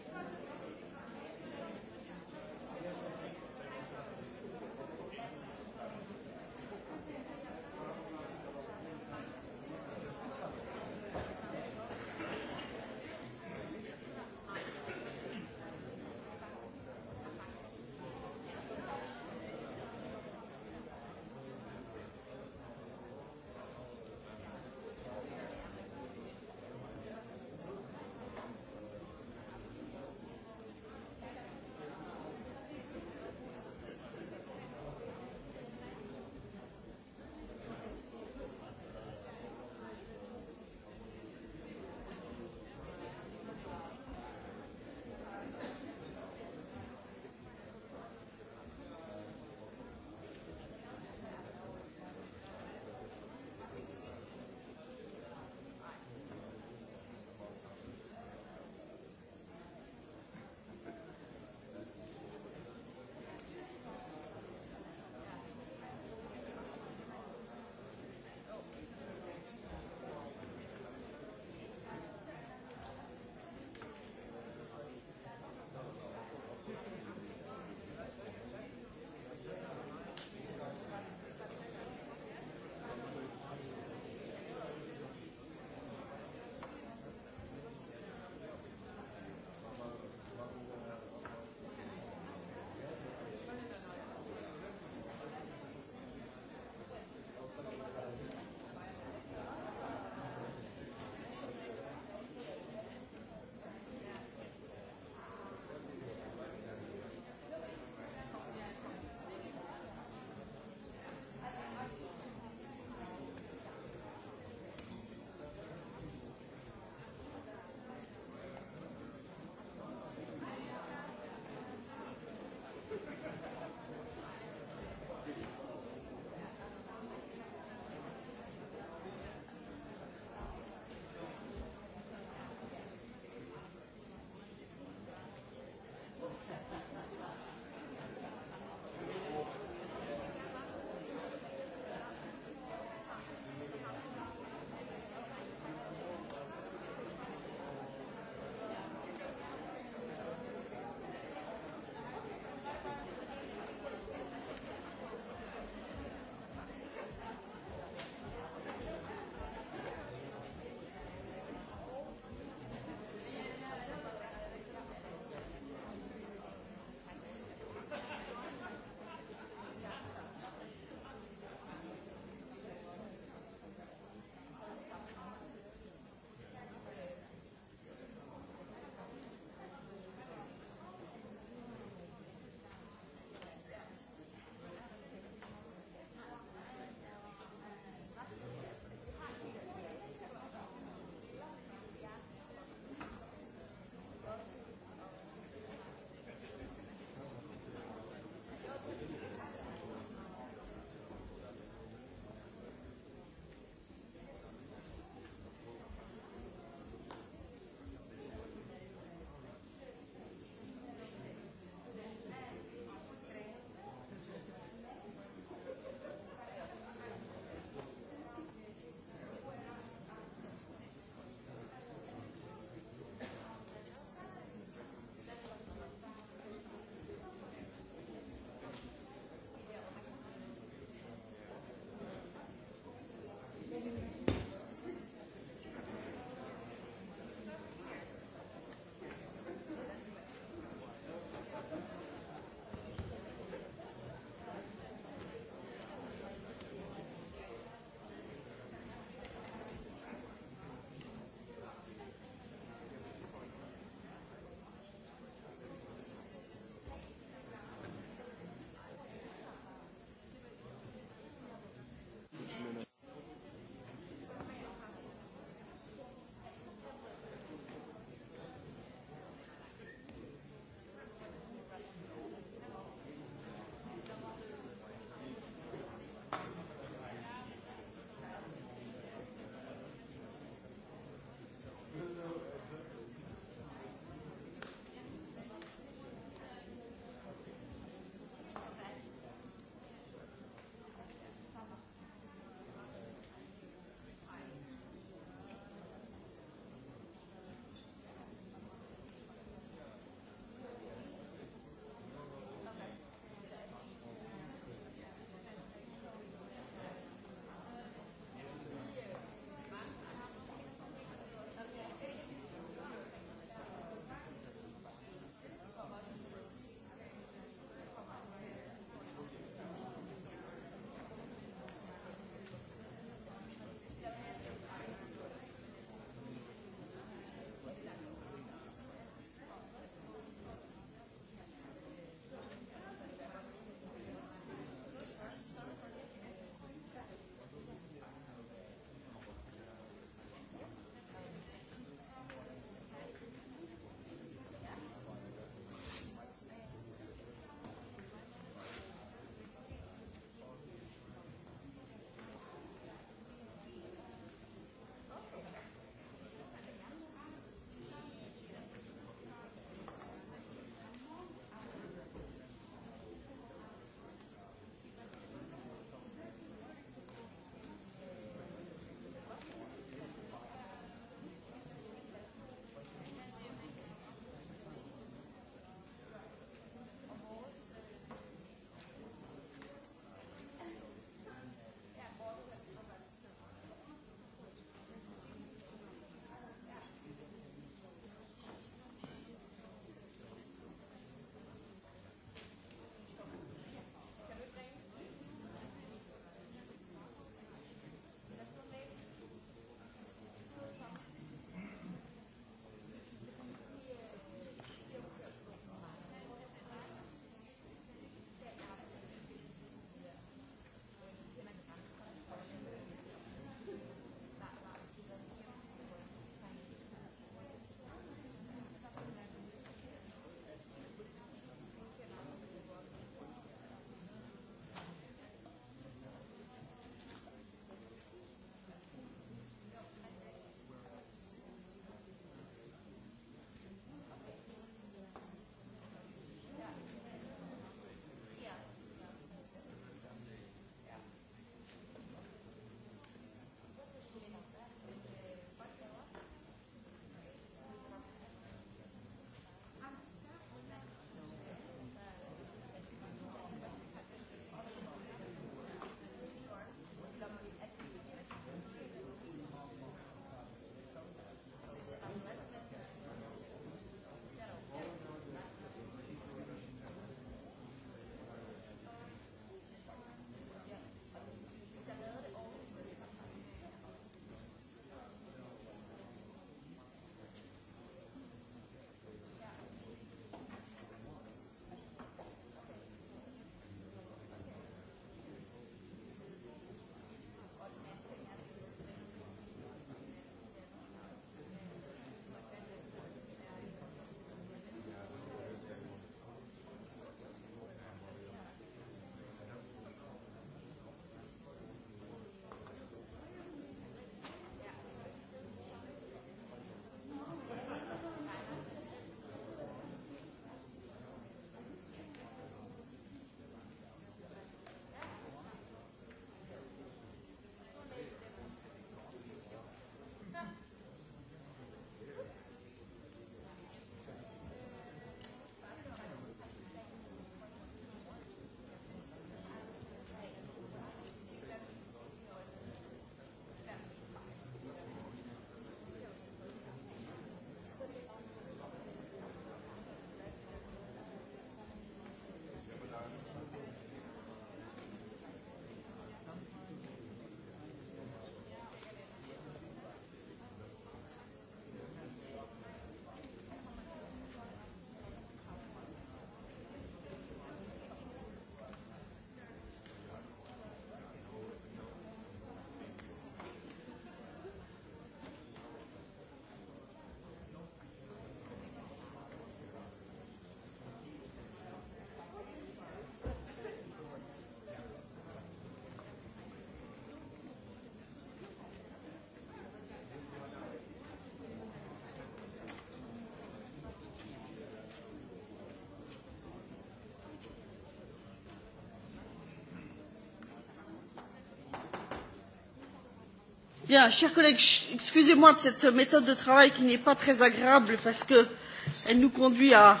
Bien, chers collègues, excusez-moi de cette méthode de travail qui n'est pas très agréable parce qu'elle nous conduit à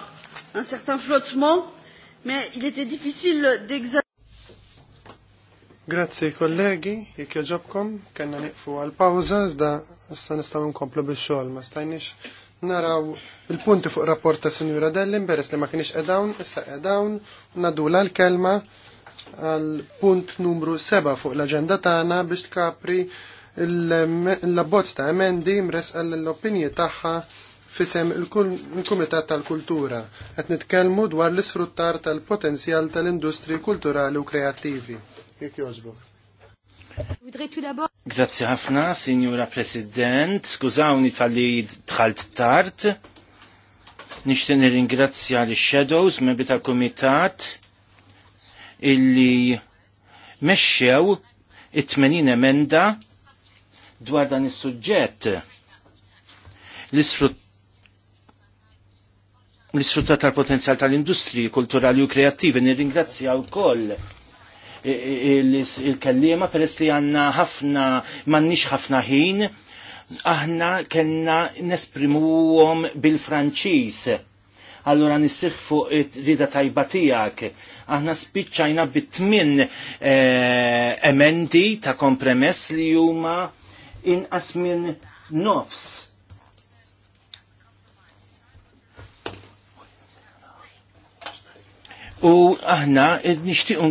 un certain flottement, mais il était difficile d'examiner. Grazie colleghi, e che jobcom, che non è fu al pausa, da se ne nistaw un complo xogħol ma stajniex naraw il-punti punto fuq rapport ta' Sinjura Dellin beres li ma kienx edawn, issa edawn, nadula l-kelma għal punt numru 7 fu l'agenda tana, tagħna capri, l-abbozz ta' emendi mresqal l-opinji tagħha fisem il-Kumitat tal-Kultura qed nitkellmu dwar l-isfruttar tal-potenzjal tal-industri kulturali u kreattivi. Jekk jogħġbok. Grazzi ħafna, Sinjura President, skużawni tal-li dħalt tard. Nixtieq nirringrazzja li shadows membri tal-Kumitat illi mexxew it-80 emenda dwar dan is-suġġett l-isfruttat tal-potenzjal tal-industri kulturali u kreattivi nirringrazzja wkoll il-kellima peress li għanna ħafna mannix ħafna ħin aħna kellna nesprimuhom bil-Franċiż. Allura nisir fuq rida tajba tiegħek. Aħna spiċċajna bit-tmien eh, emendi ta' kompremess li huma in asmin nofs. U aħna nishtiq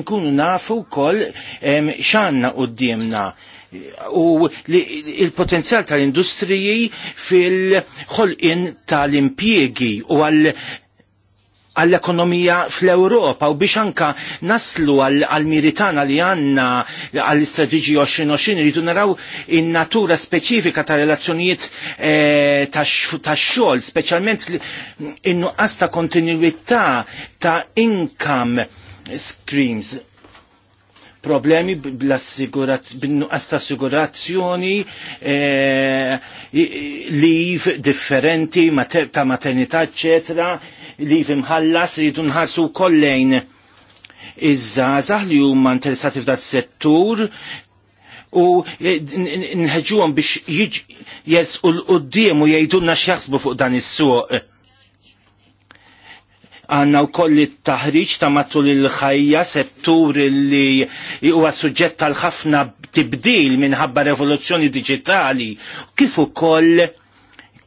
nkunu nafu kol xanna u d-diemna u il-potenzjal tal-industriji fil-ħolqin tal-impiegi u għal għall-ekonomija fl-Europa u biex anka naslu għall-miritana li għanna għall-istrategi 2020 rridu naraw in-natura speċifika ta' relazzjonijiet eh, ta' xogħol, speċjalment in-nuqqas ta' kontinuità ta' income screams problemi bl-nuqqas ta' assigurazzjoni li eh, differenti ta' maternità, eccetera li fimħallas li nħarsu kollejn iż-żazah li huma interessati f'dat settur u e, nħeġuhom biex jersqu l-qudiem u jgħidulna x'jaħsbu fuq dan is-suq għanna u it taħriġ ta' matul il-ħajja settur li huwa suġġett tal-ħafna tibdil minħabba revoluzzjoni digitali kif ukoll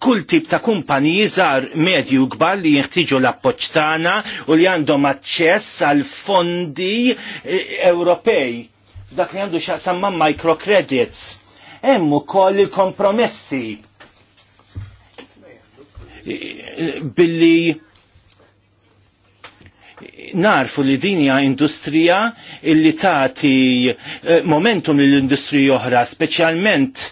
kull tip ta' kumpaniji żgħar medju kbar li jeħtieġu l-appoġġ tagħna u li għandhom aċċess għal fondi eh, Ewropej. F'dak li għandu xaqsamma microcredits. Hemm ukoll il-kompromessi billi narfu li dinja industrija illi tagħti eh, momentum lill-industrija oħra, speċjalment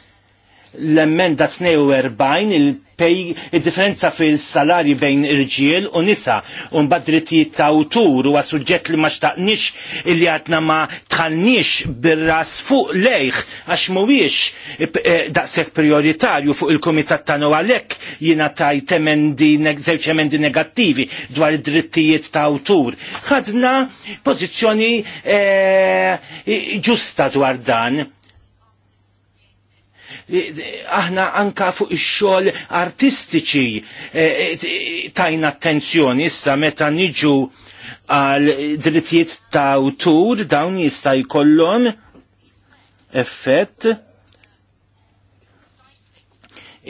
l-emmenda 42 il-pej il-differenza fil-salari bejn irġiel u nisa un drittijiet ta' utur u għasuġġet li ma xtaqnix li għatna ma tħalnix bil-ras fuq lejħ għax mhuwiex e, e, daqshekk prioritarju fuq il-komitat tagħna u jina ta' jtemendi zewċ żewġ emendi negattivi dwar id-drittijiet ta' utur. Ħadna pożizzjoni e, ġusta dwar dan aħna anka fuq ix-xogħol artistiċi eh, eh, tajna attenzjoni issa meta niġu għal drittijiet ta' awtur dawn jista' jkollhom effett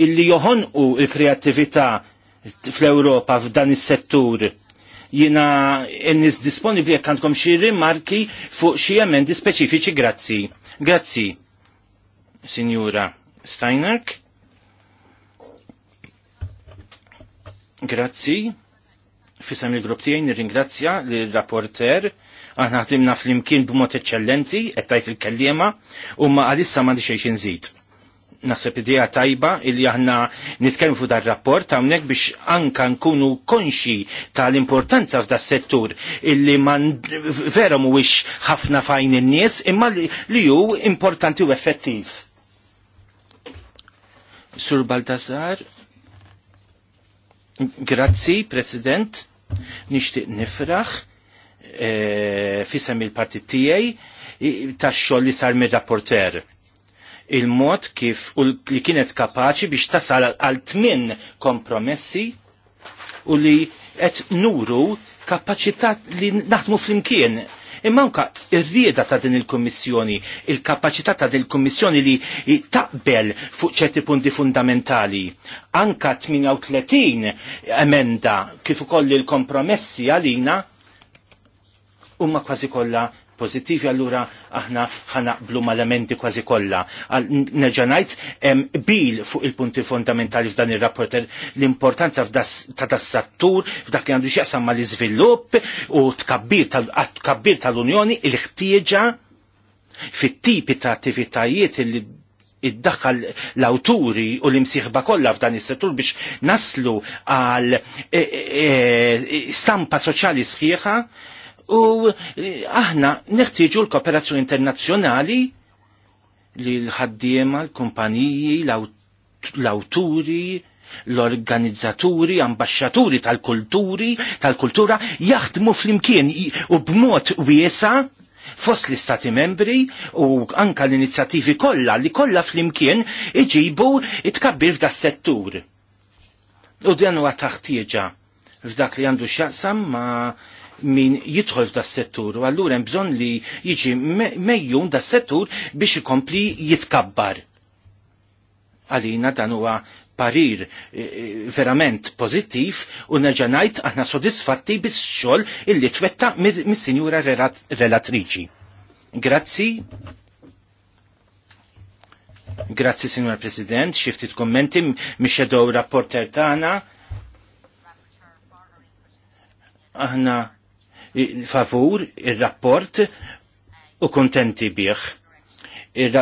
illi joħonqu l kreattività fl-Ewropa f'dan is-settur jina n-nis disponibli jekk għandkom xi rimarki fuq xi emendi speċifiċi grazzi. Grazzi, Sinjura. Steinark. Grazzi. Fisam il-grupp tiegħi nirringrazzja l rapporter aħna ħdimna fl-imkien b'mod eċċellenti qed tajt il-kellima u ma għalissa m'għandi nżid. inżid. Naħseb idea tajba illi aħna nitkellmu fuq dar rapport hawnhekk biex anka nkunu konxi tal-importanza f'da settur illi man vera mhuwiex ħafna fajn in-nies imma li hu importanti u effettiv Sur Baltasar, grazzi, President, nishti nifraħ e, fisem il-partit tijaj tax-xogħol li sar mir-rapporter il-mod kif u li kienet kapaċi biex tasal għal tmin kompromessi u li qed nuru kapaċità li naħdmu flimkien imma anka ir-rieda ta' din il-Kummissjoni, il-kapaċità ta' din il-Kummissjoni li taqbel fuq ċerti punti fundamentali. Anka 38 emenda kif ukoll il-kompromessi għalina huma kważi kollha pozittivi, allura aħna ħanaqblu mal-elementi kważi kollha. Neġanajt, bil fuq il-punti fondamentali f'dan ir-rapport l-importanza ta' das-sattur f'dak li għandu x'jaqsam mal-iżvilupp u tkabbir tal-Unjoni il-ħtieġa fit-tipi ta' attivitajiet li id-daħħal l-awturi u l-imsieħba kollha f'dan is-settur biex naslu għal e, e, e, stampa soċjali sħiħa u eh, aħna neħtieġu l-kooperazzjoni internazzjonali li l-ħaddiema, l-kumpaniji, l-awturi, l-organizzaturi, ambasċaturi tal-kulturi, tal-kultura jaħdmu fl-imkien u b'mod wiesa fost l-istati membri u anka l-inizjattivi kollha li kollha fl-imkien iġibu itkabbir f'da settur. U dan huwa taħtieġa f'dak li għandu x'jaqsam ma' min jidħol f'das settur u allura hemm bżonn li jiġi mejjun das settur biex ikompli jitkabbar. Għalina dan huwa parir eh, eh, verament pozittiv u neġanajt aħna sodisfatti bis xol illi twetta mis-sinjura relatriċi. Grazzi. Grazzi, Signor President, xiftit kommenti, mxedow rapporter tana. Aħna favur il-rapport u kontenti bieħ. Eh,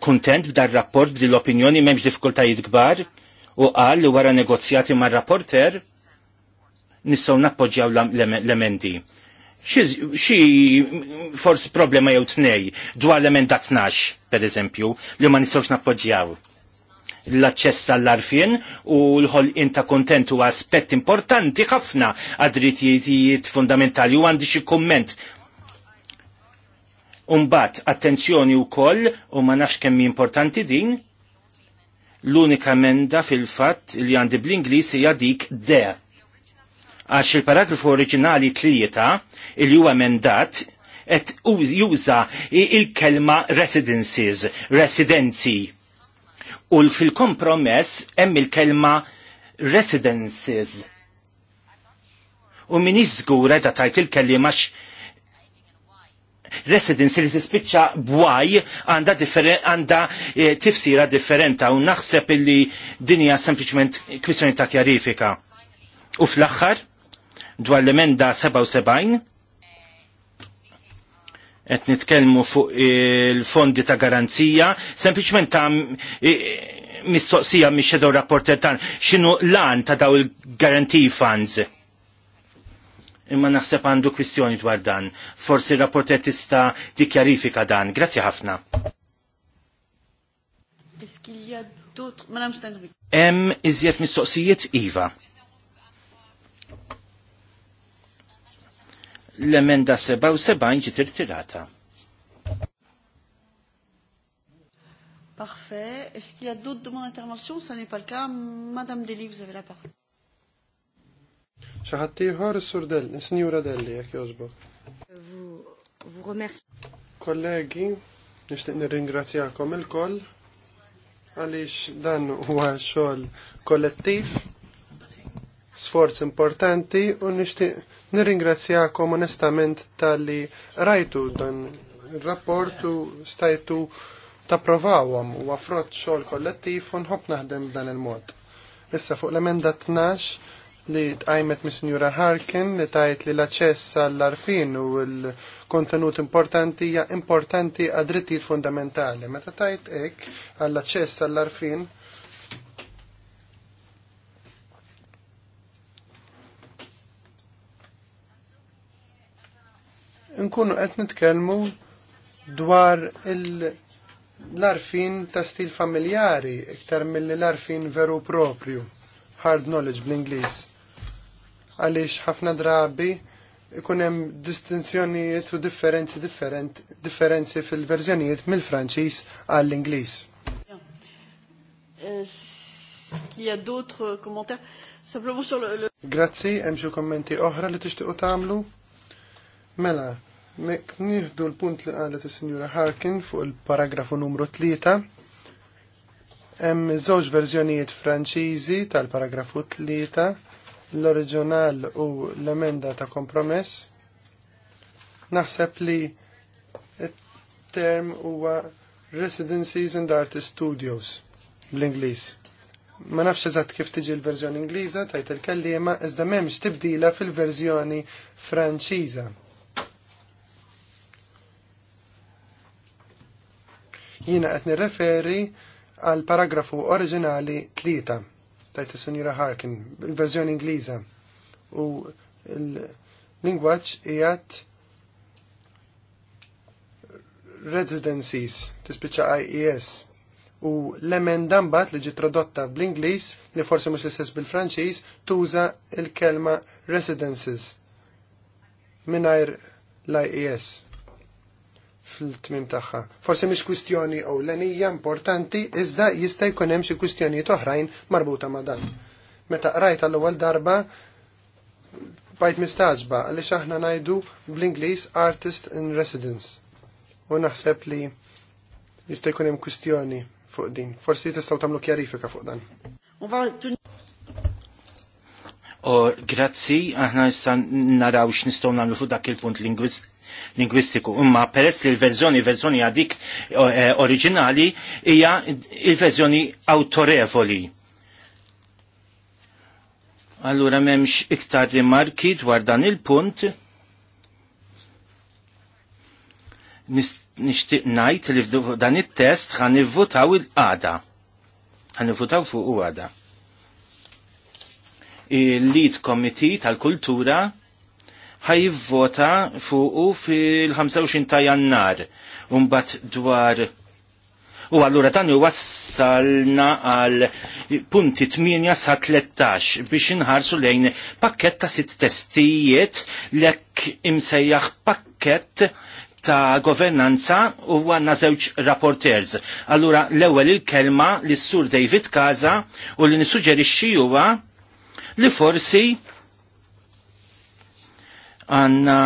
kontent b'dar rapport li l-opinjoni memx diffikultajiet kbar u qal li wara negozjati ma' rapporter nistgħu nappoġġjaw l-emendi. Xi forsi problema jew tnej dwar l emendat 12, per eżempju, li ma nistgħux nappoġġjaw l-aċċess għall-arfien u l-ħolqien ta' kontent u aspett importanti ħafna għad-drittijiet fundamentali u għandi xi komment Umbat, attenzjoni u koll, u ma nafx kemmi importanti din, l-unika menda fil-fat li għandi bl-Inglis hija dik de. Għax il-paragrafu oriġinali tlieta, il huwa mendat, et juża il-kelma residences, residenzi u fil-kompromess hemm il-kelma residences. U min iżgur ta' tajt il-kelima residency li tispiċċa bwaj għandha għandha e, tifsira differenta u naħseb illi dinja sempliċement kwistjoni ta' kjarifika. U fl-aħħar, dwar l-emenda 77, qed nitkellmu fuq il-fondi ta' garanzija, sempliċement ta' mistoqsija mi rapporter tan xinu lan ta' daw il-guarantee funds. Imma naħseb għandu kwistjoni dwar dan. Forsi rapporter tista' dikjarifika dan. Grazzi ħafna. Hemm iżjed mistoqsijiet Iva. l-emenda 77 ġi tirtirata. Parfait. Est-ce qu'il y a d'autres demandes d'intervention Ça n'est pas le cas. Madame Deli, vous avez la parole. ċaħattijħor s-surdel, s-njura delli, vous jozbok. Collègues, remerci. Kollegi, nishtiq comme le col. għalix dan huwa xogħol kollettiv, sforz importanti u nishtiq Nirringrazzjakom onestament tal-li rajtu dan il-rapport u stajtu tapprovawhom u għafrot xogħol kollettiv u nħobb naħdem b'dan il-mod. Issa fuq l-emenda 12 li tqajmet mis-Sinjura Harkin li tajt li l-aċċess għall-arfin u l-kontenut importanti hija importanti għad fundamentali. Meta tajt hekk għall-aċċess għall-arfin nkunu qed nitkellmu dwar l-arfin ta' stil familjari iktar mill l-arfin veru propju, hard knowledge bl-Ingliż. Għaliex ħafna drabi ikun hemm distinzjonijiet u differenzi differenzi fil-verżjonijiet mill-Franċiż għall-Ingliż. Grazzi, hemm xi kommenti oħra li tixtiequ tagħmlu? Mela, mek nieħdu l-punt li qalet il sinjura Harkin fuq il-paragrafu numru 3. Hemm żewġ verżjonijiet Franċiżi tal-paragrafu 3, l-oriġinal u l-emenda ta' kompromess. Naħseb li term huwa Residencies and Artist Studios bl-Ingliż. Ma nafx eżatt kif tiġi l-verżjoni Ingliża tajt il kelliema iżda m'hemmx tibdila fil-verżjoni Franċiża Jiena qed referi għal paragrafu oriġinali tlieta tajt is-Sunira Harkin, il-verżjoni Ingliża. U l-lingwaġġ qiegħed residencies, tispiċċa IES. U l emendambat li ġiet tradotta bl-Ingliż li forsi mhux l-istess bil-Franċiż tuża l-kelma residences mingħajr l-IES fil-tmim tagħha. Forsi u kwistjoni ewlenija importanti iżda jista' jkun hemm xi kwistjonijiet oħrajn marbuta ma' dan. Meta qrajt għall-ewwel darba bajt mistaġba għaliex aħna ngħidu bl-Ingliż artist in residence. U naħseb li jista' jkun hemm kwistjoni fuq din. Forsi jistaw tamlu kjarifika fuq dan. U grazzi, aħna issa naraw x'nistgħu nagħmlu fuq dak il-punt lingwist lingwistiku. Imma peress li l-verżjoni, verżjoni għadik e, oriġinali, hija il-verżjoni autorevoli. Allura memx iktar rimarki dwar dan il-punt. Nishtiq najt li dan il-test għan nivvutaw il-għada. Għan nivvutaw fuq u għada. Il-lead committee tal-kultura ħajivvota fuqu fil-25 ta' jannar. Umbat dwar U għallura tani wassalna għal punti 8 sa 13 biex nħarsu lejn pakket ta' sit testijiet lek imsejjaħ pakket ta' governanza u għanna zewċ rapporters. Allura l-ewel il-kelma l-sur David Kaza u li nisuġerixxi huwa li forsi għanna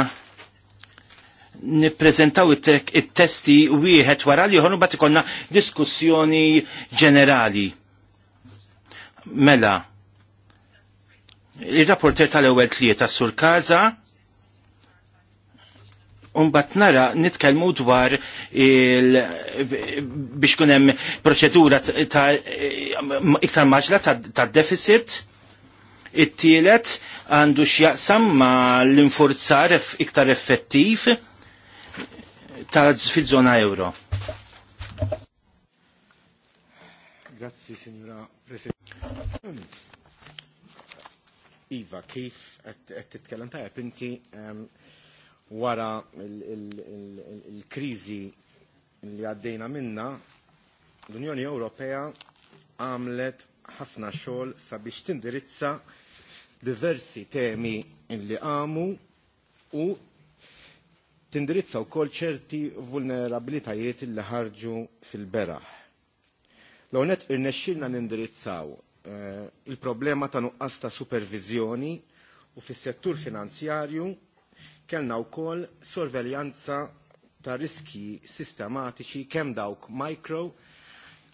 niprezentaw it-testi wieħed wara li ħonu bat ikonna diskussjoni ġenerali. Mela, il-rapporter tal-ewel tlieta sur kaza, bat nara nitkelmu dwar il biex kunem proċedura ta' iktar maġla ta' deficit, it-tielet għandu x'jaqsam ma l-infurzar iktar effettiv ta' fil-żona euro. Grazzi, signora Presidente. Iva, kif qed titkellem tajjeb inti ehm, wara il-kriżi li għaddejna minna, l-Unjoni Ewropea għamlet ħafna xogħol sabiex tindirizza diversi temi li għamu u tindirizza wkoll ċerti vulnerabilitajiet li ħarġu fil-beraħ. L-għonet irnexxilna nindirizzaw eh, il-problema ta' nuqqas ta' supervizjoni u fis-settur finanzjarju kellna wkoll sorveljanza ta' riski sistematiċi kemm dawk micro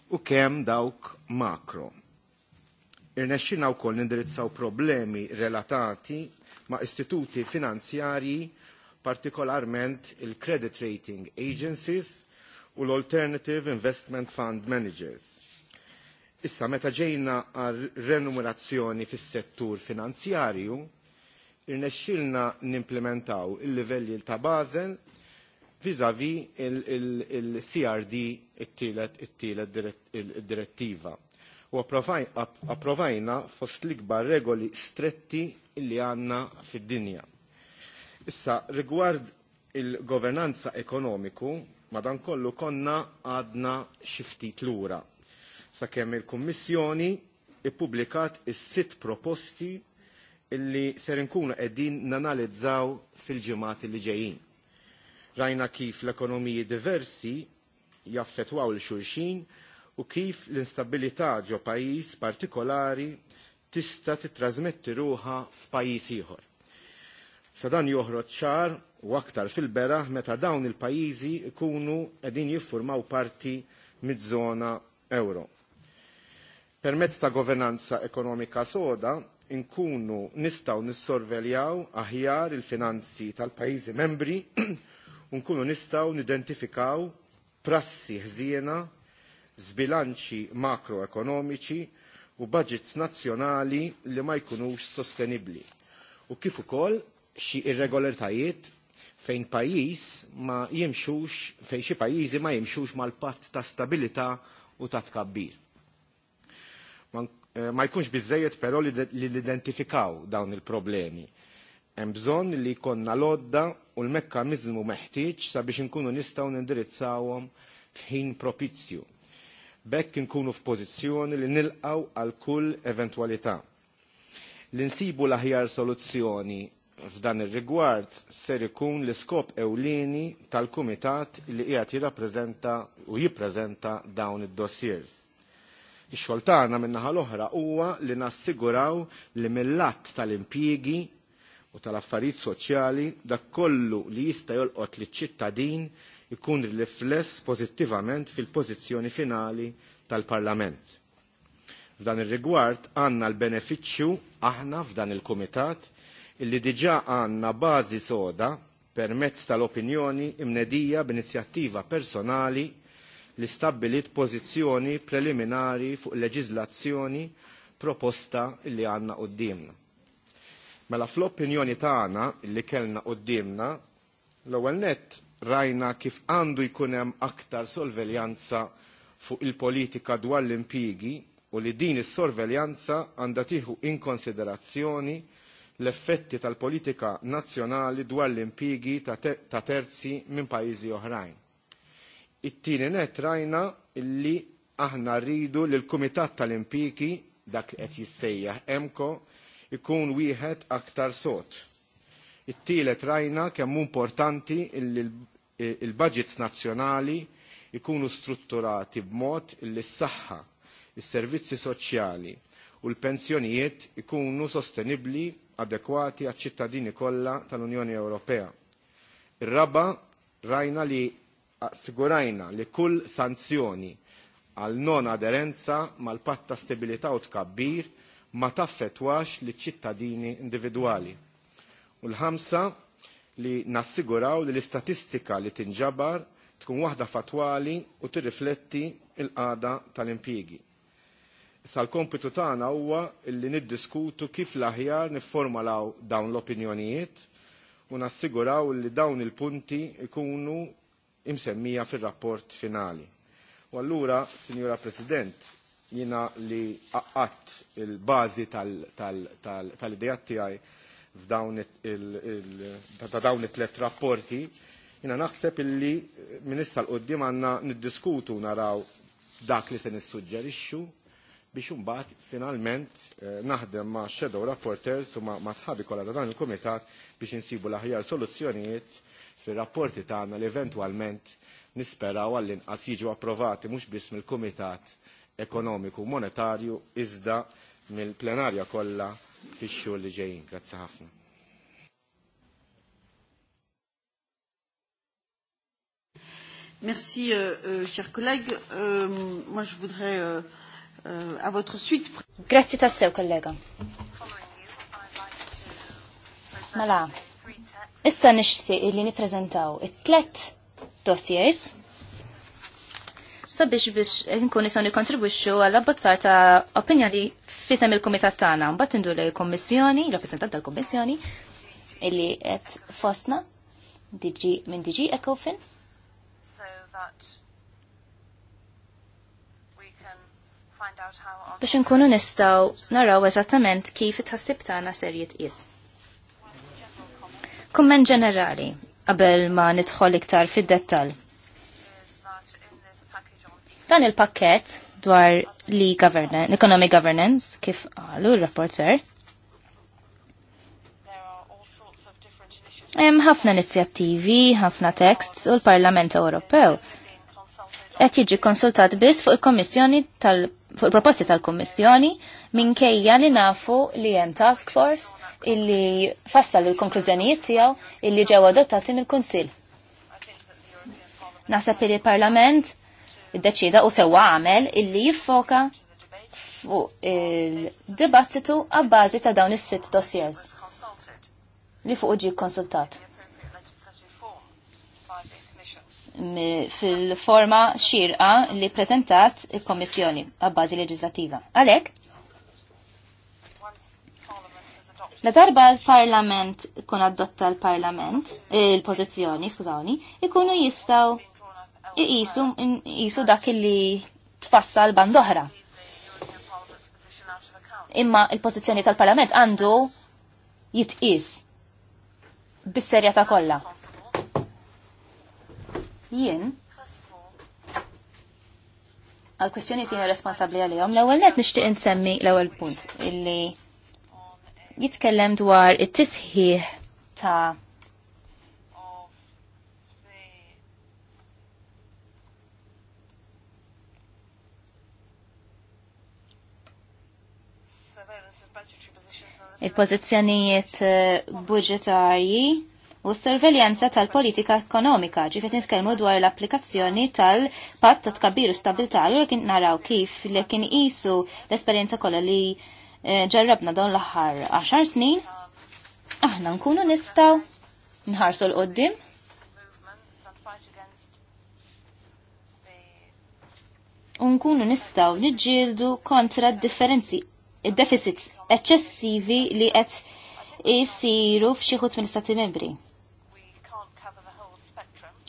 u kemm dawk makro. Irnexxina wkoll nindirizzaw problemi relatati ma' istituti finanzjarji partikolarment il-credit rating agencies u l-alternative investment fund managers. Issa meta ġejna għal renumerazzjoni fis-settur finanzjarju, irnexxilna nimplementaw il-livelli ta' Basel vis-à-vis il-CRD it-tielet direttiva u approvajna fost l-ikbar regoli stretti illi għanna fid-dinja. Issa, rigward il-governanza ekonomiku, madan kollu konna għadna xiftit lura. Sakemm il-Kummissjoni ippubblikat is-sitt proposti illi ser inkunu qegħdin nanalizzaw fil-ġimgħat li ġejjin. Rajna kif l-ekonomiji diversi jaffetwaw l-xulxin u kif l-instabilità ġo pajis partikolari tista titrasmetti ruħa f'pajis ieħor. Sa dan joħroġ ċar u aktar fil-beraħ meta dawn il-pajjiżi ikunu qegħdin jiffurmaw parti mid-żona euro. Permezz ta' governanza ekonomika soda inkunu nistgħu nissorveljaw aħjar il-finanzi tal-pajjiżi membri (clears throat) u nkunu nistgħu nidentifikaw prassi ħżiena sbilanċi makroekonomiċi u budgets nazzjonali li ma jkunux sostenibbli. U kif ukoll xi irregolaritajiet fejn pajjiż ma jimxux fejn xi pajjiżi ma jimxux mal-patt ta' stabilità u ta' tkabbir. Ma eh, jkunx biżejjed però li l-identifikaw dawn il-problemi. Hemm bżonn li jkollna lodda u l-mekkaniżmu meħtieġ sabiex inkunu nistgħu nindirizzawhom f'ħin propizju bekk inkunu f'pożizzjoni li nilqaw għal kull eventwalità. L-insibu l-aħjar soluzzjoni f'dan ir-rigward ser ikun l-iskop ewlieni tal-kumitat li qiegħed jirrappreżenta u jippreżenta dawn id-dossiers. Ix-xogħol tagħna min-naħa l-oħra huwa li nassiguraw li mill-att tal-impjiegi u tal-affarijiet soċjali dak kollu li jista' jolqot liċ-ċittadin ikun rifless pozittivament fil-pożizzjoni finali tal-Parlament. F'dan ir-rigward għandna l-benefiċċju aħna f'dan il-Kumitat illi diġà għandna bażi soda permezz tal-opinjoni imnedija b'inizjattiva personali li stabbilit pożizzjoni preliminari fuq leġiżlazzjoni proposta illi għandna qudiemna. Mela fl-opinjoni tagħna li kellna qudiemna l-ewwel nett rajna kif għandu jkun hemm aktar sorveljanza fuq il-politika dwar l-impigi u li din is-sorveljanza għandha tieħu in konsiderazzjoni l-effetti tal-politika nazzjonali dwar l-impigi ta' terzi minn pajjiżi oħrajn. It-tieni net rajna illi aħna rridu li l-Kumitat tal impigi dak qed jissejjaħ emko ikun wieħed aktar sot It-tielet rajna kemm importanti illi il-budgets nazzjonali ikunu strutturati b'mod illi s-saħħa, is-servizzi soċjali u l-pensjonijiet ikunu sostenibbli adekwati għal ċittadini kollha tal-Unjoni Ewropea. Ir-raba rajna li assigurajna li kull sanzjoni għal non aderenza mal-patta stabilità u tkabbir ma taffetwax li ċittadini individwali. U l-ħamsa li nassiguraw li l-istatistika li tinġabar tkun waħda fatwali u tirrifletti il-qada tal-impjiegi. Issa l-kompitu tagħna huwa li niddiskutu kif l-aħjar nifformalaw dawn l-opinjonijiet u nassiguraw li dawn il-punti ikunu imsemmija fil-rapport finali. U allura, Signora President, jina li għaqqat il-bazi tal-idejat tal, tal, tal, tal ta' dawn it-tlet rapporti, jina naħseb illi minissa l-qoddim għanna niddiskutu naraw dak li se nissuġġerixxu biex umbat finalment eh, naħdem ma' shadow rapporters u ma' sħabi kolla ta' dan il-komitat biex insibu l-aħjar soluzzjonijiet fir rapporti tagħna li eventualment nisperaw għall-inqas jiġu approvati mhux biss mill-Kumitat Ekonomiku Monetarju iżda mill-plenarja kollha fix-xogħol li ġejjin. Grazzi ħafna. Merci, euh, euh, chers collègues. Euh, moi, je voudrais, euh, euh, à votre suite... Grazie tassew, kollega. Mela, issa nixtieq li nippreżentaw it-tlet dossiers sabiex biex nkun nisaw nikontribwixxu għall abbozzar ta' opinjoni fisem il-komitat tagħna, mbagħad indu l-komissjoni, l-rappresentant tal komissjoni illi qed fostna DG minn DG Ecofin. biex nkunu nistaw naraw eżattament kif it-ħassib tagħna ser jitqies. Kumment ġenerali qabel ma nidħol iktar fid-dettall. Dan il-pakket dwar li governance, economic governance, kif għalu l rapporter Hemm ħafna inizjattivi, ħafna tekst u l-Parlament Ewropew qed jiġi konsultat biss fuq il-Kommissjoni tal fuq il-proposti tal-Kommissjoni minkejja li nafu li hemm task force illi fassal il-konklużjonijiet tiegħu illi ġew adottati mill-Kunsill. Naħseb li il-Parlament iddeċida u sewa għamel illi jiffoka fuq il-dibattitu għabbażi ta' dawn is-sitt dossiers li fuq ġi konsultat. fil-forma xirqa li prezentat il-Komissjoni għabbażi leġislativa. Għalek, La darba l-parlament kun adotta l-parlament, il-pozizjoni, skużawni, ikunu jistaw jisu dak li l band oħra. Imma il-pozizjoni tal-Parlament għandu jitqis bis-serja ta' kollha. Jien għal kwestjoni tieni responsabbli għalihom, l-ewwel net nixtieq insemmi l-ewwel punt illi jitkellem dwar it-tisħiħ ta' il-pozizjonijiet eh, budgetarji u s surveljanza tal-politika ekonomika, ġifet nitkellmu dwar l-applikazzjoni tal-patt ta' tkabbir u stabilità, u kien naraw kif li kien isu l-esperjenza kollha li eh, ġarrabna dawn l-aħħar 10 snin, aħna nkunu nistaw nħarsu l-qoddim. Unkunu nistaw niġġieldu kontra d-differenzi, id-deficits eċċessivi li qed isiru f'xi ħut mill-Istati Membri.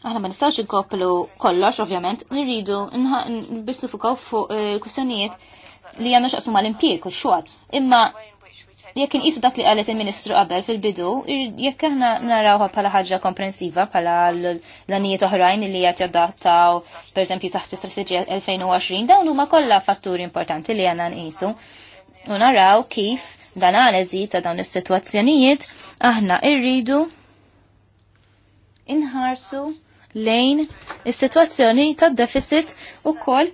Aħna ma nistgħux inkoplu kollox, ovvjament, nirridu nbisslu fukaw fuq eh, kwistjonijiet li għandna x'qasmu mal-impjeg u xogħol. Imma jekk inqisu dak li qalet il-Ministru qabel fil-bidu, jekk aħna narawha bħala ħaġa komprensiva bħala l-anijiet oħrajn li qed jaddattaw pereżempju taħt istrateġija 2020, dawn huma kollha fatturi importanti li għandna nqisu u naraw kif dan b'analiżi ta' dawn is-sitwazzjonijiet aħna irridu inħarsu lejn is-sitwazzjoni tad-deficit ukoll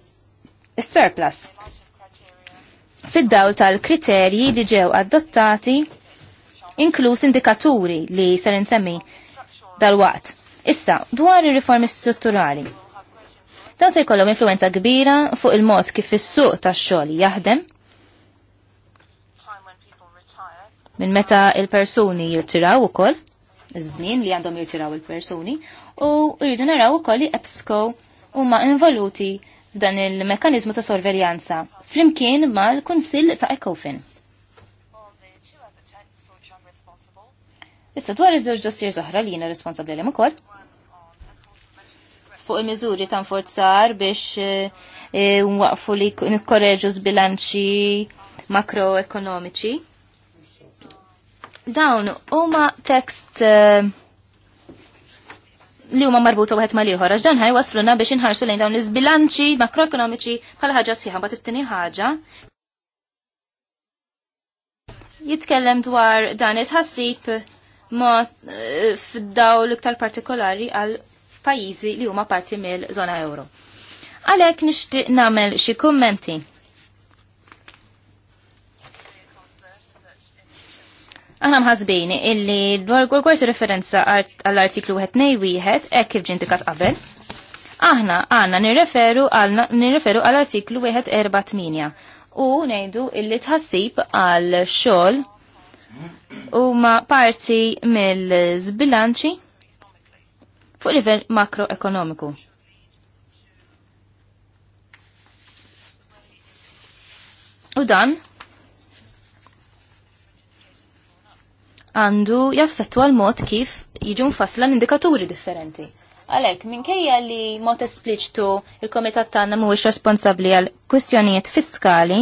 is-surplus. Fid-dawl tal-kriterji li ġew adottati inkluż indikaturi li ser insemmi dal-waqt. Issa, dwar ir-riformi strutturali. Dan se jkollhom influenza kbira fuq il-mod kif is-suq tax-xogħol jaħdem minn meta il-persuni jirtiraw ukoll, iż-żmien li għandhom jirtiraw il-persuni, u rridu naraw ukoll li EBSCO huma involuti f'dan il-mekkaniżmu ta' sorveljanza flimkien mal-Kunsill ta' ECOFIN. Issa dwar iż-żewġ dossier oħra li jiena responsabbli lhem ukoll fuq il-miżuri ta' nforzar biex eh, nwaqfu li nikkoreġu zbilanċi makroekonomiċi Dawn huma tekst eh, li huma marbuta wieħed mal-ieħor għax dan ħajwasluna biex inħarsu lejn dawn iż-bilanċi makroekonomiċi bħala ħaġa sħiħa mbagħad it-tieni ħaġa jitkellem dwar dan it-ħassib eh, f'daw l-iktar partikolari għal pajjiżi li huma parti mill-żona euro. Għalhekk nixtieq nagħmel xi kummenti. Aħna mħasbin illi dwar referenza għall-artiklu 2.1 ek kif ġintikat qabel. Aħna għanna nirreferu għall-artiklu 1.4.8 u nejdu illi tħassib għal xol u ma parti mill-zbilanċi fuq livell makroekonomiku. U dan għandu jaffettwa l-mod kif jiġu nfassla indikaturi differenti. Għalek, minkejja li mod espliċtu il-komitat tagħna mhuwiex responsabbli għal kwistjonijiet fiskali,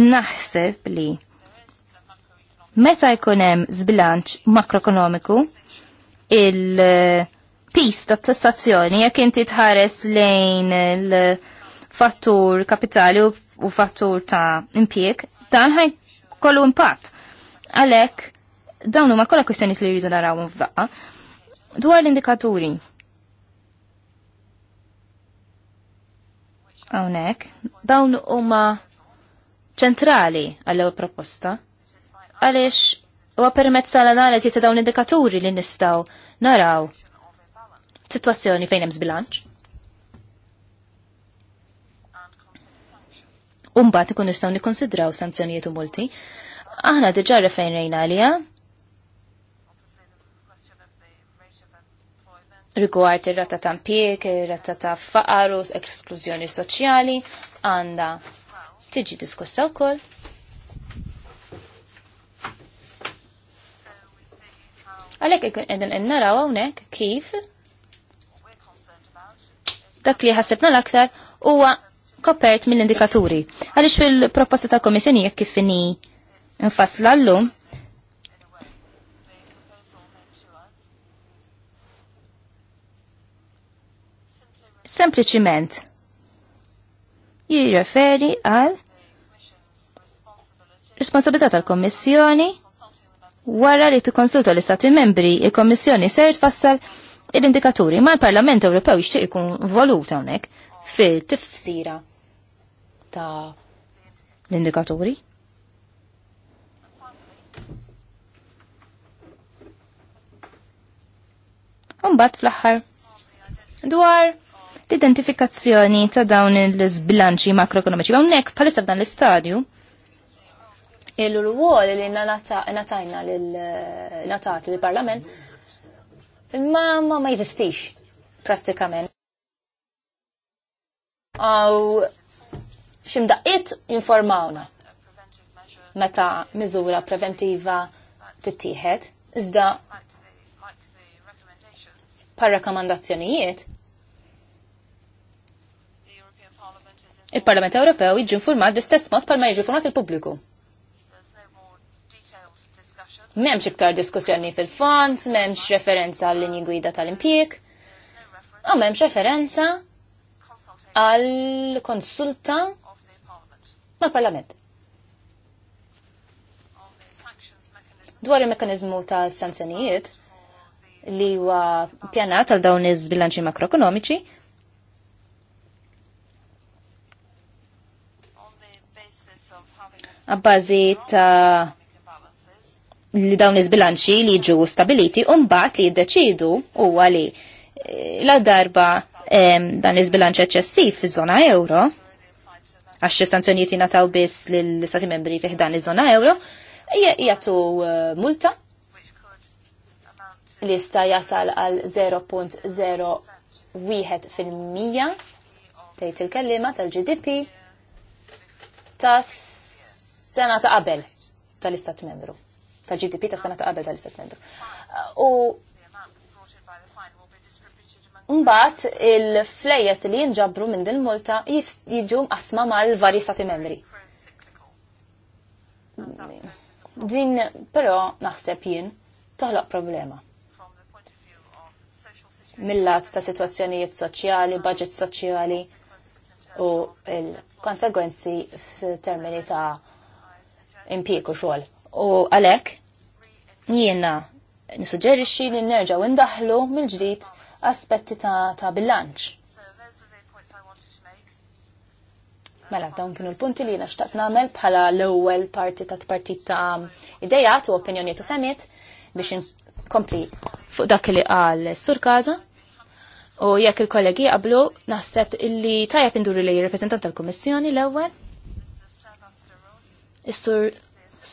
naħseb li meta jkun hemm makroekonomiku, il-pis ta' tassazzjoni jekk inti tħares lejn il-fattur kapitali u fattur ta' impjek, dan ħaj kollu impatt. Għalek, dawn huma kollha kwistjonijiet li jridu narawhom f'daqqa. Dwar l-indikaturi. Hawnhekk, dawn huma ċentrali għall proposta għaliex huwa permezz tal-analiżi ta' dawn l-indikaturi li nistgħu naraw sitwazzjoni fejn hemm żbilanċ. Umbat ikun nistgħu nikkonsidraw sanzjonijiet u multi. Aħna diġà refejn rejna għalija rigward ir-rata ta' impjieg, ir-rata ta' faqarus, eksklużjoni soċjali għandha tiġi diskussa wkoll. Għalhekk ikun qegħdin naraw hawnhekk kif dak li ħassibna l-aktar huwa kopert mill-indikaturi. Għaliex fil-proposta tal-Komissjoni jekk kif inhi l lum sempliċiment jirreferi għal responsabilità tal-Kommissjoni wara li tikkonsulta l-Istati membri, il-Kommissjoni ser tfassal l-indikaturi ma l-Parlament Ewropew jixtieq ikun volut hawnhekk fil-tifsira ta' l-indikaturi. Umbat fl-aħħar dwar l-identifikazzjoni ta' dawn il-sbilanċi makroekonomiċi. Ma' unnek palissa f'dan l-istadju. Il-ruol li natajna l-natat l-parlament ma ma ma jizistix pratikament. Għaw ximdaqit informawna meta miżura preventiva tittieħed, iżda par rakkomandazzjonijiet il-Parlament Ewropew jiġi infurmat bl-istess mod palma jiġi informat il-pubbliku. Memx iktar diskussjoni fil fonds memx referenza għall linji gwida tal-impjek, u memx referenza għal konsulta mal-Parlament. Dwar il-mekanizmu ta' sanzjonijiet li huwa pjanat għal dawn iż-bilanċi makroekonomiċi, għabbażi ta' li dawn iż-bilanċi li ġu stabiliti mbagħad li jiddeċidu huwa li eh, la darba dan iż-bilanċ eċċessiv fiż-żona euro għax sanzjonijiet jingħataw biss lill istati membri fih dan iż-żona euro jagħtu eh, multa li sta jasal għal 0.01 fil-mija tgħid il-kellima tal-GDP tas sena ta' qabel tal-istat membru, tal-GDP ta' sena ta' qabel tal-istat membru. Uh, u Mbagħad il-flejjes li jinġabru minn din multa jiġu asma mal-varji stati membri. Din però naħseb jien toħloq problema. Mill-lat ta' situazzjonijiet soċjali, budget soċjali u il-konsegwenzi f'termini ta' impiku xogħol. U għalhekk jiena nisuġġerixxi li nerġgħu indaħlu mill-ġdid aspetti ta', ta bilanċ. Mela, dawn kienu l-punti li jiena xtaqt nagħmel bħala l-ewwel parti ta' partit ta' idejat u opinjonijiet u femiet biex nkompli fuq dak li qal sur kaza. U jekk il-kollegi qablu naħseb illi tajab induru li rappresentant tal-Kummissjoni l-ewwel Is-sur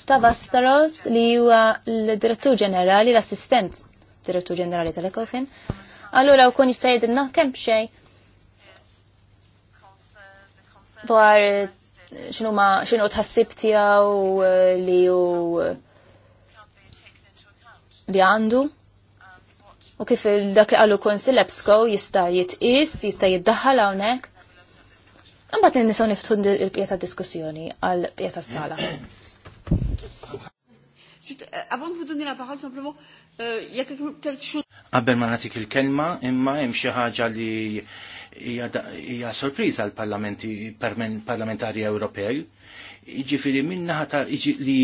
Stavastaros li huwa l-direttur ġenerali, l-assistent direttur ġenerali tal-Ekofin. Allura wkoll jista' jgħidilna kemm xejn. dwar eh, x'inhuma ma tħassib tiegħu eh, li hu eh, li għandu u kif dak li qalu kun sil-EBSCO jista jitqis, jista jiddaħħal hawnhekk n nisaw niftħu il pieta diskussjoni għal pieta s sala euh, Avant euh, ma natik il-kelma, imma hemm xi ħaġa li hija sorpriża għal parlamenti parlamentari Ewropej. Jiġifieri minna ħata li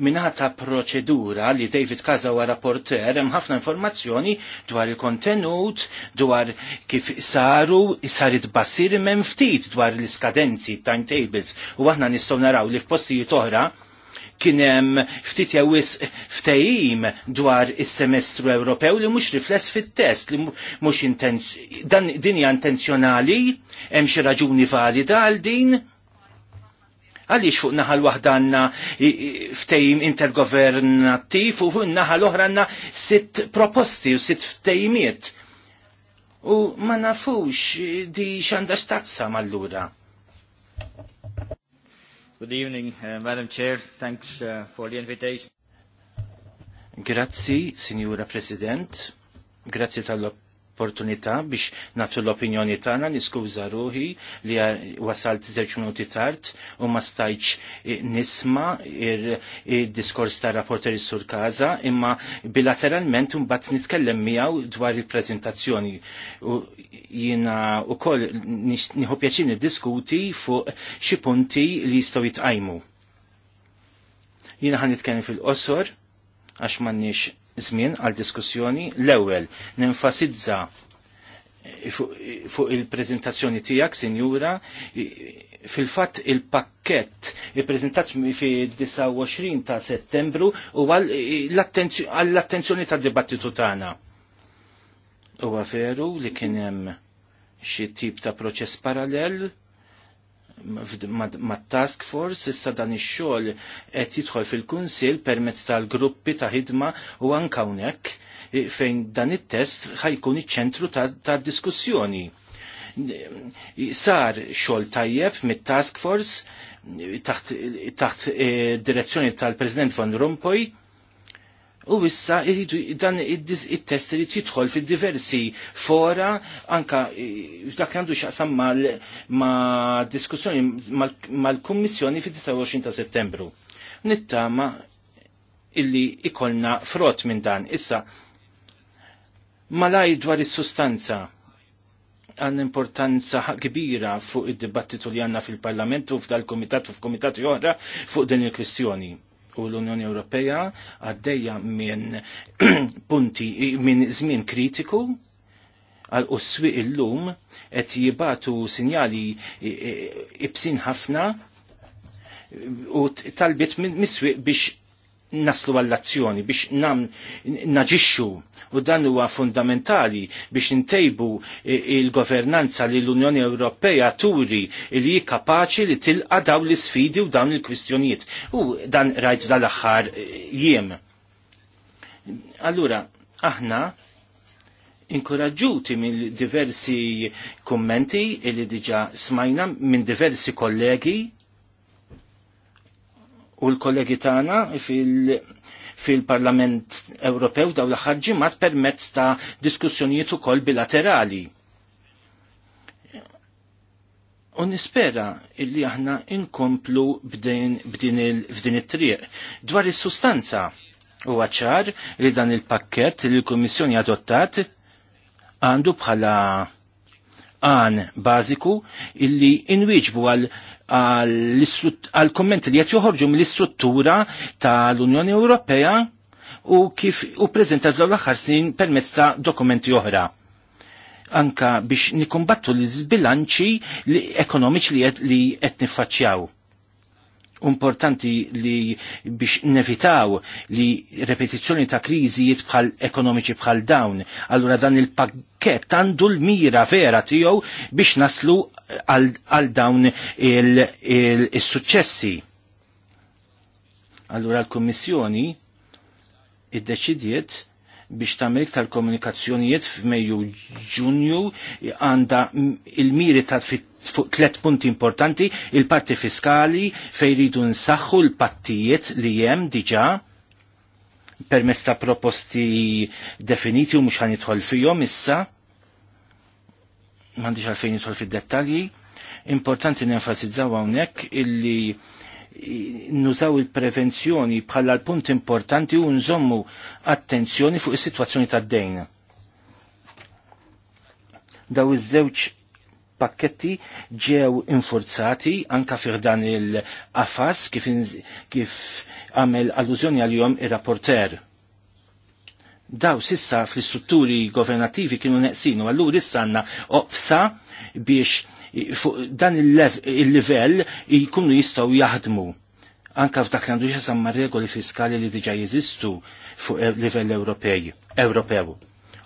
minata proċedura li David Kaza wa rapporter hemm ħafna informazzjoni dwar il-kontenut, dwar kif saru, sarit basir bassir imem ftit dwar l-iskadenzi, timetables, u aħna nistgħu naraw li f'postijiet oħra kienem ftit jawis ftejim dwar is-semestru Ewropew li mhux rifless fit-test li mhux dan dinja intenzjonali hemm xi raġuni valida għal din Għaliex fuq naħal waħda ftejim intergovernattiv u fuq naħal oħra sitt proposti u sitt ftejmiet. U ma nafux di xanda stazza mallura. Good evening, uh, Madam Chair. Thanks uh, for the invitation. Grazzi, Signora President. Grazzi tal-opportunità opportunità biex natu l-opinjoni tagħna niskuża ruħi li wasalt żewġ minuti tard u ma stajċ nisma il-diskors ta' rapporteri sur kaza imma bilateralment mbagħad nitkellem miegħu dwar il-preżentazzjoni u jiena wkoll nieħu pjaċin diskuti fuq xi punti li jistgħu jitqajmu. Jiena ħan nitkellem fil-qosor għax m'għandniex żmien għal diskussjoni l-ewwel nenfasizza fuq il-prezentazzjoni tiegħek sinjura fil-fatt il-pakkett ippreżentat fid-29 ta' Settembru u għall-attenzjoni tad-dibattitu tagħna. Huwa veru li kien hemm xi tip ta' proċess parallel mat-task force, issa dan ix-xogħol qed jidħol fil-kunsil permezz tal-gruppi ta' ħidma u anka hawnhekk fejn dan it-test ħajkun iċ-ċentru tad-diskussjoni. Sar xogħol tajjeb mit-task force taħt, eh, direzzjoni tal-President Van Rompuy U issa dan il-test li jidħol fid diversi fora anka dak għandu xaqsam ma' diskussjoni mal-Kummissjoni fid-29 ta' settembru. Nittama illi ikolna frott minn dan. Issa, malaj dwar is-sustanza għan importanza kbira fuq id-dibattitu li għanna fil-parlament u f'dal-komitat u f'komitat joħra fuq din il-kwistjoni u l-Unjoni Ewropea għaddejja minn (clears throat) punti minn żmien kritiku għal uswi illum qed jibatu sinjali ibsin ħafna u talbit minn miswiq biex naslu għall-azzjoni biex nam naġixxu u dan huwa fundamentali biex intejbu e, il-governanza li l-Unjoni Ewropea turi li hi kapaċi li tilqa dawn l-isfidi u dawn il-kwistjonijiet. U dan rajt dal-aħħar e, jiem. Allura, aħna inkoraġġuti minn diversi kummenti li diġa smajna minn diversi kollegi u l-kollegi tagħna fil- fil-Parlament Ewropew daw l ħarġi mat permezz ta' diskussjonijiet ukoll bilaterali. U nispera illi aħna inkomplu b'din it-triq. Dwar is-sustanza u ċar li dan il-pakket li l-Kummissjoni adottat għandu bħala għan bażiku illi inwiġbu għal għal-kommenti li qed joħorġu mill-istruttura tal-Unjoni Ewropea u kif u prezenta l-aħħar snin permezz ta' dokumenti oħra anka biex nikumbattu l-izbilanċi ekonomiċi li qed nifaċċjaw importanti li biex nevitaw li repetizzjoni ta' kriżijiet bħal ekonomiċi bħal dawn. Allura dan il-pakket għandu l-mira vera tiegħu biex naslu għal dawn il-suċċessi. Allura l-Kummissjoni id-deċidiet biex tagħmel iktar komunikazzjonijiet f'Mejju Ġunju għandha il-miri ta' fit fuq tlet punti importanti, il-parti fiskali fej ridu nsaħħu l-pattijiet li jem diġa permess ta' proposti definiti u mux ħanitħol fijom issa, mandiġ għalfejn jitħol fi dettalji importanti nenfasizzaw għawnek illi nużaw il-prevenzjoni bħala l-punt importanti u nżommu attenzjoni fuq is-sitwazzjoni tad-dejn. Daw iż-żewġ pakketti ġew infurzati anka fir dan il-qafas kif, kif għamel allużjoni għal-jom ir-rapporter. Daw sissa fl-istrutturi governativi kienu neqsinu, għallu issa għanna uqfsa biex fuq dan il-level jkunu jistaw jaħdmu anka f'dak l għandu jħasam regoli fiskali li diġa jeżistu fuq livell Ewropej, Ewropew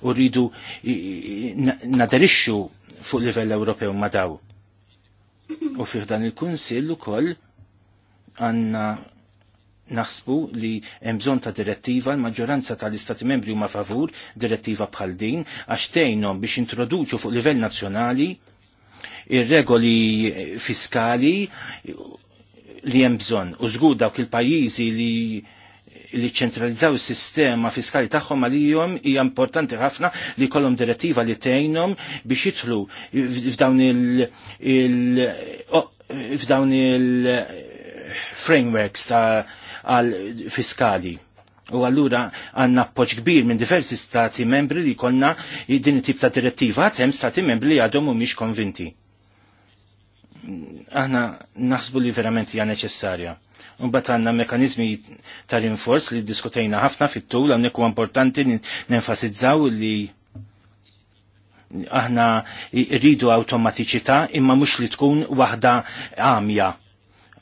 u rridu naderixxu fuq livell Ewropew ma daw. U fih dan il-Kunsill ukoll għandna naħsbu li hemm bżonn ta' direttiva l-maġġoranza tal-Istati Membri huma favur direttiva bħal din għax tgħinhom biex introduċu fuq livell nazzjonali ir-regoli fiskali li hemm bżonn u żgur dawk il-pajjiżi li li ċentralizzaw is-sistema fiskali tagħhom għalihom hija importanti ħafna li kollhom direttiva li tgħinhom biex jidħlu f'dawn il, f'dawn il-frameworks ta' għal-fiskali. U għallura għanna appoġġ kbir minn diversi stati membri li konna din tip ta' direttiva għatem stati membri li għadhom mhumiex konvinti. Aħna naħsbu li verament hija neċessarja u bat għanna mekanizmi tal-inforz li diskutejna ħafna fit-tul għamnek importanti importanti nenfasizzaw li aħna rridu automatiċità imma mux li tkun waħda għamja.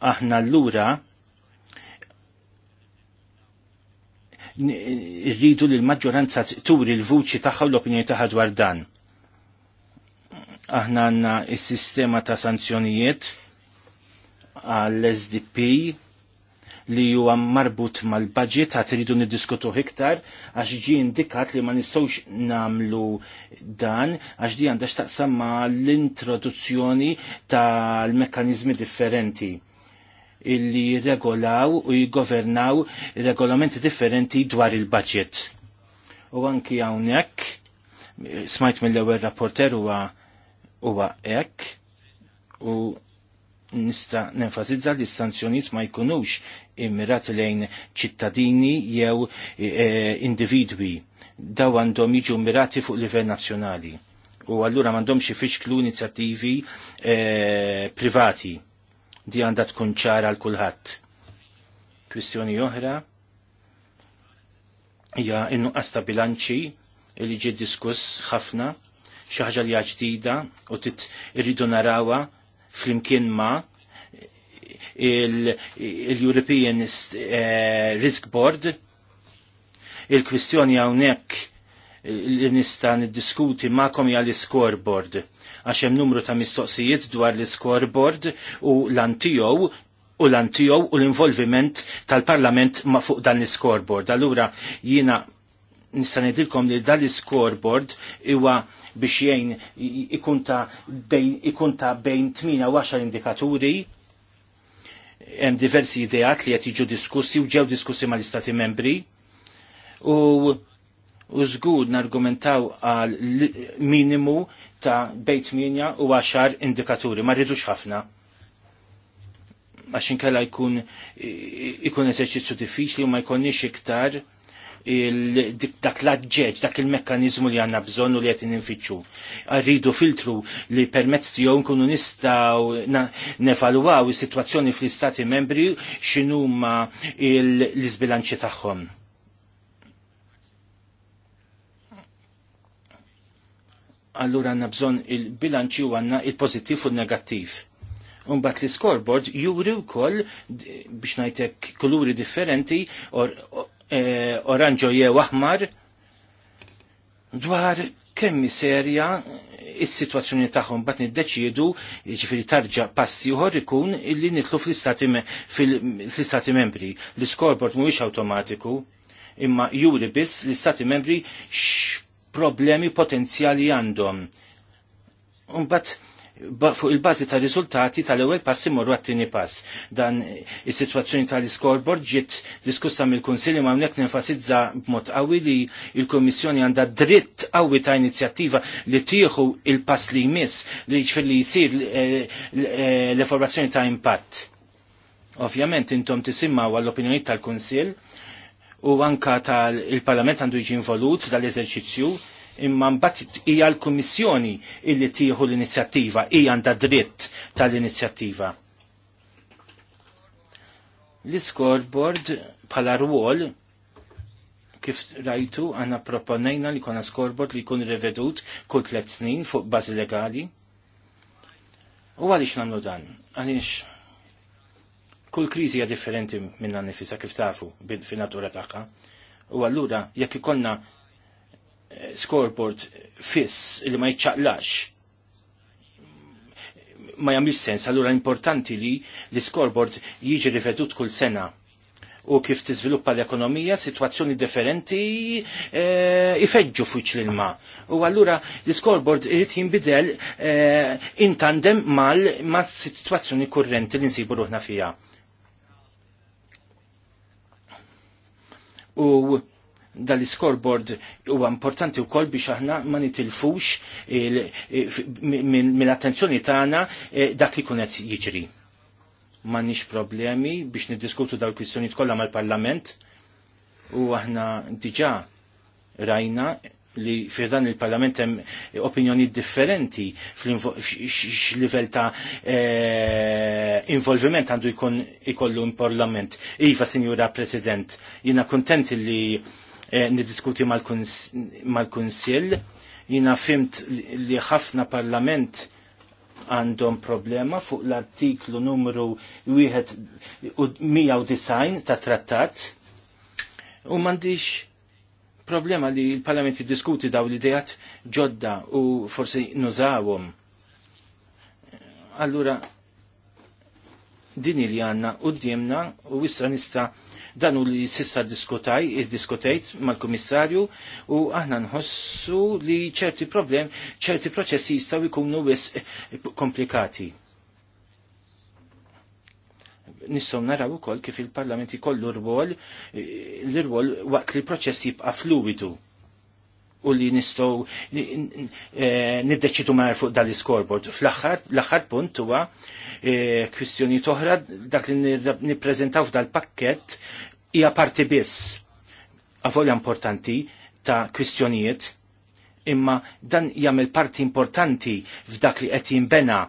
Aħna l-lura rridu li l-maġġoranza turi l-vuċi tagħha l-opinjoni tagħha dwar dan. Aħna għandna il sistema ta' sanzjonijiet għall-SDP li huwa marbut mal-budget għat iridu niddiskutu iktar għax ġi indikat li ma nistgħux namlu dan għax di għandax taqsam ma l-introduzzjoni tal mekkaniżmi differenti illi regolaw u jgovernaw regolamenti differenti dwar il-budget. U anki hawnhekk smajt mill-ewwel rapporter huwa huwa hekk u nista nenfasizza li s-sanzjoniet ma jkunux immirat lejn ċittadini jew e, e, individwi. Daw għandhom jiġu mirati fuq livell nazzjonali. U allura xie fiċklu inizjattivi e, privati. Di għandha tkun ċara għal kulħadd. Kwistjoni oħra hija nuqqas ta' bilanċi li ġie diskuss ħafna xi ħaġa li ġdida u tit irridu narawha flimkien ma il-European il eh, Risk Board. Il-kwistjoni għawnek li nista niddiskuti ma'kom hija l-scoreboard għax hemm numru ta' mistoqsijiet dwar l-scoreboard u l-antijow u l-antijow u l-involviment tal-parlament ma' fuq dan l-scoreboard. Allura jina nista' ngħidilkom li dan l-scoreboard huwa biex jgħin ikun ta' bejn 8 u 10 indikaturi hemm diversi ideat li qed jiġu diskussi u ġew diskussi mal-Istati membri u u żgur nargumentaw għal minimu ta' bejn 8 u 10 indikaturi, ma rridux ħafna għax inkella jkun eżerċizzju diffiċli u ma jkunniex iktar dak l-adġeġ, dak il-mekkanizmu li għanna bżonnu li għetin infittxu. Rridu filtru li permezz tiegħu nkunu nistgħu nevalwaw is-sitwazzjoni fl-istati membri x'inhuma l-iżbilanċi tagħhom. Allura għanna bżon il-bilanċi u għanna il pozittif u negattif. negattiv Unbat li scoreboard juri u koll biex najtek kuluri differenti or, or E, oranġo jew aħmar dwar kemm serja is-sitwazzjoni tagħhom bat niddeċiedu jiġifieri tarġa' passi ieħor ikun illi nitlu fl-istati membri. L-iskorbord mhuwiex awtomatiku imma juri biss l-istati membri x'problemi potenzjali għandhom. Imbagħad fuq il-bazi ta' riżultati tal-ewwel passi morru għat-tieni pass. Dan is-sitwazzjoni tal-iskorbor ġiet diskussa mill-Kunsilli ma hawnhekk nenfasizza b'mod qawwi li l-Kummissjoni għandha dritt qawwi ta' inizjattiva li tieħu il-pass li jmiss li ġifier li jsir eh, eh, l-eformazzjoni ta' impatt. Ovvjament intom tisimgħu għall-opinjonijiet tal-Kunsill u anka tal-Parlament għandu jiġi involut dal-eżerċizzju imma mbagħad hija l-Kummissjoni illi tieħu l-inizjattiva, hija għandha dritt tal-inizjattiva. L-scoreboard bħala rwol kif rajtu għanna proponejna li kuna skorbot li kun revedut kull tlet snin fuq bazi legali. U għalix namlu dan? Għalix kull krizi hija differenti minna nifisa kif tafu fil-natura tagħha. U allura jekk ikollna scoreboard fiss li ma jċaqlax ma jamlix sens, allura importanti li l-scoreboard jiġi rivedut kull sena u kif tiżviluppa l-ekonomija, situazzjoni differenti e, ifeġġu fuq l-ilma. U allura l-scoreboard irid jinbidel eh, intandem mal ma' situazzjoni kurrenti li nsibu ruħna fija. U dal-scoreboard huwa importanti wkoll biex aħna ma nitilfux mill-attenzjoni tagħna e, dak li kun qed jiġri. M'għandniex problemi biex niddiskutu dal kwistjoni kollha mal-Parlament u aħna diġà rajna li fi dan il-parlament hemm opinjoni differenti livell ta' e, involviment għandu jkun ikollu in parlament. Iva, Sinjura President, jina kontent li Eh, nidiskuti mal-Kunsill. Jina fimt li ħafna parlament għandhom problema fuq l-artiklu numru 190 ta' trattat u mandiġ problema li l-Parlament jiddiskuti daw l-idejat ġodda u forsi nużawhom. Allura, din li għanna u d u wissa nista' Dan u li sissa diskutaj, diskutajt mal-komissarju u aħna nħossu li ċerti problem, ċerti proċessi jistaw ikunu wis eh, komplikati. Nissom naraw ukoll kif il-Parlament ikollu rwol eh, l-rwol waqt li proċessi jibqa' fluwidu u li nistgħu eh, niddeċidu mar fuq dal-iskorbord. Fl-aħħar l-aħħar punt huwa eh, kwistjoni toħra dak li nippreżentaw f'dal-pakkett hija parti biss avolja importanti ta' kwistjonijiet imma dan jagħmel parti importanti f'dak li qed jinbena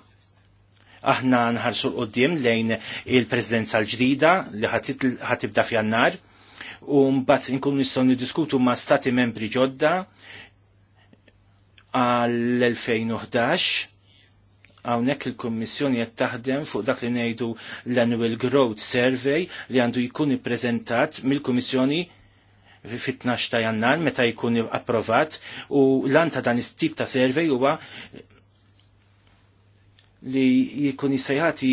aħna nħarsu l-qoddim lejn il-presidenza l-ġdida li ħatibda fjannar u mbagħad inkunu nistgħu niddiskutu ma' stati membri ġodda għall-2011 hawnhekk il-Kummissjoni qed taħdem fuq dak li ngħidu l-Annual Growth Survey li għandu jkun ippreżentat mill-Kummissjoni fit-12 ta' jannar meta jkun approvat u l-anta dan is-tip ta' survey huwa li jikun jistajħati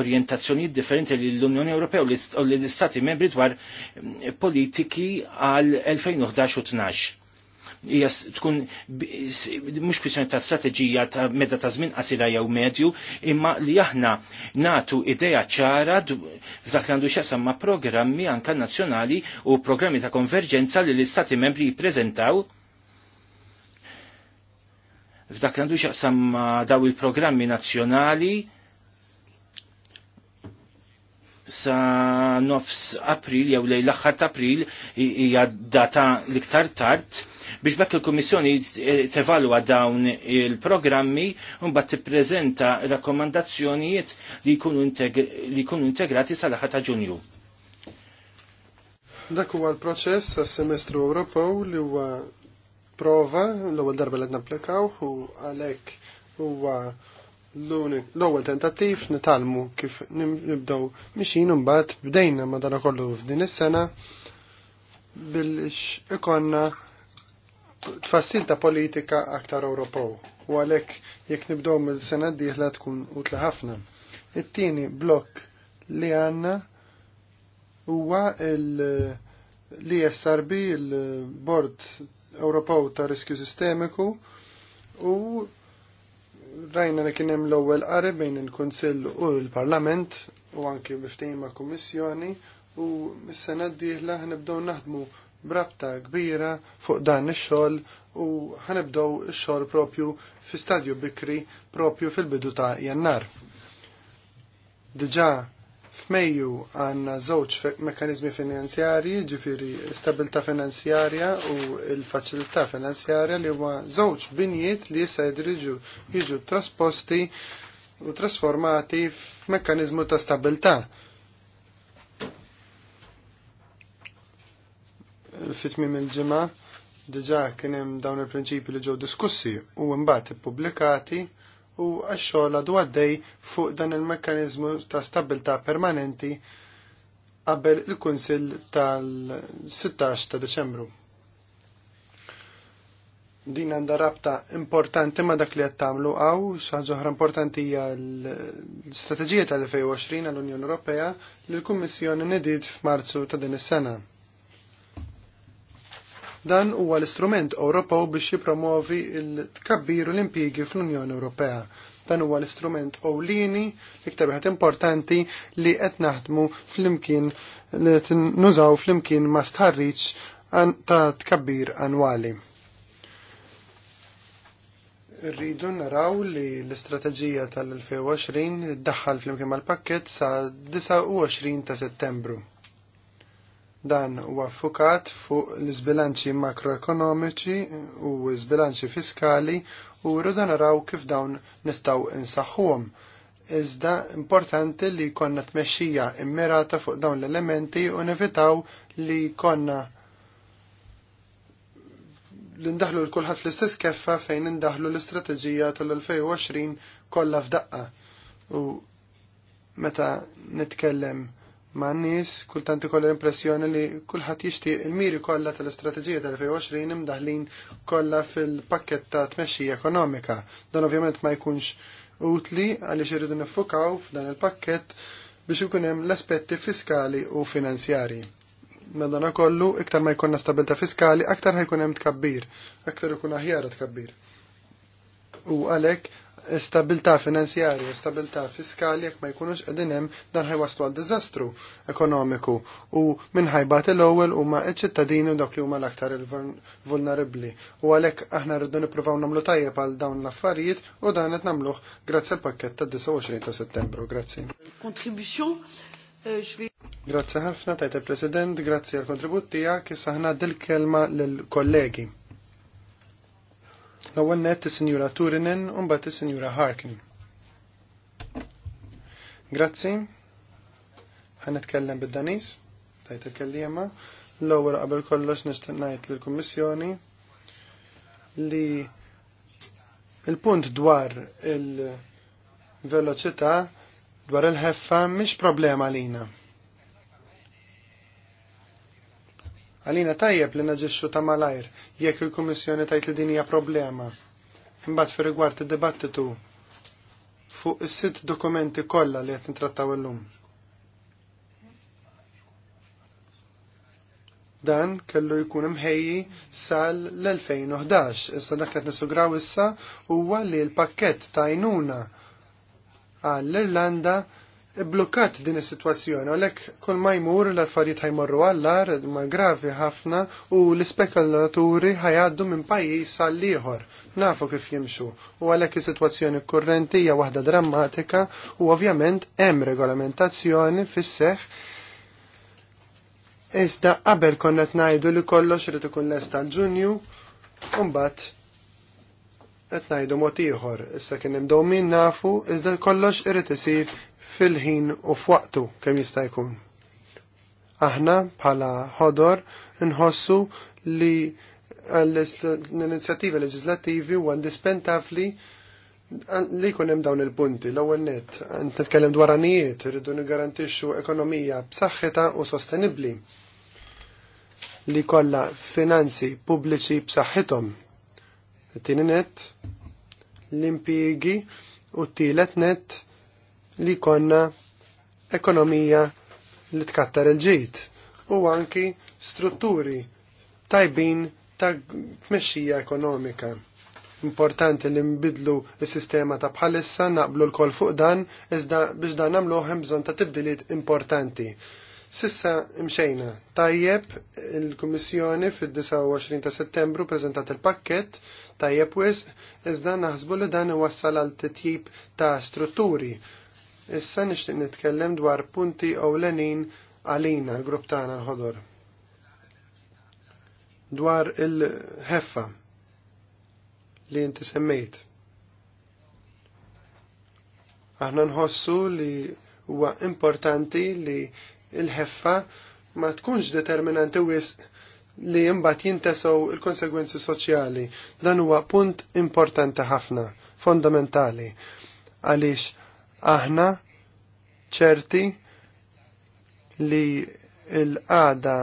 orientazzjoni differenti li l-Unjoni Ewropea u l-Istati membri dwar mm, politiki għal 2011 u 12. Ija tkun mhux kwistjoni ta' strateġija ta' medda ta' żmien qasira jew medju, imma li aħna natu idea ċara f'dak li għandu x'jasam ma' programmi anka nazzjonali u programmi ta' konverġenza li l-Istati membri jippreżentaw f'dak l-għandu xaqsam daw il-programmi nazzjonali sa nofs april jew lej l-aħħar ta' april hija data l-iktar tard biex bekk il-Kummissjoni eh, tevalwa dawn il-programmi u mbagħad tippreżenta rakkomandazzjonijiet li jkunu integrati l-axħar ta' Ġunju. Dak huwa l-proċess sa' semestru Ewropew li huwa prova l-ewwel darba li napplikaw u għalhekk huwa l-ewwel tentattiv nitalmu kif nibdew mixin u mbagħad bdejna madanakollu f'din is-sena biex ikonna tfassil ta' politika aktar Ewropew u għalhekk jekk nibdew mill-sena dieħla tkun utla ħafna. It-tieni blokk li għandna huwa l-ISRB, il-Bord Ewropew ta' riskju sistemiku u rajna li kien hemm l-ewwel qari bejn il-Kunsill u l-Parlament u anke biftejn ma' Kummissjoni u mis-sena d-dieħla ħnibdew naħdmu brabta kbira fuq dan ix-xogħol u ħanibdew ix-xogħol propju fi stadju bikri propju fil-bidu ta' Jannar. Diġà F'Mejju għanna żewġ mekkanizmi finanzjarji, ġifiri stabilta finanzjarja u l-faċilità finanzjarja li huma żewġ binjiet li issa jidriġu jiġu trasposti u trasformati f'mekkanizmu ta' il Fitmim il-ġimgħa diġà kien hemm dawn il prinċipji li ġew diskussi u mbagħad ippubblikati u għax-xogħol għaddej fuq dan il-mekkaniżmu ta' stabilta permanenti qabel il kunsil tal-16 ta' Deċembru. Din għandha rabta importanti ma' dak li qed tagħmlu għaw xi oħra importanti hija l-Strateġija tal-2020 għall-Unjoni Ewropea li l-Kummissjoni nidiet f'Marzu ta' din is-sena Dan huwa l-istrument Ewropew biex jipromovi l u l-impjigi fl-Unjoni Ewropea. Dan huwa l-istrument ewlieni l-iktar wieħed importanti li qed naħdmu fl-imkien li nużaw fl-imkien ma stħarriġ ta' tkabbir annwali rridu naraw li l-istrateġija tal-2020 daħħal flimkien mal-pakket sa 29 ta' settembru. Dan huwa fukat fuq l-iżbilanċi makroekonomiċi u l-iżbilanċi fiskali u rridu naraw kif dawn nistgħu insaħħuhom. Iżda importanti li konna tmexxija immirata fuq dawn l-elementi u nevitaw li konna li ndaħlu l-kulħat fl-istess keffa fejn ndaħlu l-istrateġija tal-2020 kollha f'daqqa. U meta nitkellem ma' n-nis kultant ikollu l-impressjoni li kulħadd jixtieq il-miri kollha tal-istrateġija tal-2020 imdaħlin kollha fil-pakket ta' tmexxija ekonomika. Dan ovvjament ma jkunx utli għaliex irridu nifukaw f'dan il-pakket biex ikun hemm l-aspetti fiskali u finanzjarji. Madonna kollu, iktar ma jkunna stabilta fiskali, aktar ħajkun hemm tkabbir, aktar ikun aħjar tkabbir. U għalhekk stabilità finanzjarja u stabilità fiskali jekk ma jkunux qegħdin hemm dan ħajwaslu għal diżastru ekonomiku u minħajbat l-ewwel huma ċ-ċittadini u dak li huma l-aktar il vulnerabbli. U għalhekk aħna rridu nippruvaw nagħmlu tajjeb għal dawn l-affarijiet u dan qed nagħmluh grazzi l pakkett tad-29 ta' Settembru. Grazzi. Euh, grazzi ħafna tajta President, grazzi għal kontribut tiegħek, ħna dil-kelma l kollegi L-ewwel nett is-Sinjura Turinen u mbagħad is-Sinjura Harkin. Grazzi. Ħa nitkellem bid-Danis, tajt il-kellima. L-ewwel qabel kollox nixtieq ngħid lill-Kummissjoni li il-punt dwar il-veloċità dwar il-ħeffa mhix problema lina. Għalina tajjeb li naġixxu ta' malajr, jekk il-Kummissjoni tajt li din hija problema. Imbagħad fir rigward id-dibattitu fuq is-sitt dokumenti kollha li qed nittrattaw illum. Dan kellu jkun imħejji sal-2011, l issa dak qed nisugraw issa huwa li l-pakkett ta' għajnuna għall-Irlanda blokkat din is-sitwazzjoni għalhekk kull ma jmur l-affarijiet ħajmorru għall-ar ma gravi ħafna u l-ispekulaturi ħajgħaddu minn pajjiż għal ieħor nafu kif jimxu u għalhekk is-sitwazzjoni kurrenti hija waħda drammatika u ovvjament hemm regolamentazzjoni fis-seħħ iżda qabel konna qed ngħidu li kollox irid ikun lesta tal-Ġunju u mbagħad qed ngħidu mod ieħor issa kien hemm min nafu iżda kollox irid isir fil-ħin u f'waqtu kemm jista' jkun. Aħna bħala ħodor nħossu li l-inizjattivi leġislattivi u għandispentafli li jkun hemm dawn il-punti l-ewwel nett nitkellem dwar għanijiet irridu nigarantixxu ekonomija b'saħħitha u sostenibbli li kollha finanzi pubbliċi b'saħħithom. It-tieni nett l-impjiegi u t-tielet nett li konna ekonomija li tkattar il-ġid u anki strutturi tajbin ta' tmexxija ekonomika. Importanti li nbidlu s-sistema ta' bħalissa naqblu l-kol fuq dan iżda biex dan namlu hemm bżonn ta' tibdiliet importanti. Sissa imxejna tajjeb il-Kummissjoni fid-29 ta' Settembru prezentat il-pakkett tajjeb wisq iżda naħsbu li dan iwassal għal titjib ta' strutturi Issa nixtieq nitkellem dwar punti ewlenin għalina l-grupp tagħna l-ħodor. Dwar il-ħeffa li inti semmejt. Aħna nħossu li huwa importanti li il-ħeffa ma tkunx determinanti wisq li imbagħad jintesgħu il-konsegwenzi soċjali. Dan huwa punt importanti ħafna, fondamentali. Għaliex Aħna ċerti li l-għada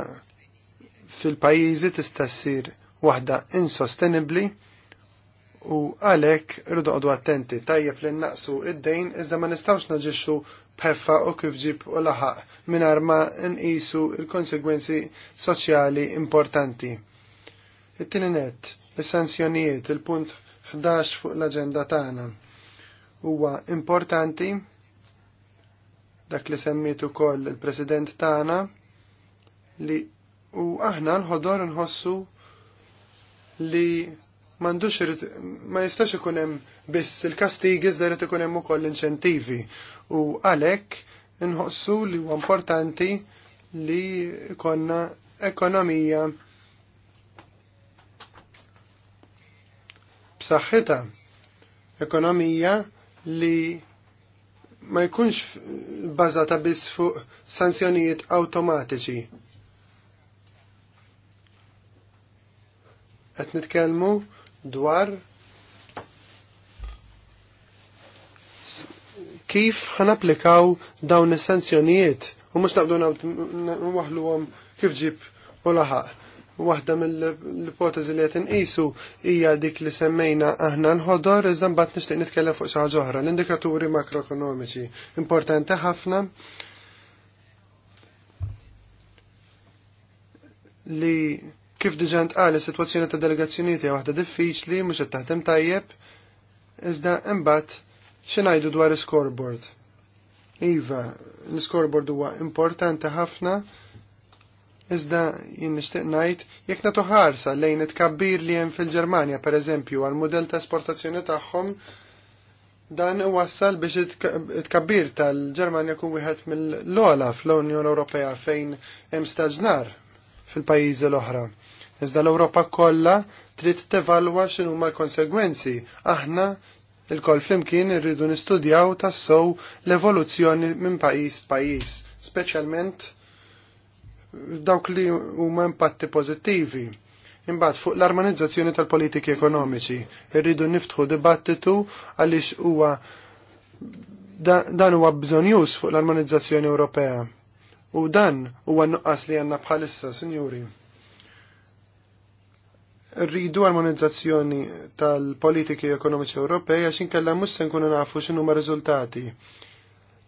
fil-pajizi tista' ssir waħda insostenibbli u għalhekk rridu għadu attenti tajjeb li naqsu id-dejn iżda ma nistgħux naġixxu bħeffa u kif ġib u laħaq mingħajr ma nqisu l-konsegwenzi soċjali importanti. It-tieni net, is-sanzjonijiet, il-punt 11 fuq l-aġenda tagħna huwa importanti dak li semmitu ukoll il-President tagħna li u aħna l-ħodor nħossu li mandux ma jistax ikun hemm biss il-kastigi iżda ikunem ikun hemm ukoll inċentivi u għalhekk nħossu li huwa importanti li konna ekonomija b'saħħitha ekonomija li ma jkunx bazata biss fuq sanzjonijiet automatiċi. Qed nitkellmu dwar kif ħanaplikaw dawn is-sanzjonijiet u mhux naqdu waħluhom kif ġib u laħaq. Waħda mill-ipotezi li qed inqisu hija dik li semmejna aħna l-ħodor iżda mbagħad nixtieq nitkellem fuq xi ħaġa oħra, l-indikaturi makroekonomiċi. Importanti ħafna li kif diġa ntqal is-sitwazzjoni ta' delegazzjonijiet hija waħda diffiċli mhux qed taħdem tajjeb, iżda imbagħad xi ngħidu dwar is-scoreboard. Iva, l-scoreboard huwa importanti ħafna iżda jien nixtieq ngħid jekk nagħtu ħarsa lejn it-kabbir li hemm fil-Ġermanja pereżempju għal mudell ta' esportazzjoni tagħhom dan wassal biex it-kabbir tal-Ġermanja kun wieħed mill-ola fl-Unjoni Ewropea fejn hemm staġnar fil-pajjiżi l-oħra. Iżda l-Ewropa kollha trid tevalwa x'inhuma l-konsegwenzi. Aħna il flimkien irridu nistudjaw tassow l-evoluzzjoni minn pajjiż pajjiż, speċjalment dawk li huma impatti pożittivi. Imbagħad fuq l-armonizzazzjoni tal-politiki ekonomiċi, irridu niftħu dibattitu għaliex huwa dan huwa bżonjus fuq l-armonizzazzjoni Ewropea. U dan huwa nuqqas li għandna bħalissa, sinjuri. Rridu armonizzazzjoni tal-politiki ekonomiċi Ewropej għax inkella mhux se nkunu nafu x'inhuma riżultati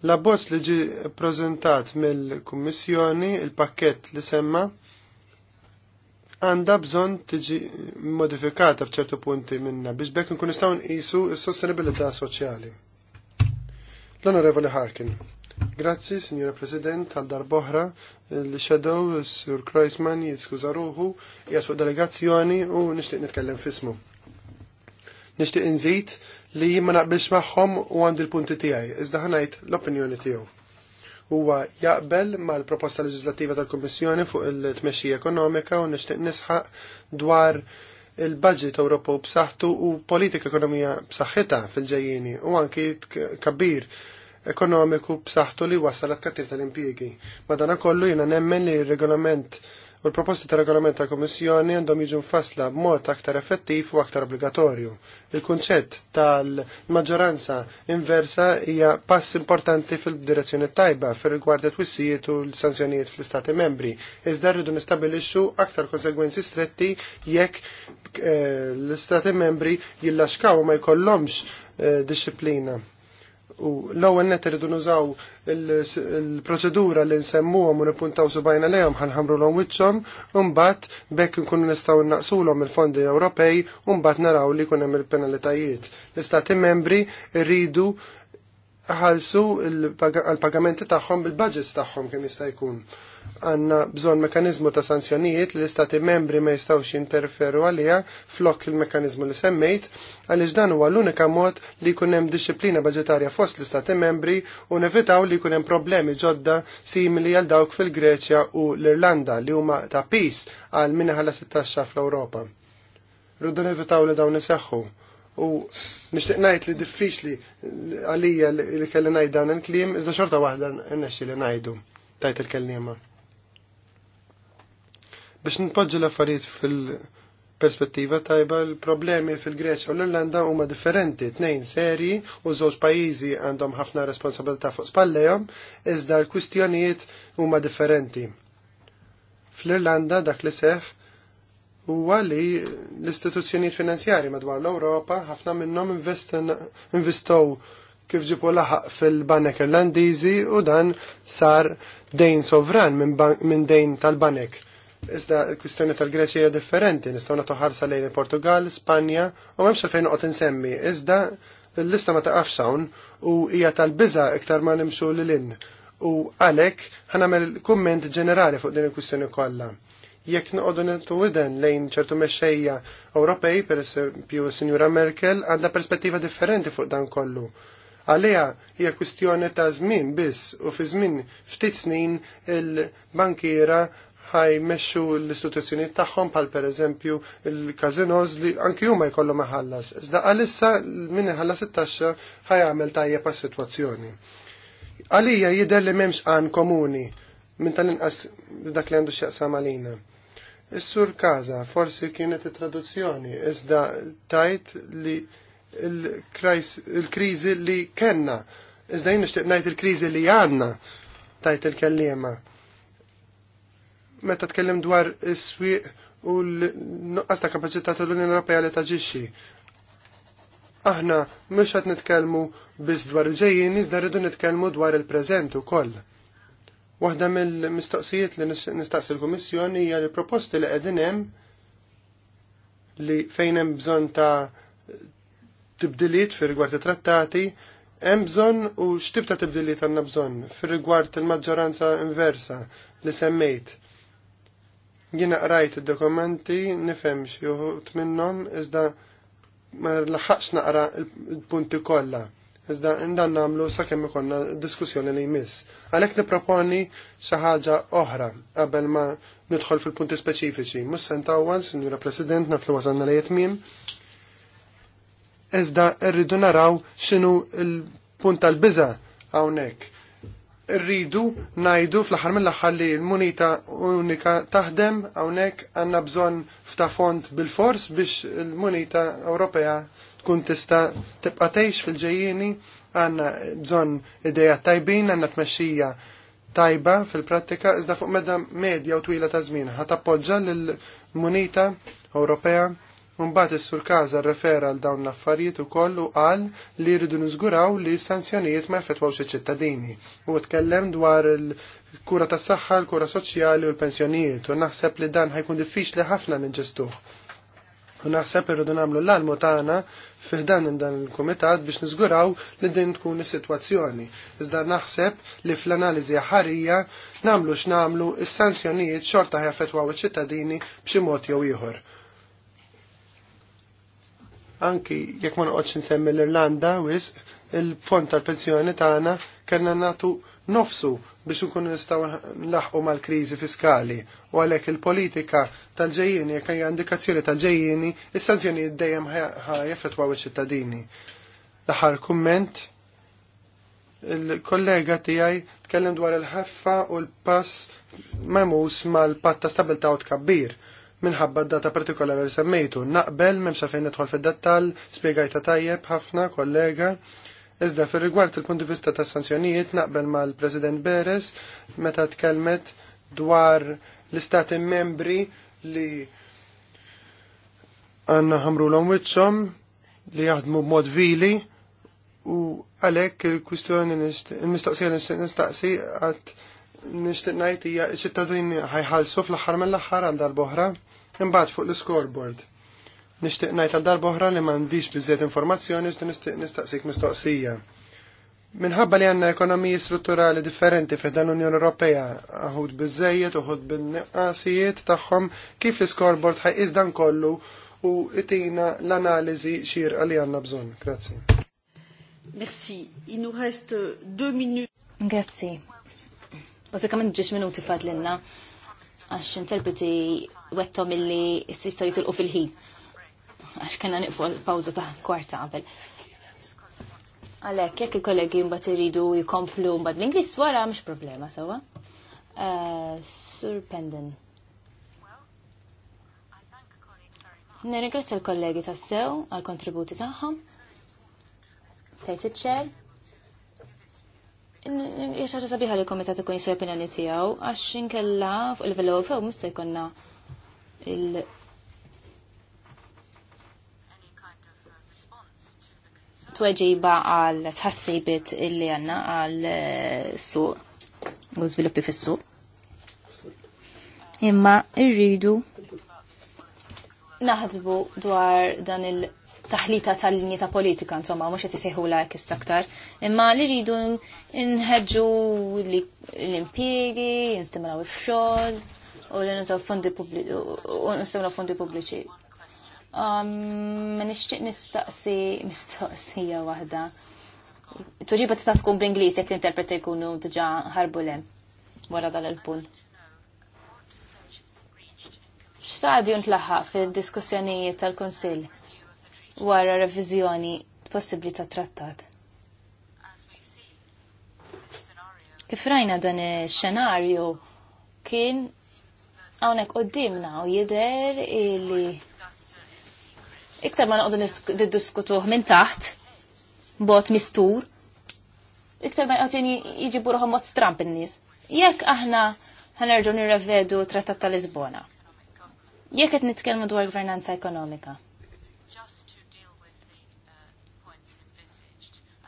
L-abbozz li ġi prezentat mill-Kummissjoni, il-pakket li semma, għanda bżon tiġi modifikata f'ċertu punti minna biex bekk nkun nistgħu nqisu s-sostenibilità soċjali. L-Onorevoli Harkin. Grazzi, Signora President, għal darboħra l-Shadow, Sur Kreisman, jiskuza ruħu, jgħat fuq delegazzjoni u nishtiq nitkellem fismu. Nishtiq nżid li jimma naqbilx magħhom u għand il punti tiegħi, iżda ħanajt l-opinjoni tiegħu. Huwa jaqbel mal-proposta leġislattiva tal-Kummissjoni fuq il-tmexxija ekonomika u nixtieq nisħaq dwar il-budget Ewropew b'saħħtu u politika ekonomija b'saħħitha fil-ġejjieni u anki kabir ekonomiku b'saħħtu li wasal għat-kattir tal-impjiegi. Madana kollu jiena nemmen li r-regolament u l-proposti ta' regolament tal komissjoni għandhom jiġu mfassla b'mod aktar effettiv u aktar obbligatorju. Il-kunċett tal-maġġoranza inversa hija pass importanti fil-direzzjoni tajba fir rigward it-twissijiet u l-sanzjonijiet fl-Istati membri, iżda rridu nistabilixxu aktar konsegwenzi stretti jekk eh, l-Istati membri jillaxkaw ma jkollhomx eh, disciplina U l-ewwel net irridu nużaw il-proċedura li nsemmuhom u nippuntaw subajna lejhom ħanħamru l wiċċhom, imbagħad bekk nkunu nistgħu naqsulhom il-fondi Ewropej u mbagħad naraw li jkun hemm il-penalitajiet. L-istati membri rridu ħalsu għal pagamenti tagħhom bil-budgets tagħhom kemm jista' jkun għanna bżon mekanizmu ta' sanzjonijiet li l-istati membri ma jistawx jinterferu għalija flok il-mekanizmu li semmejt, għaliex dan huwa l-unika mod li kunem disciplina budgetarja fost l-istati membri u nevitaw li kunem problemi ġodda simili għal dawk fil-Greċja u l-Irlanda li huma ta' pis għal minna ħala 16 fl-Ewropa. Ruddu nevitaw li dawn iseħħu. U nishtiq najt li diffiċli għalija li kelli najt dan il-klim, iżda xorta waħda n li najdu tajt il-kellima. Biex nipoġġi l-affarijiet fil-perspettiva tajba l-problemi fil-Greċja u l-Irlanda huma differenti, tnejn serji u żewġ pajjiżi għandhom ħafna responsabilità fuq spallejhom, iżda l-kwistjonijiet huma differenti. Fl-Irlanda dak li seħ huwa li l-istituzzjonijiet finanzjari madwar l-Ewropa ħafna minnhom investow kif ġipu laħaq fil-banek irlandiżi u dan sar dejn sovran minn min dejn tal-banek Iżda l-kwistjoni tal greċi hija differenti, nistgħu nagħtu ħarsa lejn il-Portugal, Spanja, u m'hemmx fejn noqgħod insemmi, iżda l-lista ma taqafx hawn u hija tal-biża' iktar ma nimxu lil in. U għalhekk nagħmel kumment ġenerali fuq din il-kwistjoni kollha. Jekk noqogħdu nitwiden lejn ċertu mexxejja Ewropej, pereżempju sinjura Merkel, għandha perspettiva differenti fuq dan kollu għalija hija kwistjoni ta' żmien biss u fi żmien ftit snin il-bankiera ħajmexxu l-istituzzjoni tagħhom bħal pereżempju il-kazinos li anki huma jkollhom maħallas. Iżda għalissa min iħallas it-taxxa għamil tajjeb għas-sitwazzjoni. Għalija jidher li m'hemmx għan komuni minn tal-inqas dak li għandu x'jaqsam għalina. Is-sur Kaza forsi kienet traduzzjoni iżda tajt li il-kriżi li kenna, iżda jien nixtieq ngħid il-kriżi li għandna tajt il-kellima meta tkellem dwar is-swieq u l-nuqqas ta' kapaċità tal-Unjoni Ewropea li taġixxi. Aħna mhux qed nitkellmu biss dwar il-ġejjin, iżda rridu nitkellmu dwar il-preżent ukoll. Waħda mill-mistoqsijiet li nistaqsi l-Kummissjoni hija li proposti li qegħdin hemm li fejn hemm bżonn ta' tibdiliet fir-rigward trattati hemm bżonn u x'tib ta' tibdiliet għandna bżonn fir-rigward il-maġġoranza inversa li semmejt jina qrajt id-dokumenti nifhem xi minnom minnhom iżda ma naqra l-punti kollha. Iżda indan nagħmlu sakemm ikollna diskussjoni li jmiss. Għalhekk nipproponi xaħġa ħaġa oħra qabel ma nidħol fil-punti speċifiċi. Mhux se ntawwal, Sinjura President, naf li li jitmim. Iżda rridu naraw x'inhu l-punt tal-biża' hawnhekk rridu najdu fl aħħar mill aħħar li l-munita unika taħdem għawnek għanna bżon fta' font bil-fors biex l-munita Ewropea tkun tista tibqa tgħix fil-ġejjieni għanna bżon ideja tajbin għanna tmexxija tajba fil-prattika iżda fuq medda medja u twila ta' żmien ħat appoġġa lill-munita Ewropea Mbagħad is-sur Kaza rrefera għal dawn l-affarijiet ukoll u qal li rridu niżguraw li s-sanzjonijiet ma jfetwawx iċ-ċittadini. U tkellem dwar il-kura tas-saħħa, l-kura soċjali u l-pensjonijiet u naħseb li dan ħajkun diffiċli ħafna niġġestuh. U naħseb irridu nagħmlu l-almu tagħna fiħdan dan il-komitat biex nizguraw li din tkun is-sitwazzjoni. Iżda naħseb li fl-analiżi ħarija namlu x'namlu is-sanzjonijiet xorta ħafetwaw iċ-ċittadini b'xi mod jew ieħor. Anki jekk ma noqgħodx insemmi l-Irlanda wisq, il-fond tal-pensjoni tagħna kellna nagħtu nofsu biex nkunu nistgħu nlaħqu mal-kriżi fiskali u għalhekk il-politika tal-ġejjieni jekk hija indikazzjoni tal-ġejjieni, is-sanzjonijiet dejjem jaffettwaw iċ-ċittadini. L-aħħar kumment il-kollega tiegħi tkellem dwar il ħaffa u l-pass memus mal-patta stabilta u tkabbir minħabba data partikolari li semmejtu. Naqbel memx fejn nidħol fid-dettal, spjegajta tajjeb ħafna kollega. Iżda fir rigward il-punt vista ta' sanzjonijiet naqbel mal-President Beres meta tkellmet dwar l-istati membri li għanna ħamru l wiċċom li jaħdmu b'mod vili u għalek il-kwistjoni il-mistoqsija li nistaqsi għat nishtiq ngħid hija ċittadini ħajħalsu fl-aħħar mill-aħħar għal darboħra Imbagħad fuq l-scoreboard. Nixtieq ngħid għal darba oħra li m'għandix biżżejjed informazzjoni iżda nistaqsik mistoqsija. Minħabba li għandna ekonomiji strutturali differenti fih dan l-Unjoni Ewropea, aħud biżejjed uħud bin-nuqqasijiet tagħhom, kif l-scoreboard ħajqis dan kollu u itina l-analiżi xirqa li għandna bżonn. Grazzi. Merci. Il nous reste deux minutes. Grazzi. Bazzikament ġiex minuti fadlinna għax interpreti wettom illi s-sistaw jitilqu fil-ħin. Għax kena niqfu l-pawza ta' kwarta għabel. Għalek, jekk il-kollegi mbagħad iridu jkomplu mbagħad l-Ingliż wara mhux problema sewwa. Eh, Surpendent. Nirringrazzja l-kollegi tas-sew għal-kontributi tagħhom. Tgħid iċ-ċer. Jiex ħaġa sabiħa li komitat ikun jisir opinjoni tiegħu għax inkella fuq il-livell Ewropew mista jkollna il- tweġiba għal tħassibit illi għanna għal eh, suq u zviluppi fis-suq. Imma irridu naħdbu dwar dan il- taħlita tal-linja ta' politika, insomma, mux għet jisihu la' kis saktar. Imma li rridu nħedġu l-impiegi, jinstimraw il-xol, u li nużaw fondi publiċi, u um, nistgħu fondi pubbliċi. Ma nixtieq nistaqsi (laughs) mistoqsija waħda. Tuġiba tista' tkun bl jekk l-interpreti jkunu diġà ħarbu lem wara dan il-punt x'stadju ntlaħħa fid-diskussjonijiet tal-Kunsill wara reviżjoni possibbli ta' trattat? Kif rajna dan ix-xenarju kien hawnhekk dimna u jidher illi. iktar ma naqdu niddiskutuh minn taħt bot mistur, iktar ma jgħatini jġibu ruħom mod stramp in-nies. Jekk aħna ħanerġu nirrevedu trattat ta' Lisbona. Jekk qed nitkellmu dwar gvernanza ekonomika.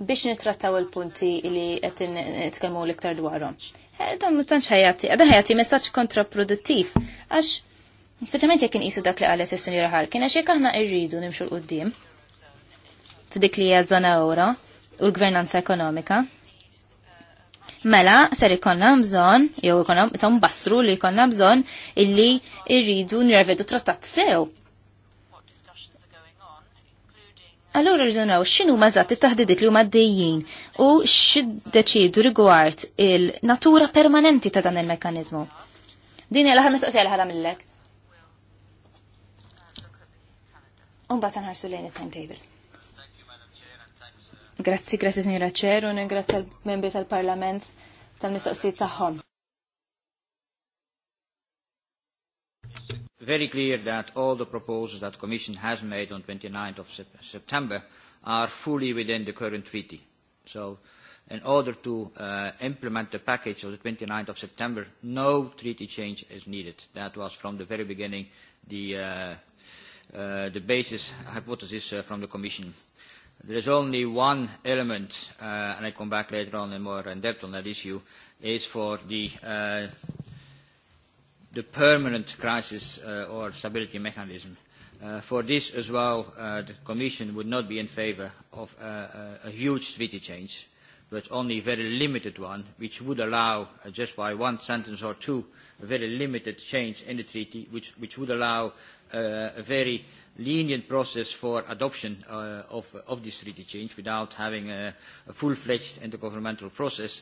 Biex nitrattaw il-punti li għet nitkelmu l-iktar dwarom. Eh, dan mutanċ ħajati, għadan ħajati messaċ kontraproduttiv, għax, speċament jek nqisu dak li għalet il-Sunjura kien għax jek aħna irridu nimxu l-qoddim, f'dik li hija zona euro u l-gvernanza ekonomika. Mela, ser ikonna bżon, jew ikonna, tam basru li ikonna bżon illi irridu nirvedu trattat sew Allura rizunaw, xinu mażat it taħdidit li huma għaddejjin u x'iddeċiedu rigward il-natura permanenti ta' dan il mekkanizmu Din hija l-aħħar mistoqsija li ħadha millek. Umbagħad nħarsu lejn it-timetable. Grazzi, grazzi Signora Ċer u ningrazzja l-membri tal-Parlament tal-mistoqsijiet tagħhom. very clear that all the proposals that the Commission has made on 29th of sep September are fully within the current treaty. So in order to uh, implement the package of the 29th of September, no treaty change is needed. That was from the very beginning the, uh, uh, the basis hypothesis uh, from the Commission. There is only one element, uh, and I come back later on in more in depth on that issue, is for the uh, the permanent crisis uh, or stability mechanism. Uh, for this as well, uh, the Commission would not be in favour of uh, uh, a huge treaty change, but only a very limited one, which would allow, uh, just by one sentence or two, a very limited change in the treaty, which, which would allow uh, a very lenient process for adoption uh, of, of this treaty change without having a, a full-fledged intergovernmental process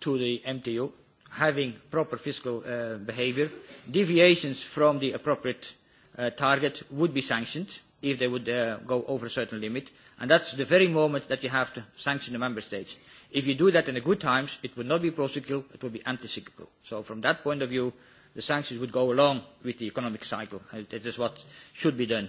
to the MTU, having proper fiscal uh, behavior. Deviations from the appropriate uh, target would be sanctioned if they would uh, go over a certain limit. And that's the very moment that you have to sanction the member states. If you do that in the good times, it would not be procyclical, it would be anti cyclical. So from that point of view, the sanctions would go along with the economic cycle. That is what should be done.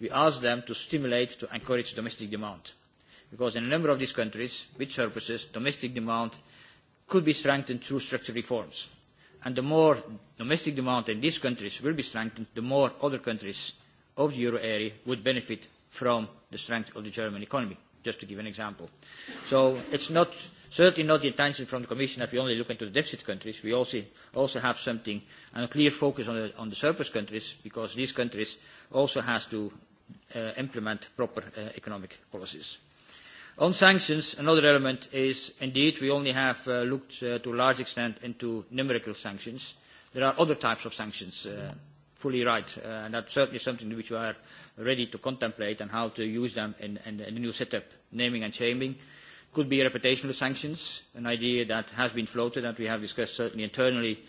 we ask them to stimulate to encourage domestic demand. Because in a number of these countries, with surpluses, domestic demand could be strengthened through structural reforms. And the more domestic demand in these countries will be strengthened, the more other countries of the euro area would benefit from the strength of the German economy, just to give an example. So it's not Certainly not the intention from the Commission that we only look into the deficit countries. We also, also have something and a clear focus on the, on the surplus countries because these countries also have to uh, implement proper uh, economic policies. On sanctions, another element is indeed we only have uh, looked uh, to a large extent into numerical sanctions. There are other types of sanctions, uh, fully right, uh, and that's certainly something which we are ready to contemplate and how to use them in, in, in the new setup, naming and shaming Could be reputational sanctions, an idea that has been floated and we have discussed certainly internally,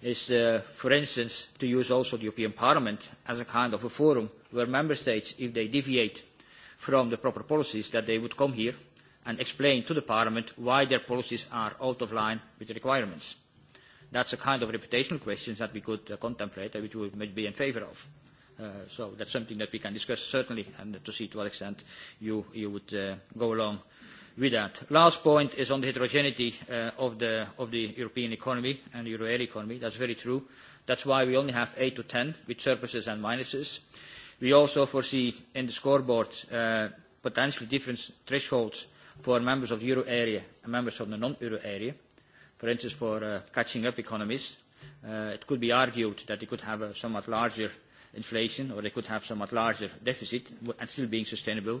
is, uh, for instance, to use also the European Parliament as a kind of a forum where member states, if they deviate from the proper policies, that they would come here and explain to the Parliament why their policies are out of line with the requirements. That's a kind of reputational question that we could uh, contemplate and which we might be in favour of. Uh, so that's something that we can discuss certainly and to see to what extent you, you would uh, go along with that. Last point is on the heterogeneity uh, of, the, of the European economy and the euro area economy. That's very true. That's why we only have 8 to 10 with surpluses and minuses. We also foresee in the scoreboard uh, potentially different thresholds for members of the euro area and members of the non-euro area. For instance, for uh, catching up economies, uh, it could be argued that they could have a somewhat larger inflation or they could have somewhat larger deficit and still being sustainable.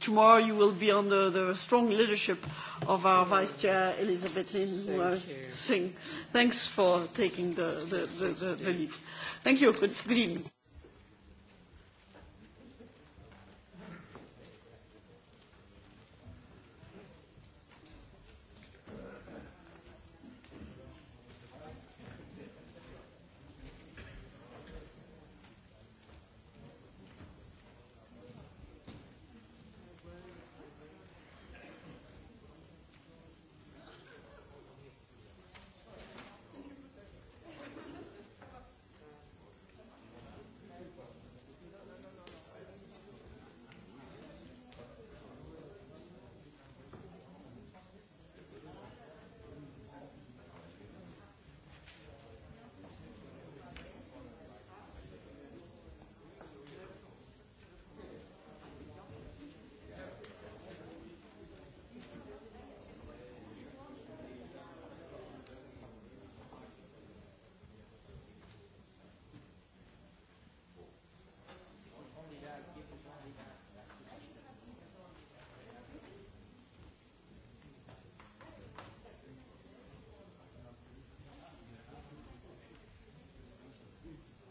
Tomorrow you will be under the strong leadership of our Vice Chair, Elizabeth Lin Singh. Thanks for taking the, the, the, the, the lead. Thank you. Good, good evening.